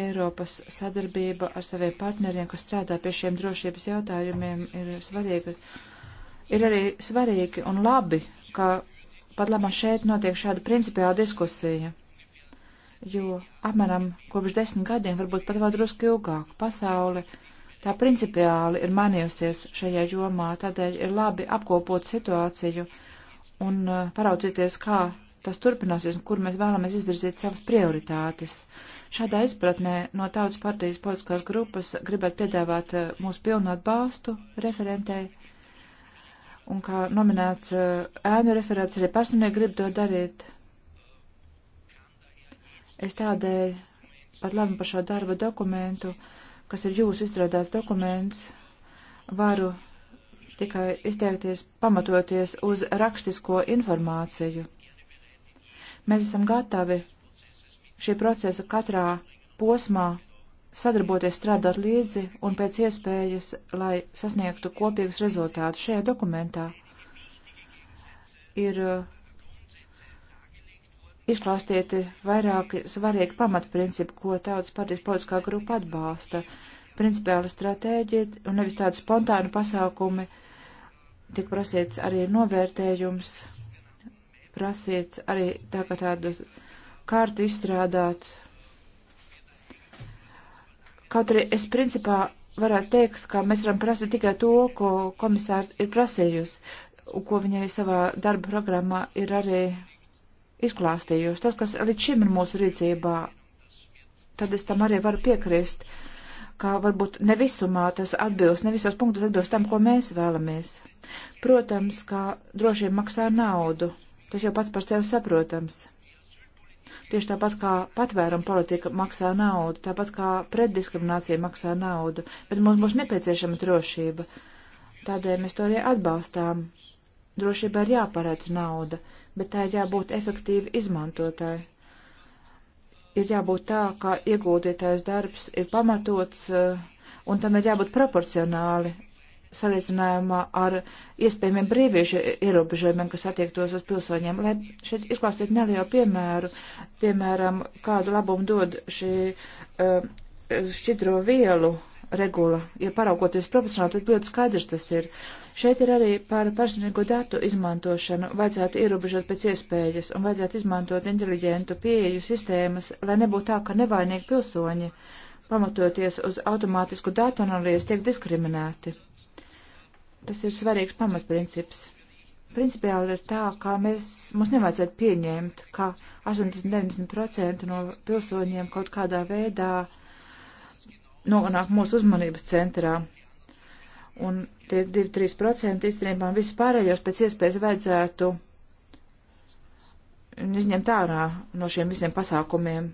Eiropas sadarbība ar saviem partneriem, kas strādā pie šiem drošības jautājumiem, ir svarīga. Ir arī svarīgi un labi, ka pat labā šeit notiek šāda principiāla diskusija, jo apmēram kopš desmit gadiem, varbūt pat vēl drusku ilgāk, pasauli tā principiāli ir manījusies šajā jomā, tādēļ ir labi apkopot situāciju un uh, paraudzīties, kā tas turpināsies un kur mēs vēlamies izvirzīt savas prioritātes. Uh, Šādā izpratnē no tautas partijas politiskās grupas gribētu piedāvāt eh, mūsu pilnu atbalstu referentei. Un kā nominēts eh, ēnu referents, arī personīgi grib to darīt. Es tādēļ pat labi par šo darba dokumentu, kas ir jūsu izstrādāts dokuments, varu tikai izteikties pamatoties uz rakstisko informāciju. Mēs esam gatavi šī procesa katrā posmā sadarboties, strādāt līdzi un pēc iespējas, lai sasniegtu kopīgus rezultātus šajā dokumentā. Ir uh, izklāstieti vairāki svarīgi pamatprincipi, ko tautas partijas politiskā grupa atbalsta. Principiāla stratēģija un nevis tādi spontāni pasākumi. Tik prasīts arī novērtējums, prasīts arī tā kā tādu. Uh, kārtu izstrādāt. Kaut arī es principā varētu teikt, ka mēs varam prasīt tikai to, ko komisāri ir prasījusi, un ko viņa arī savā darba programmā ir arī izklāstījusi. Tas, kas līdz šim ir mūsu rīcībā, tad es tam arī varu piekrist, ka varbūt ne visumā tas atbilst, ne visos punktos atbilst tam, ko mēs vēlamies. Protams, ka droši vien maksā naudu. Tas jau pats par sevi saprotams. Tieši tāpat kā patvēruma politika maksā naudu, tāpat kā preddiskriminācija maksā naudu, bet mums būs nepieciešama drošība. Tādēļ mēs to arī atbalstām. Drošībai ir jāparēc nauda, bet tā ir jābūt efektīvi izmantotāji. Ir jābūt tā, ka iegūtietais darbs ir pamatots, eh, un tam ir jābūt proporcionāli salīdzinājumā ar iespējamiem brīviešu ierobežojumiem, kas attiektos uz pilsoņiem. Lai šeit izklāstītu nelielu piemēru, piemēram, kādu labumu dod šī uh, šķidro vielu regula. Ja paraugoties profesionāli, tad ļoti skaidrs tas ir. Šeit ir arī par personīgo datu izmantošanu. Vajadzētu ierobežot pēc iespējas un vajadzētu izmantot inteliģentu pieeju sistēmas, lai nebūtu tā, ka nevainīgi pilsoņi, pamatoties uz automātisku datu analīzi, tiek diskriminēti. Tas ir svarīgs pamatprincips. Principiāli ir tā, ka mēs, mums nevajadzētu pieņemt, ka 80-90% no pilsoņiem kaut kādā veidā nonāk mūsu uzmanības centrā. Un tie 2-3% īstenībā visus pārējos pēc iespējas vajadzētu izņemt ārā no šiem visiem pasākumiem.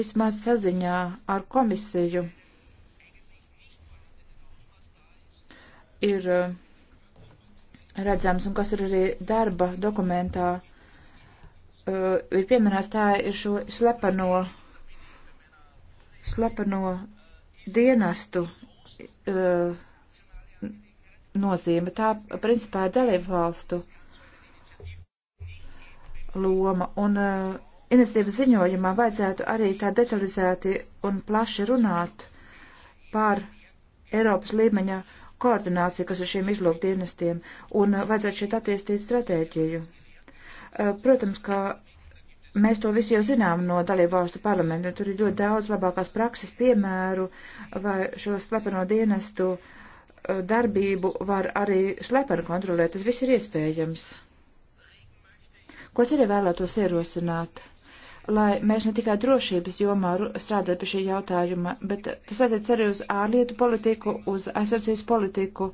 Vismaz saziņā ar komisiju ir eh, redzams un kas ir arī darba dokumentā, uh, ir pieminēts tā ir šo slepeno, slepeno dienestu uh, nozīme. Tā principā ir dalību valstu loma. Un uh, iniciatīvas ziņojumā vajadzētu arī tā detalizēti un plaši runāt par Eiropas līmeņa uh, koordinācija, kas ir šiem izlūkdienestiem, un uh, vajadzētu šeit attīstīt stratēģiju. Uh, protams, ka mēs to visu jau zinām no dalībvalstu parlamenta, tur ir ļoti daudz labākās prakses piemēru vai šo slepeno dienestu uh, darbību var arī slepeni kontrolēt, tas viss ir iespējams. Ko es arī vēlētos ierosināt? lai mēs ne tikai drošības jomā strādātu pie šī jautājuma, bet tas attiec arī uz ārlietu politiku, uz aizsardzības politiku.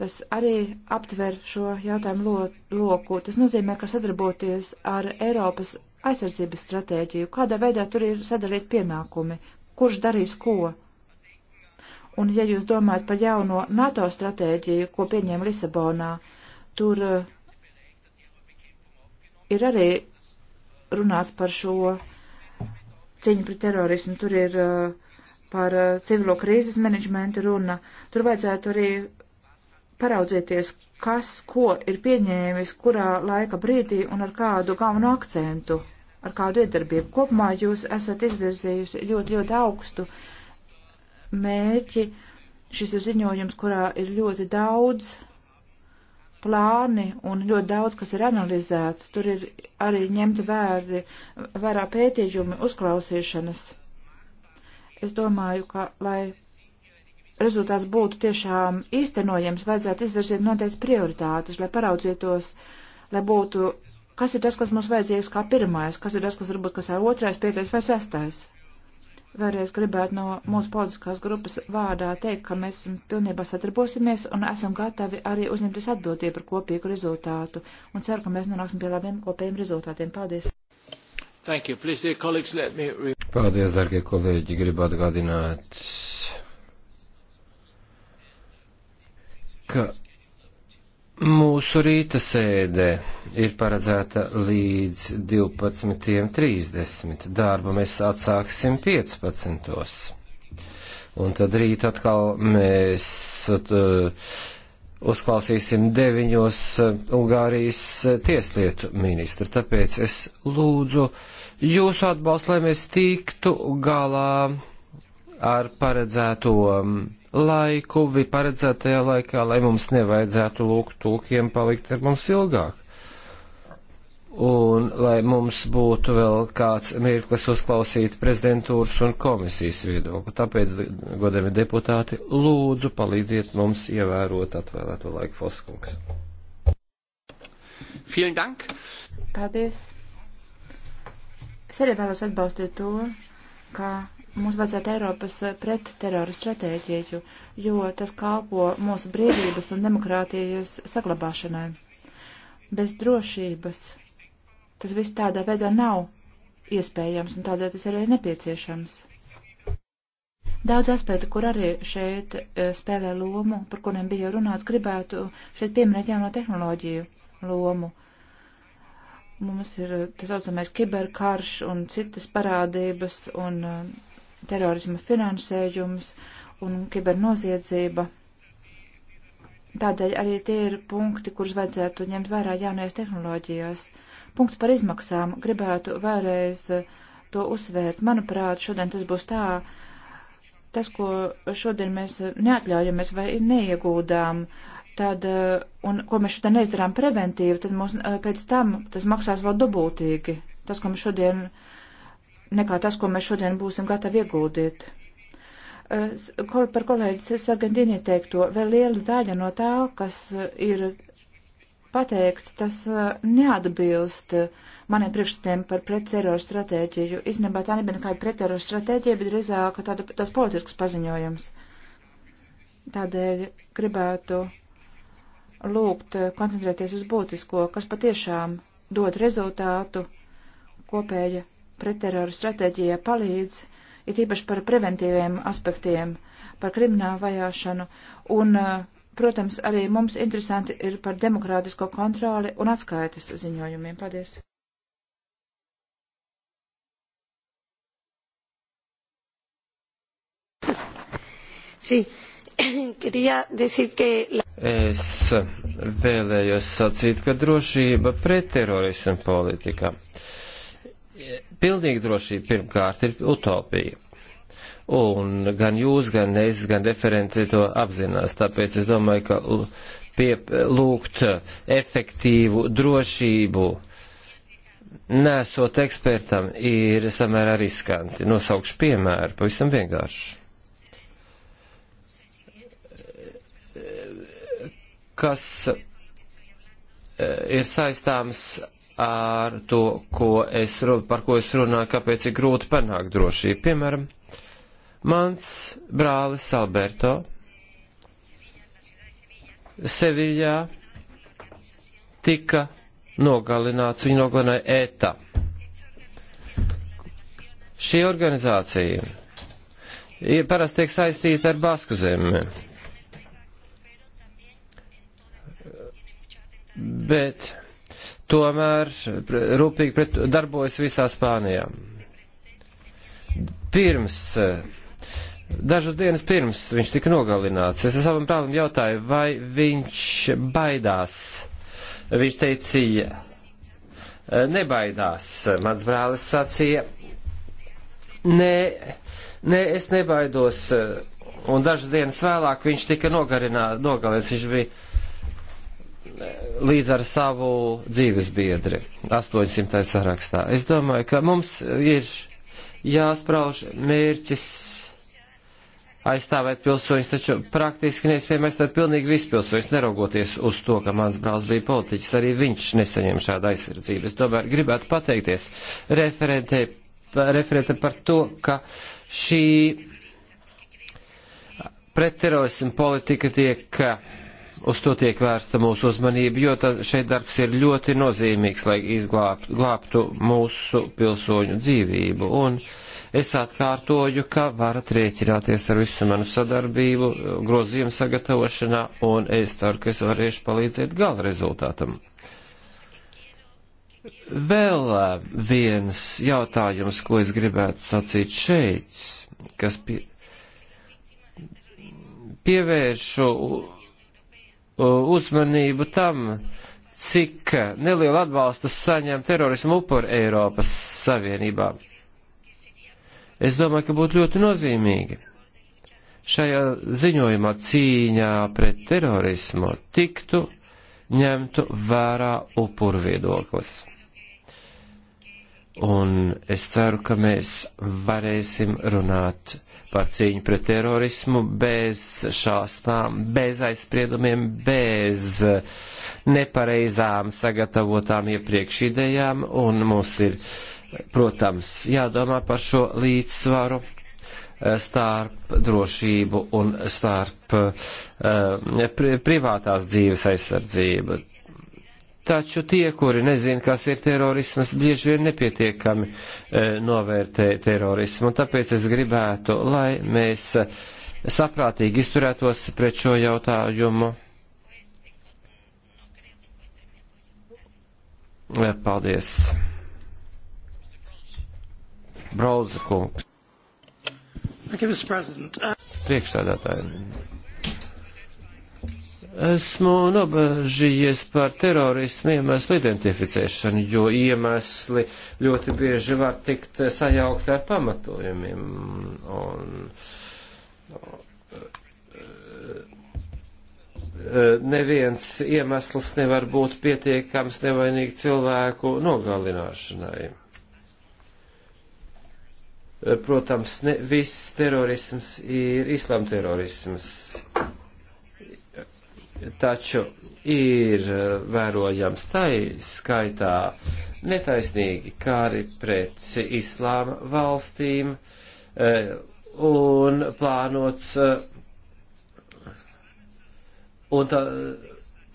Tas arī aptver šo jautājumu lo loku. Tas nozīmē, ka sadarboties ar Eiropas aizsardzības stratēģiju, kādā veidā tur ir sadalīt pienākumi, kurš darīs ko. Un, ja jūs domājat par jauno NATO stratēģiju, ko pieņēma Lisabonā, tur eh, ir arī runāts par šo cīņu pret terorismu. Tur ir uh, par uh, civilo krīzes menedžmentu runa. Tur vajadzētu arī paraudzieties, kas ko ir pieņēmis, kurā laika brīdī un ar kādu galveno akcentu, ar kādu iedarbību. Kopumā jūs esat izvirzījusi ļoti, ļoti augstu mērķi. Šis ir ziņojums, kurā ir ļoti daudz plāni un ļoti daudz, kas ir analizēts. Tur ir arī ņemti vērdi, vērā pētījumi, uzklausīšanas. Es domāju, ka, lai rezultāts būtu tiešām īstenojams, vajadzētu izvirzīt noteikti prioritātes, lai paraudzītos, lai būtu, kas ir tas, kas mums vajadzīgs kā pirmais, kas ir tas, kas varbūt kas ir otrais, pietais vai sestais. Vēlreiz gribētu no mūsu politiskās grupas vārdā teikt, ka mēs pilnībā sadarbosimies un esam gatavi arī uzņemties atbildību par kopīgu rezultātu un ceru, ka mēs nonāksim pie labiem kopējiem rezultātiem. Paldies! Thank you. Please, dear colleagues, let me... Paldies, darbie kolēģi, gribu atgādināt, ka Mūsu rīta sēde ir paredzēta līdz 12.30. Darbu mēs atsāksim 15. Un tad rīt atkal mēs uh, uzklausīsim 9. Uh, Ungārijas uh, tieslietu ministru. Tāpēc es lūdzu jūsu atbalstu, lai mēs tiktu galā ar paredzēto um, laiku bija paredzētajā laikā, lai mums nevajadzētu lūgt tūkiem palikt ar mums ilgāk. Un lai mums būtu vēl kāds mirklis uzklausīt prezidentūras un komisijas viedokli. Tāpēc, godami deputāti, lūdzu palīdziet mums ievērot atvēlēto laiku Foskungs. Vielen Dank! Paldies! Es arī vēlos atbalstīt to, ka mums vajadzētu Eiropas eh, pretterora stratēģiju, jo tas kalpo mūsu brīvības un demokrātijas saglabāšanai. Bez drošības tas viss tādā veidā nav iespējams, un tādēļ tas arī ir nepieciešams. Daudz aspektu, kur arī šeit eh, spēlē lomu, par kuriem bija runāts, gribētu šeit pieminēt jauno tehnoloģiju lomu. Mums ir eh, tas saucamais kiberkarš un citas parādības, un terorisma finansējums un kibernoziedzība. Tādēļ arī tie ir punkti, kurus vajadzētu ņemt vērā jaunajās tehnoloģijās. Punkts par izmaksām gribētu vēlreiz eh, to uzsvērt. Manuprāt, šodien tas būs tā, tas, ko šodien mēs neatļaujamies vai neiegūdām, tad, eh, un ko mēs šodien neizdarām preventīvi, tad mums eh, pēc tam tas maksās vēl dubultīgi. Tas, ko mēs šodien uh, nekā tas, ko mēs šodien būsim gatavi ieguldīt. Kol, par kolēģis Sargandīni teikto, vēl liela daļa no tā, kas ir pateikts, tas uh, neatbilst uh, maniem priekšstatiem par pretteroru stratēģiju. Īstenībā tā nebija nekāda pretteroru stratēģija, bet drīzāk tāda, tas politisks paziņojums. Tādēļ gribētu lūgt uh, koncentrēties uz būtisko, kas patiešām dod rezultātu kopēja pretterora stratēģijā palīdz, ir īpaši par preventīviem aspektiem, par kriminālu vajāšanu, un, eh, protams, arī mums interesanti ir par demokrātisko kontroli un atskaites ziņojumiem. Paldies! Sí, quería decir que... La... Es vēlējos sacīt, ka drošība pret terorismu politikā. Uh, Pilnīga drošība pirmkārt ir utopija. Un gan jūs, gan es, gan referenti to apzinās. Tāpēc es domāju, ka pie, lūgt efektīvu drošību nesot ekspertam ir samērā riskanti. Nosaukšu piemēru, pavisam vienkārši. Kas eh, ir saistāms ar to, ko es, par ko es runāju, kāpēc ir grūti panākt drošību. Piemēram, mans brālis Alberto Seviljā tika nogalināts, viņu nogalināja ETA. Šī organizācija ir parasti tiek saistīta ar Basku zemi. Bet tomēr rūpīgi pret, darbojas visā Spānijā. Pirms, eh, dažas dienas pirms viņš tika nogalināts, es savam brālim jautāju, vai viņš baidās. Viņš teica, eh, nebaidās. Mans brālis sacīja, nē, nē, es nebaidos. Un dažas dienas vēlāk viņš tika nogalināts. Viņš bija līdz ar savu dzīves biedri 800. sarakstā. Es domāju, ka mums ir jāsprauž mērķis aizstāvēt pilsoņus, taču praktiski neiespējami aizstāvēt pilnīgi visu pilsoņus, neraugoties uz to, ka mans brālis bija politiķis, arī viņš nesaņem šādu aizsardzību. Es tomēr gribētu pateikties referentē, referente par to, ka šī pretterorismu politika tiek uz to tiek vērsta mūsu uzmanība, jo tas, šeit darbs ir ļoti nozīmīgs, lai izglābtu glābtu mūsu pilsoņu dzīvību. Un es atkārtoju, ka varat rēķināties ar visu manu sadarbību, grozījumu sagatavošanā, un es ceru, ka es varēšu palīdzēt gala rezultātam. Vēl eh, viens jautājums, ko es gribētu sacīt šeit, kas pie, pievēršu Uh, uzmanību tam, cik nelielu atbalstu saņem terorismu upuri Eiropas Savienībā. Es domāju, ka būtu ļoti nozīmīgi šajā ziņojumā cīņā pret terorismu tiktu ņemtu vērā upuru viedoklis un es ceru, ka mēs varēsim runāt par cīņu pret terorismu bez šāsmām, bez aizspriedumiem, bez nepareizām sagatavotām iepriekš idejām, un mums ir, protams, jādomā par šo līdzsvaru eh, starp drošību un starp uh, privātās dzīves aizsardzību. Taču tie, kuri nezina, kas ir terorismas, bieži vien nepietiekami e, novērtē terorismu. Un tāpēc es gribētu, lai mēs eh, saprātīgi izturētos pret šo jautājumu. Eh, paldies. Brauza kungs. Uh, Priekšstādātājiem. Esmu nobežījies par terorismu iemeslu identificēšanu, jo iemesli ļoti bieži var tikt sajaukt ar pamatojumiem. Un, e, neviens iemesls nevar būt pietiekams nevainīgu cilvēku nogalināšanai. E, protams, ne viss terorisms ir islam terorisms taču ir eh, vērojams tai skaitā netaisnīgi kāri pret islāma valstīm eh, un plānots eh, un tā,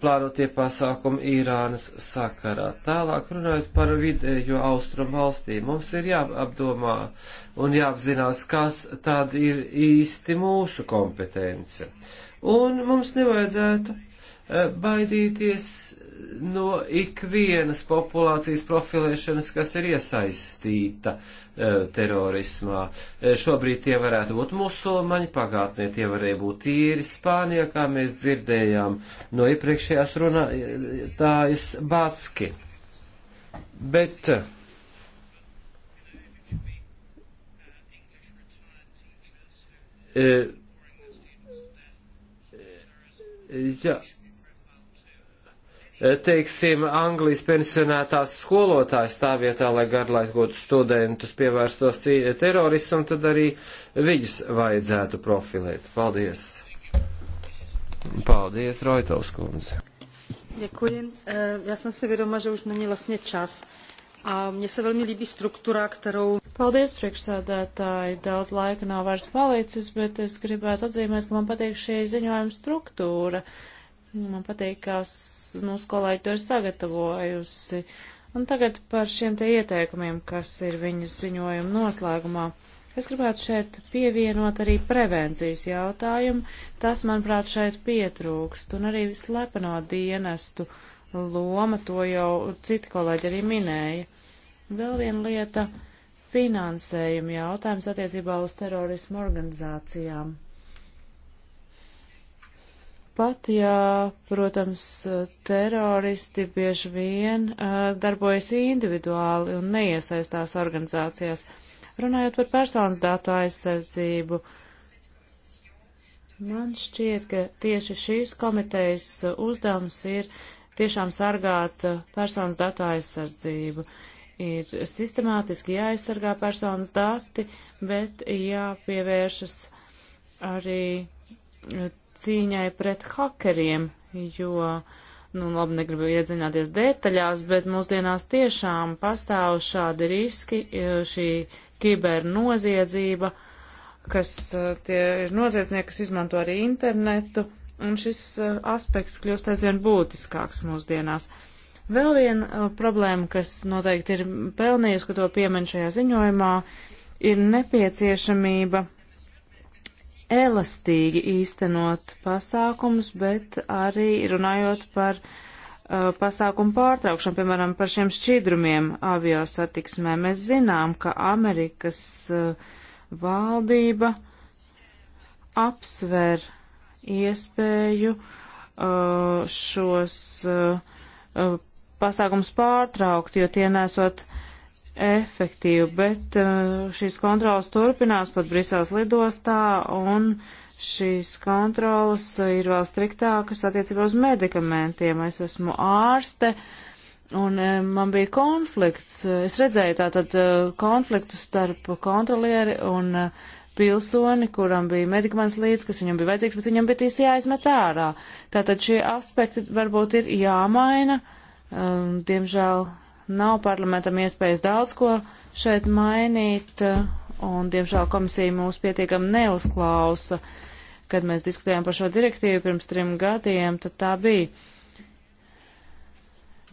plānotie pasākumi Irānas sakarā. Tālāk runājot par vidējo austrumu valstīm, mums ir jāapdomā un jāapzinās, kas tad ir īsti mūsu kompetence. Uh, Un mums nevajadzētu eh, baidīties no ikvienas populācijas profilēšanas, kas ir iesaistīta e, terorismā. E, šobrīd tie varētu būt musulmaņi, pagātnē tie varēja būt īri Spānijā, kā mēs dzirdējām no iepriekšējās runātājas baski. Bet e, ja, e, teiksim, Anglijas pensionētās skolotājs tā vietā, lai garlaikotu studentus, pievērstos terorismam, tad arī viņus vajadzētu profilēt. Paldies! Paldies, Rojtovs kundze! Děkuji. Já jsem si vědoma, že už není vlastně čas. A mně se velmi líbí struktura, kterou. Paldies, priekšsēdētāji. Daudz laika nav vairs palicis, bet es gribētu atzīmēt, ka man patīk šī ziņojuma struktūra. Man patīk, kā mūsu kolēģi to ir sagatavojusi. Un tagad par šiem te ieteikumiem, kas ir viņas ziņojuma noslēgumā. Es gribētu šeit pievienot arī prevencijas jautājumu. Tas, manuprāt, šeit pietrūkst, un arī slepeno dienestu. Uh, loma, to jau citi kolēģi arī minēja. Vēl viena lieta - finansējuma jautājums attiecībā uz terorismu organizācijām. Pat, ja, protams, teroristi bieži vien darbojas individuāli un neiesaistās organizācijās. Runājot par personas datu aizsardzību, man šķiet, ka tieši šīs komitejas uzdevums ir uh, tiešām sargāt eh, personas datu aizsardzību. Ir sistemātiski jāaizsargā personas dati, bet jāpievēršas arī eh, cīņai pret hakeriem, jo, nu, labi, negribu iedziļināties detaļās, bet mūsdienās tiešām pastāv šādi riski, eh, šī kibernoziedzība, kas tie ir noziedznieki, kas izmanto arī internetu un šis eh, aspekts kļūst aizvien būtiskāks mūsdienās. Vēl viena eh, problēma, kas noteikti ir pelnījusi, ka to piemin šajā ziņojumā, ir nepieciešamība elastīgi īstenot pasākums, bet arī runājot par uh, pasākumu pārtraukšanu, piemēram, par šiem šķidrumiem avio satiksmē. Mēs zinām, ka Amerikas uh, valdība apsver uh, iespēju uh, šos uh, uh, pasākums pārtraukt, jo tie nesot efektīvi, bet šīs kontrolas turpinās pat Brisels lidostā un šīs kontrolas ir vēl striktākas attiecībā uz medikamentiem. Es esmu ārste un man bija konflikts. Es redzēju tātad konfliktu starp kontrolieri un uh, pilsoni, kuram bija medikaments līdz, kas viņam bija vajadzīgs, bet viņam bija tīs jāizmet ārā. Tātad šie aspekti varbūt ir jāmaina. Um, diemžēl nav parlamentam iespējas daudz ko šeit mainīt, uh, un diemžēl komisija mūs pietiekam neuzklausa. Kad mēs diskutējām par šo direktīvu pirms trim gadiem, tad tā bija.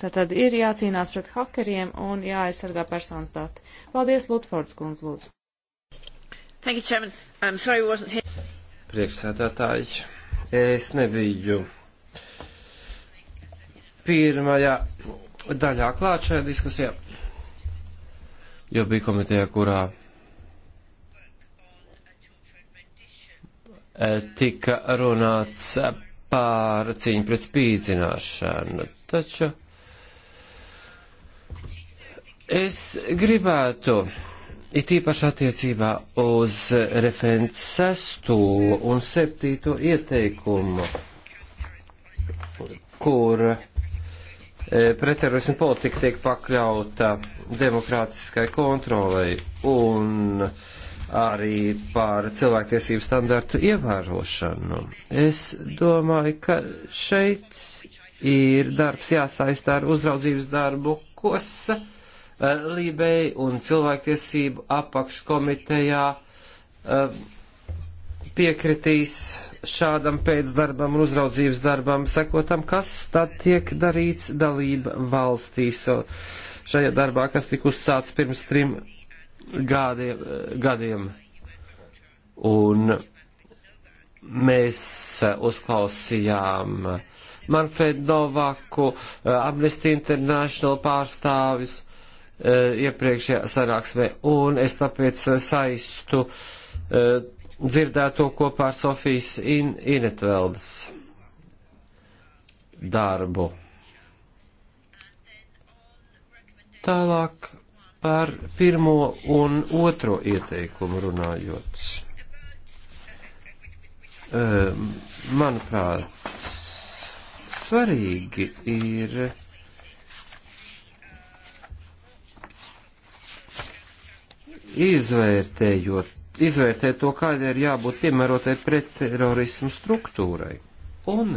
Tātad ir jācīnās pret hakeriem un jāaizsargā personas dati. Paldies, Lutfords kundz, lūdzu. Thank you, Chairman. I'm sorry I wasn't here. Priekšsēdētāji, es nebiju pirmajā daļā klāt šajā diskusijā, jo bija komiteja, kurā eh, tika runāts pār cīņu pret spīdzināšanu. Taču es gribētu It īpaši attiecībā uz referents sesto un septīto ieteikumu, kur e, pretterorismu politika tiek pakļauta demokrātiskai kontrolai un arī par cilvēktiesību standartu ievērošanu. Es domāju, ka šeit ir darbs jāsaistā ar uzraudzības darbu, kas Lībei un cilvēktiesību apakškomitejā eh, piekritīs šādam pēcdarbam un uzraudzības darbam, sekotam, kas tad tiek darīts dalība valstīs šajā darbā, kas tika uzsāts pirms trim gadiem. Eh, gadiem. Un mēs eh, uzklausījām Manfredu Novaku, Amnesty International pārstāvis Eh, iepriekšējā sanāksmē, un es tāpēc eh, saistu eh, dzirdēto kopā ar Sofijas In Inetveldes darbu. Tālāk par pirmo un otro ieteikumu runājot. Manuprāt, svarīgi ir izvērtējot, izvērtēt to, kāda ir jābūt piemērotai pretterorismu struktūrai. Un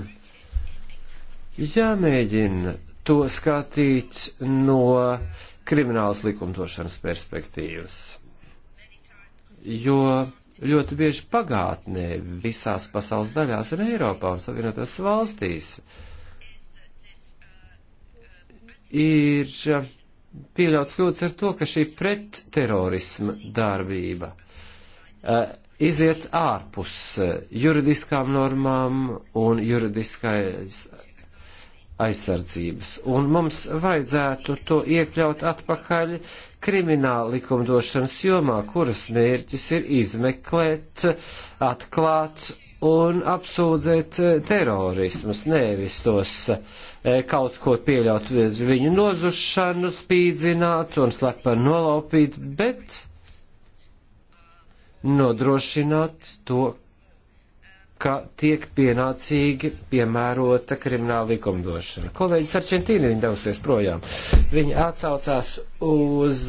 jāmēģina to skatīt no kriminālas likumdošanas perspektīvas. Jo ļoti bieži pagātnē visās pasaules daļās un Eiropā un Savienotās valstīs ir pieļauts kļūdas ar to, ka šī pretterorisma darbība uh, iziet ārpus eh, juridiskām normām un juridiskais aizsardzības. Un mums vajadzētu to iekļaut atpakaļ krimināla likumdošanas jomā, kuras mērķis ir izmeklēt, atklāt un apsūdzēt eh, terorismus, nevis tos eh, kaut ko pieļaut viņu nozušanu, spīdzināt un slepeni nolaupīt, bet nodrošināt to, ka tiek pienācīgi piemērota krimināla likumdošana. Kolēģis Arčentīni viņa devusies projām. Viņa atsaucās uz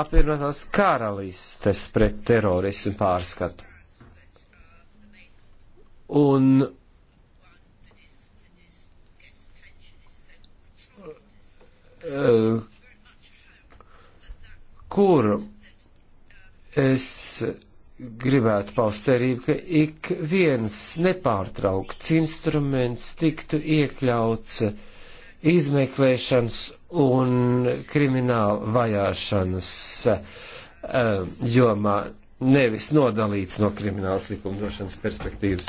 apvienotās karalistes pret terorismu pārskatu. Un eh, kur es gribētu paust cerību, ka ik viens nepārtraukts instruments tiktu iekļauts izmeklēšanas un krimināla vajāšanas eh, jomā, nevis nodalīts no kriminālas likumdošanas perspektīvas.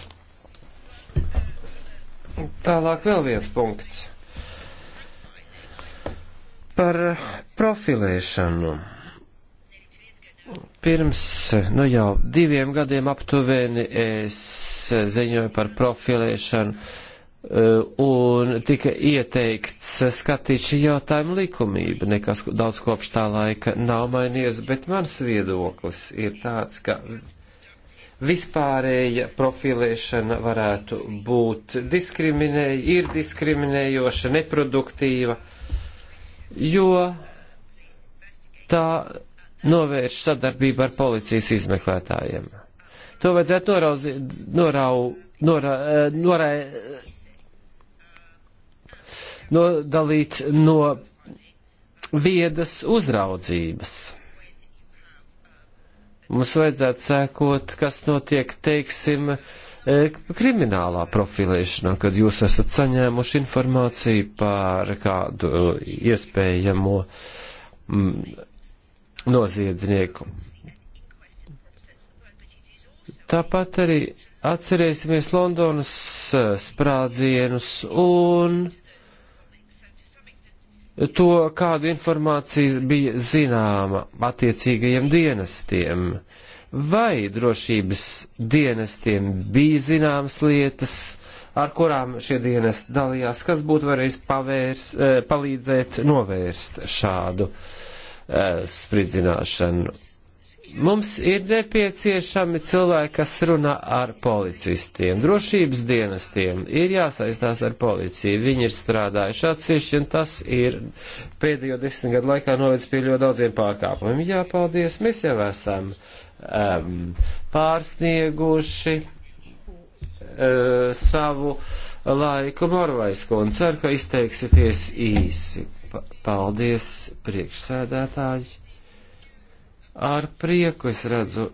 Tālāk vēl viens punkts par profilēšanu. Pirms nu jau diviem gadiem aptuveni es ziņoju par profilēšanu eh, un tika ieteikts skatīt šī jautājuma likumība. Nekas daudz kopš tā laika nav mainījies, bet mans viedoklis ir tāds, ka vispārēja profilēšana varētu būt diskriminē, ir diskriminējoša, neproduktīva, jo tā novērš sadarbību ar policijas izmeklētājiem. To vajadzētu norauzi, norau, norā, norā, nodalīt no viedas uzraudzības. Mums vajadzētu sēkot, kas notiek, teiksim, e, kriminālā profilēšanā, kad jūs esat saņēmuši informāciju par kādu e, iespējamo mm, noziedznieku. Tāpat arī atcerēsimies Londonas e, sprādzienus un to, kāda informācija bija zināma attiecīgajiem dienestiem. Vai drošības dienestiem bija zināmas lietas, ar kurām šie dienesti dalījās, kas būtu varējis pavērs, e, palīdzēt novērst šādu e, spridzināšanu? Mums ir nepieciešami cilvēki, kas runā ar policistiem, drošības dienestiem, ir jāsaistās ar policiju, viņi ir strādājuši atsevišķi, un tas ir pēdējo desmit gadu laikā novedis pie ļoti daudziem pārkāpumiem. Jā, paldies, mēs jau esam um, pārsnieguši uh, savu laiku, Morvais, un ceru, ka izteiksieties īsi. Paldies, priekšsēdētāji! Ar prieku es redzu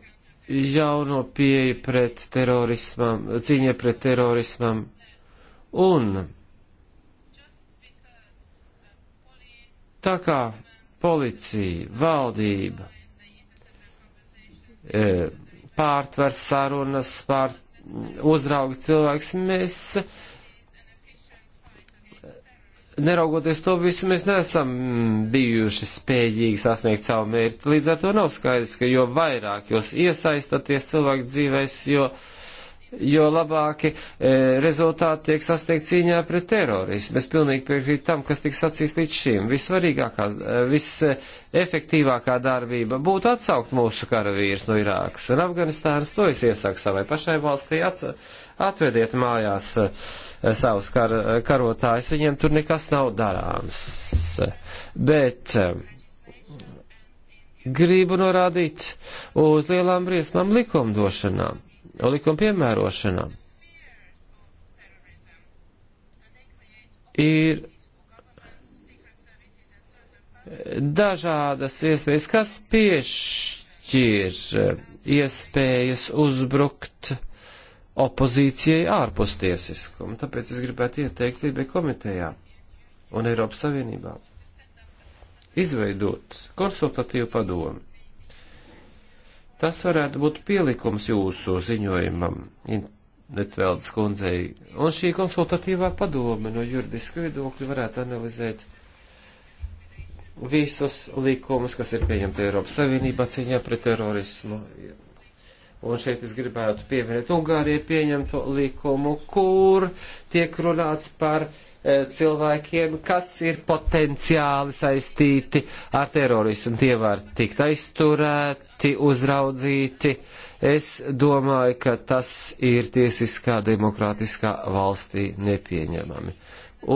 jauno pieeju pret terorismam, cīņai pret terorismam un tā kā policija, valdība e, pārtver sarunas, pār uzrauga cilvēks, mēs neraugoties to visu, mēs neesam bijuši spējīgi sasniegt savu mērķi. Līdz ar to nav skaidrs, ka jo vairāk jūs iesaistaties cilvēku dzīvēs, jo, jo labāki e, rezultāti tiek sasniegt cīņā pret terorismu. Es pilnīgi piekrītu tam, kas tika sacīts līdz šim. Vissvarīgākā, visefektīvākā darbība būtu atsaukt mūsu karavīrus no Irākas un Afganistānas. To es iesaku savai pašai valstī atsaukt atvediet mājās eh, savus kar, karotājus, viņiem tur nekas nav darāms. Bet eh, gribu norādīt uz lielām briesmām likumdošanām, likuma piemērošanām. Ir dažādas iespējas, kas piešķir eh, iespējas uzbrukt uh, opozīcijai ārpus tiesiskuma. Tāpēc es gribētu ieteikt Lībe komitejā un Eiropas Savienībā izveidot konsultatīvu padomu. Tas varētu būt pielikums jūsu ziņojumam, Netveldes kundzei, un šī konsultatīvā padome no juridiska viedokļa varētu analizēt visus likumus, kas ir pieņemti Eiropas Savienībā cīņā pret terorismu, Un šeit es gribētu pieminēt Ungārijai pieņemto likumu, kur tiek runāts par e, cilvēkiem, kas ir potenciāli saistīti ar terorismu. Tie var tikt aizturēti, uzraudzīti. Es domāju, ka tas ir tiesiskā demokrātiskā valstī nepieņemami.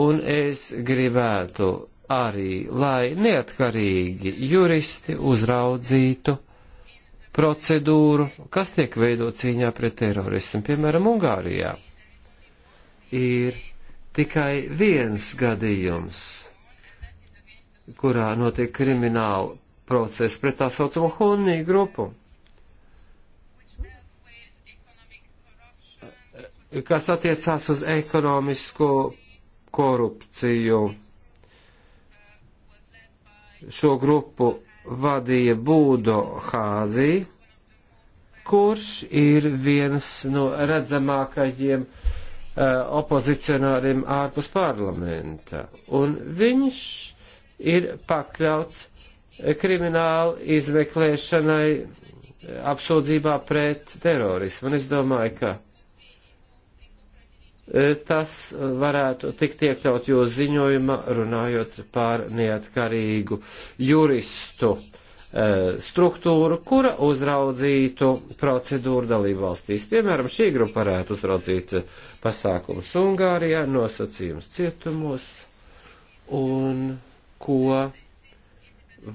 Un es gribētu arī, lai neatkarīgi juristi uzraudzītu procedūru, kas tiek veidot cīņā pret terorismu, piemēram, Ungārijā. Ir tikai viens gadījums, kurā notiek krimināla procesa pret tā saucamo Honī grupu, kas attiecās uz ekonomisko korupciju. Šo grupu vadīja Būdo Hāzī, kurš ir viens no redzamākajiem uh, opozicionāriem ārpus parlamenta. Un viņš ir pakļauts kriminālu izmeklēšanai eh, apsūdzībā pret terorismu. Un es domāju, ka E, tas varētu tikt iekļaut jūsu ziņojuma, runājot par neatkarīgu juristu e, struktūru, kura uzraudzītu procedūru dalību valstīs. Piemēram, šī grupa varētu uzraudzīt pasākumus Ungārijā, nosacījums cietumos un ko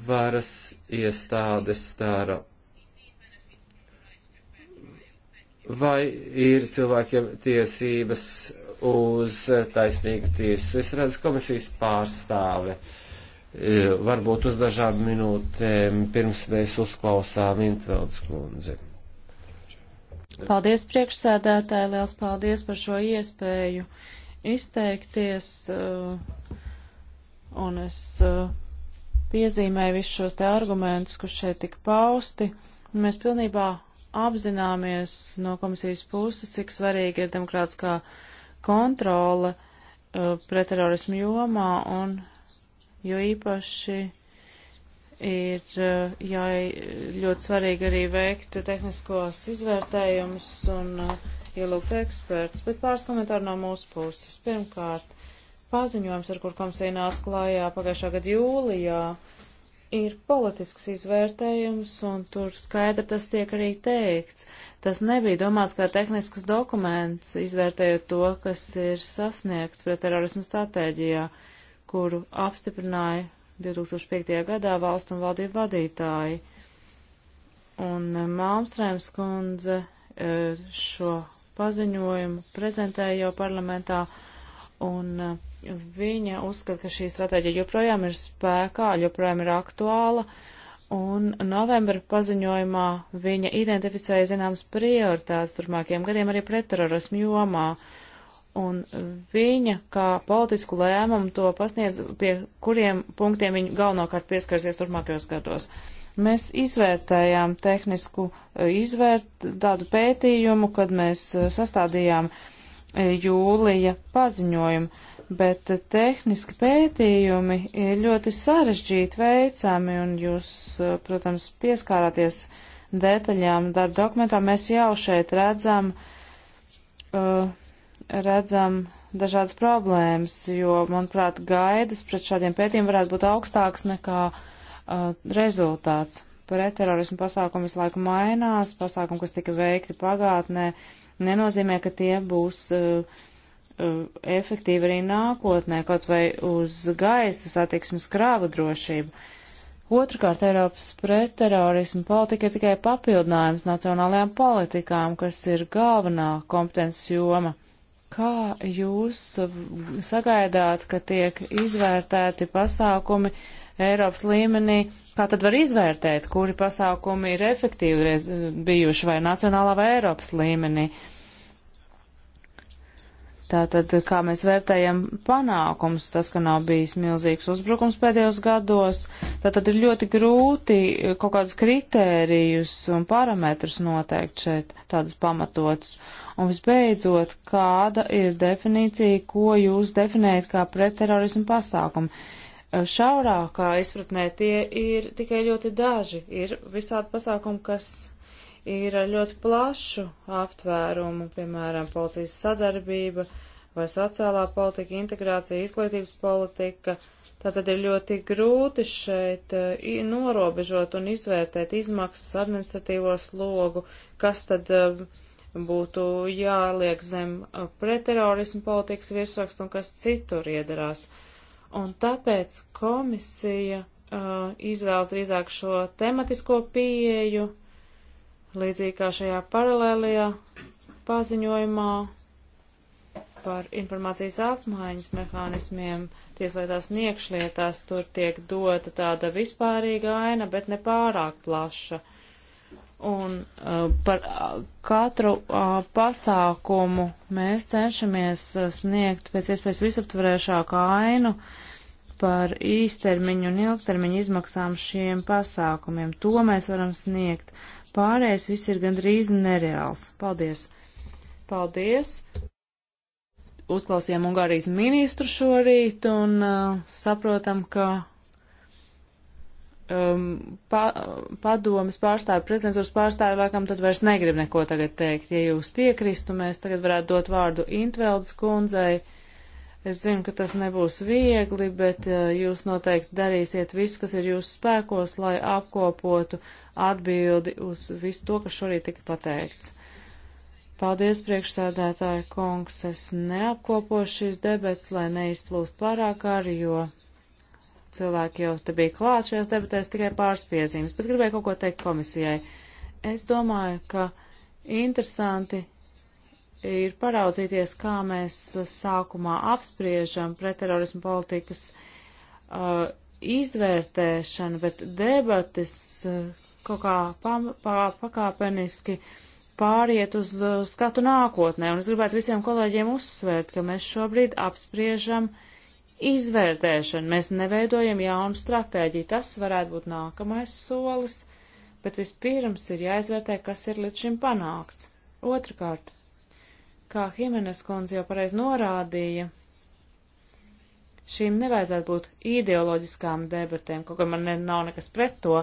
varas iestādes dara vai ir cilvēkiem tiesības uz taisnīgu tiesu. Es redzu komisijas pārstāve. Varbūt uz dažām minūtēm pirms mēs uzklausām Intveldes kundzi. Paldies priekšsēdētāji, liels paldies par šo iespēju izteikties. E, un es e, piezīmēju visus šos te argumentus, kas šeit tika pausti. Mēs pilnībā apzināmies no komisijas puses, cik svarīga ir demokrātiskā kontrole uh, pretterorismu jomā un jo īpaši ir uh, jā, ļoti svarīgi arī veikt tehniskos izvērtējumus un uh, ielūgt ekspertus, bet pāris komentāri no mūsu puses. Pirmkārt, paziņojums, ar kur komisija nāca klājā pagājušā gada jūlijā, uh, ir politisks izvērtējums, un tur skaidri tas tiek arī teikts. Tas nebija domāts kā tehnisks dokuments, izvērtējot to, kas ir sasniegts pret terorismu stratēģijā, kuru apstiprināja 2005. gadā valstu un valdību vadītāji. Un eh, Malmstrēms kundze eh, šo paziņojumu prezentēja jau parlamentā, un eh, Viņa uzskata, ka šī stratēģija joprojām ir spēkā, joprojām ir aktuāla, un novembra paziņojumā viņa identificēja zināmas prioritātes turpmākajiem gadiem arī pretterorismu jomā. Un viņa kā politisku lēmumu to pasniedz, pie kuriem punktiem viņa galvenokārt pieskarsies turpmākajos gados. Mēs izvērtējām tehnisku e, izvērt tādu pētījumu, kad mēs e, sastādījām e, jūlija paziņojumu bet tehniski pētījumi ir ļoti sarežģīti veicami, un jūs, eh, protams, pieskārāties detaļām darba dokumentā. Mēs jau šeit redzam, uh, redzam dažādas problēmas, jo, manuprāt, gaidas pret šādiem pētījumiem varētu būt augstāks nekā uh, rezultāts. Pretterorismu pasākumi visu laiku mainās, pasākumi, kas tika veikti pagātnē, nenozīmē, ka tie būs uh, Uh, efektīvi arī nākotnē, kaut vai uz gaisa satiksmes krāvu drošību. Otrakārt, Eiropas pretterorismu politika ir tikai papildinājums nacionālajām politikām, kas ir galvenā kompetences joma. Kā jūs sagaidāt, ka tiek izvērtēti pasākumi Eiropas līmenī? Kā tad var izvērtēt, kuri pasākumi ir efektīvi bijuši vai nacionālā vai Eiropas līmenī? Uh, Tātad, kā mēs vērtējam panākums, tas, ka nav bijis milzīgs uzbrukums pēdējos gados, tātad ir ļoti grūti kaut kādus kritērijus un parametrus noteikt šeit, tādus pamatotus. Un visbeidzot, kāda ir definīcija, ko jūs definējat kā pretterorismu pasākumu? Šaurākā izpratnē tie ir tikai ļoti daži. Ir visādi pasākumi, kas ir ar ļoti plašu aptvērumu, piemēram, policijas sadarbība vai sociālā politika, integrācija, izglītības politika. Tātad ir ļoti grūti šeit eh, norobežot un izvērtēt izmaksas administratīvo slogu, kas tad eh, būtu jāliek zem eh, pretterorismu politikas virsrakstu un kas citur iedarās. Un tāpēc komisija uh, izvēlas drīzāk šo tematisko pieeju, uh, Līdzīgi kā šajā paralēlajā paziņojumā par informācijas apmaiņas mehānismiem tieslietās un iekšlietās, tur tiek dota tāda vispārīga aina, bet ne pārāk plaša. Un uh, par uh, katru uh, pasākumu mēs cenšamies uh, sniegt pēc iespējas visaptvarēšāku ainu par īstermiņu un ilgtermiņu izmaksām šiem pasākumiem. To mēs varam sniegt. Pārējais viss ir gandrīz nereāls. Paldies! Paldies! Uzklausījām Ungārijas ministru šorīt un uh, saprotam, ka um, pa, padomas pārstāvi, prezidentūras pārstāvi laikam tad vairs negrib neko tagad teikt. Ja jūs piekristu, mēs tagad varētu dot vārdu Intveldes kundzei. Uh, Es zinu, ka tas nebūs viegli, bet eh, jūs noteikti darīsiet visu, kas ir jūsu spēkos, lai apkopotu atbildi uz visu to, kas šorīt tika pateikts. Paldies, priekšsēdētāja kungs, es neapkopošu šīs debets, lai neizplūst pārāk arī, jo cilvēki jau te bija klāt šajās debatēs tikai pārspiezīmes, bet gribēju kaut ko teikt komisijai. Es domāju, ka interesanti ir paraudzīties, kā mēs sākumā apspriežam pretterorismu politikas uh, izvērtēšanu, bet debatis uh, kaut kā pa, pa, pakāpeniski pāriet uz uh, skatu nākotnē. Un es gribētu visiem kolēģiem uzsvērt, ka mēs šobrīd apspriežam izvērtēšanu. Mēs neveidojam jaunu stratēģiju. Tas varētu būt nākamais solis, bet vispirms ir jāizvērtē, kas ir līdz šim panākts. Otrakārt, Kā Himenes kundze jau pareiz norādīja, šīm nevajadzētu būt ideoloģiskām debatēm, kaut gan man ne, nav nekas pret to,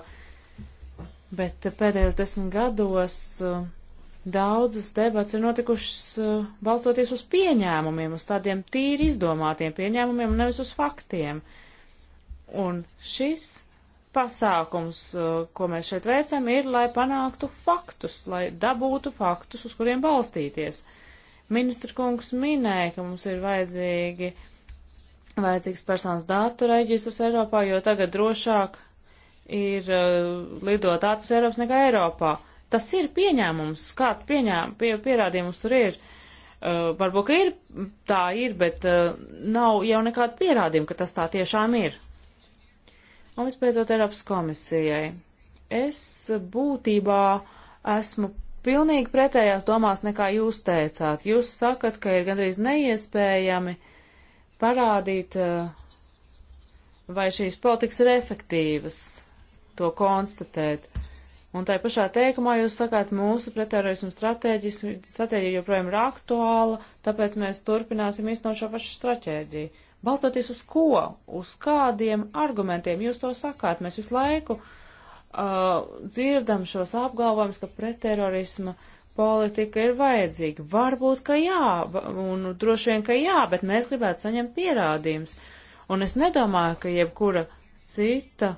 bet pēdējos desmit gados uh, daudzas debats ir notikušas uh, balstoties uz pieņēmumiem, uz tādiem tīri izdomātiem pieņēmumiem, nevis uz faktiem. Un šis pasākums, uh, ko mēs šeit veicam, ir, lai panāktu faktus, lai dabūtu faktus, uz kuriem balstīties. Ministra kungs minēja, ka mums ir vajadzīgi, vajadzīgs personas datu reģistrs Eiropā, jo tagad drošāk ir uh, lidot ārpus Eiropas nekā Eiropā. Tas ir pieņēmums, kāda pieņēm, pie, pierādījums tur ir. Uh, varbūt, ka ir, tā ir, bet uh, nav jau nekāda pierādījuma, ka tas tā tiešām ir. Un vispēcot Eiropas komisijai. Es būtībā esmu pilnīgi pretējās domās nekā jūs teicāt. Jūs sakat, ka ir gandrīz neiespējami parādīt, eh, vai šīs politikas ir efektīvas, to konstatēt. Un tai pašā teikumā jūs sakāt, mūsu pretterorismu stratēģija joprojām ir aktuāla, tāpēc mēs turpināsim īstenot šo pašu stratēģiju. Balstoties uz ko, uz kādiem argumentiem jūs to sakāt? Mēs visu laiku uh, uh, dzirdam šos apgalvojumus, ka pretterorisma politika ir vajadzīga. Varbūt, ka jā, un droši vien, ka jā, bet mēs gribētu saņemt pierādījumus. Un es nedomāju, ka jebkura cita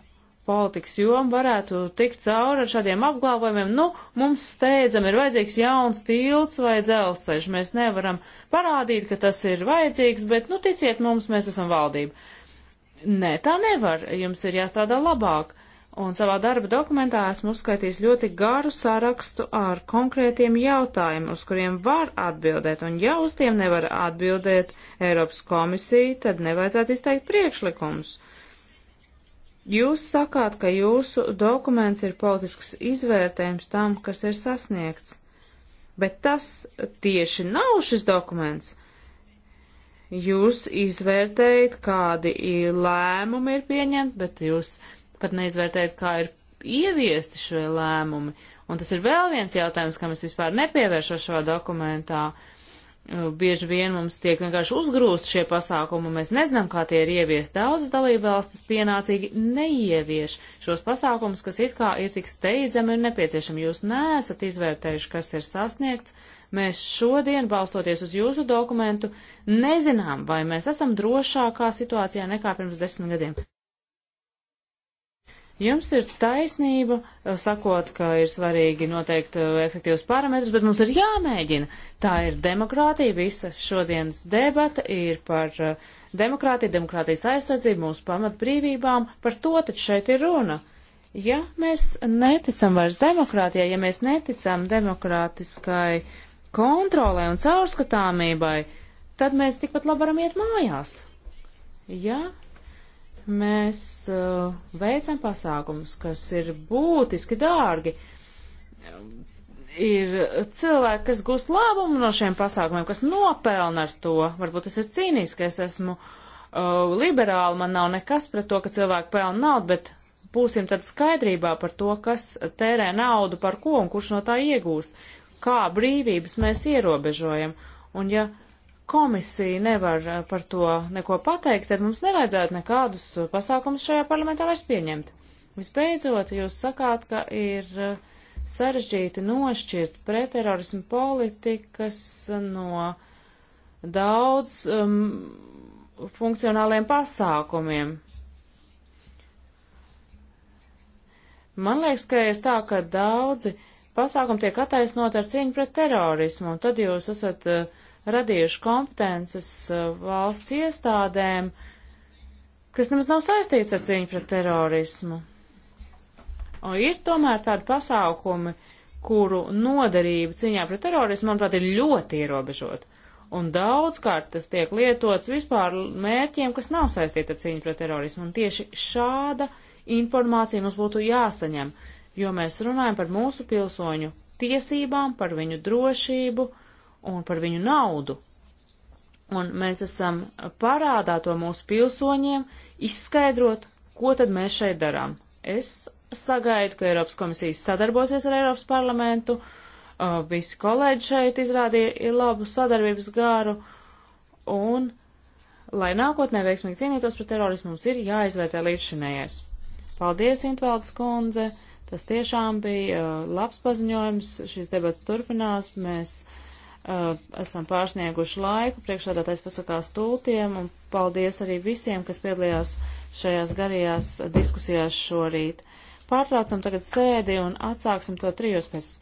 politikas joma varētu tikt cauri ar šādiem apgalvojumiem. Nu, mums steidzam ir vajadzīgs jauns tilts vai dzelzceļš. Mēs nevaram parādīt, ka tas ir vajadzīgs, bet, nu, ticiet mums, mēs esam valdība. Nē, tā nevar. Jums ir jāstrādā labāk. Un savā darba dokumentā esmu uzskaitījis ļoti garu sarakstu ar konkrētiem jautājumiem, uz kuriem var atbildēt, un ja uz tiem nevar atbildēt Eiropas komisija, tad nevajadzētu izteikt priekšlikumus. Jūs sakāt, ka jūsu dokuments ir politisks izvērtējums tam, kas ir sasniegts, bet tas tieši nav šis dokuments. Jūs izvērtējat, kādi lēmumi ir pieņemti, bet jūs pat neizvērtējat, kā ir ieviesti šie lēmumi. Un tas ir vēl viens jautājums, kam es vispār nepievēršos šajā dokumentā. Nu, bieži vien mums tiek vienkārši uzgrūst šie pasākumi, un mēs nezinām, kā tie ir ievies. Daudzas dalībvalstis pienācīgi neievieš šos pasākumus, kas it kā ir tik steidzami un nepieciešami. Jūs neesat izvērtējuši, kas ir sasniegts. Mēs šodien, balstoties uz jūsu dokumentu, nezinām, vai mēs esam drošākā situācijā nekā pirms desmit gadiem. Jums ir taisnība, eh, sakot, ka ir svarīgi noteikt eh, efektīvus parametrus, bet mums ir jāmēģina. Tā ir demokrātija, visa šodienas debata ir par eh, demokrātiju, demokrātijas aizsardzību, mūsu pamatbrīvībām, par to taču šeit ir runa. Ja mēs neticam vairs demokrātijai, ja mēs neticam demokrātiskai kontrolē un caurskatāmībai, tad mēs tikpat labi varam iet mājās. Ja mēs uh, veicam pasākumus, kas ir būtiski dārgi. Ir cilvēki, kas gūst labumu no šiem pasākumiem, kas nopelna ar to. Varbūt tas ir cīnīski, es esmu uh, liberāli, man nav nekas pret to, ka cilvēki pelna naudu, bet būsim tad skaidrībā par to, kas tērē naudu, par ko un kurš no tā iegūst, kā brīvības mēs ierobežojam. Un ja uh, komisija nevar eh, par to neko pateikt, tad mums nevajadzētu nekādus eh, pasākumus šajā parlamentā vairs pieņemt. Visbeidzot, jūs sakāt, ka ir eh, sarežģīti nošķirt pretterorismu politikas no daudz um, funkcionāliem pasākumiem. Man liekas, ka ir tā, ka daudzi pasākumi tiek attaisnot ar cīņu pret terorismu, un tad jūs esat uh, radījuši kompetences uh, valsts iestādēm, kas nemaz nav saistīts ar cīņu pret terorismu. Un ir tomēr tādi pasākumi, kuru noderība cīņā pret terorismu, manuprāt, ir ļoti ierobežota. Un daudzkārt tas tiek lietots vispār mērķiem, kas nav saistīti ar cīņu pret terorismu. Un tieši šāda informācija mums būtu jāsaņem, jo mēs runājam par mūsu pilsoņu tiesībām, par viņu drošību, uh, un par viņu naudu. Un mēs esam parādā to mūsu pilsoņiem izskaidrot, ko tad mēs šeit darām. Es sagaidu, ka Eiropas komisijas sadarbosies ar Eiropas parlamentu, visi kolēģi šeit izrādīja labu sadarbības garu, un, lai nākotnē veiksmīgi cīnītos pret terorismu, mums ir jāizvērtē līdzšinējais. Paldies, Intvaldes kundze! Tas tiešām bija labs paziņojums, šīs debats turpinās, mēs uh, esam pārsnieguši laiku. Priekšādātais pasakās tūtiem un paldies arī visiem, kas piedalījās šajās garajās diskusijās šorīt. Pārtraucam tagad sēdi un atsāksim to trijos pēc.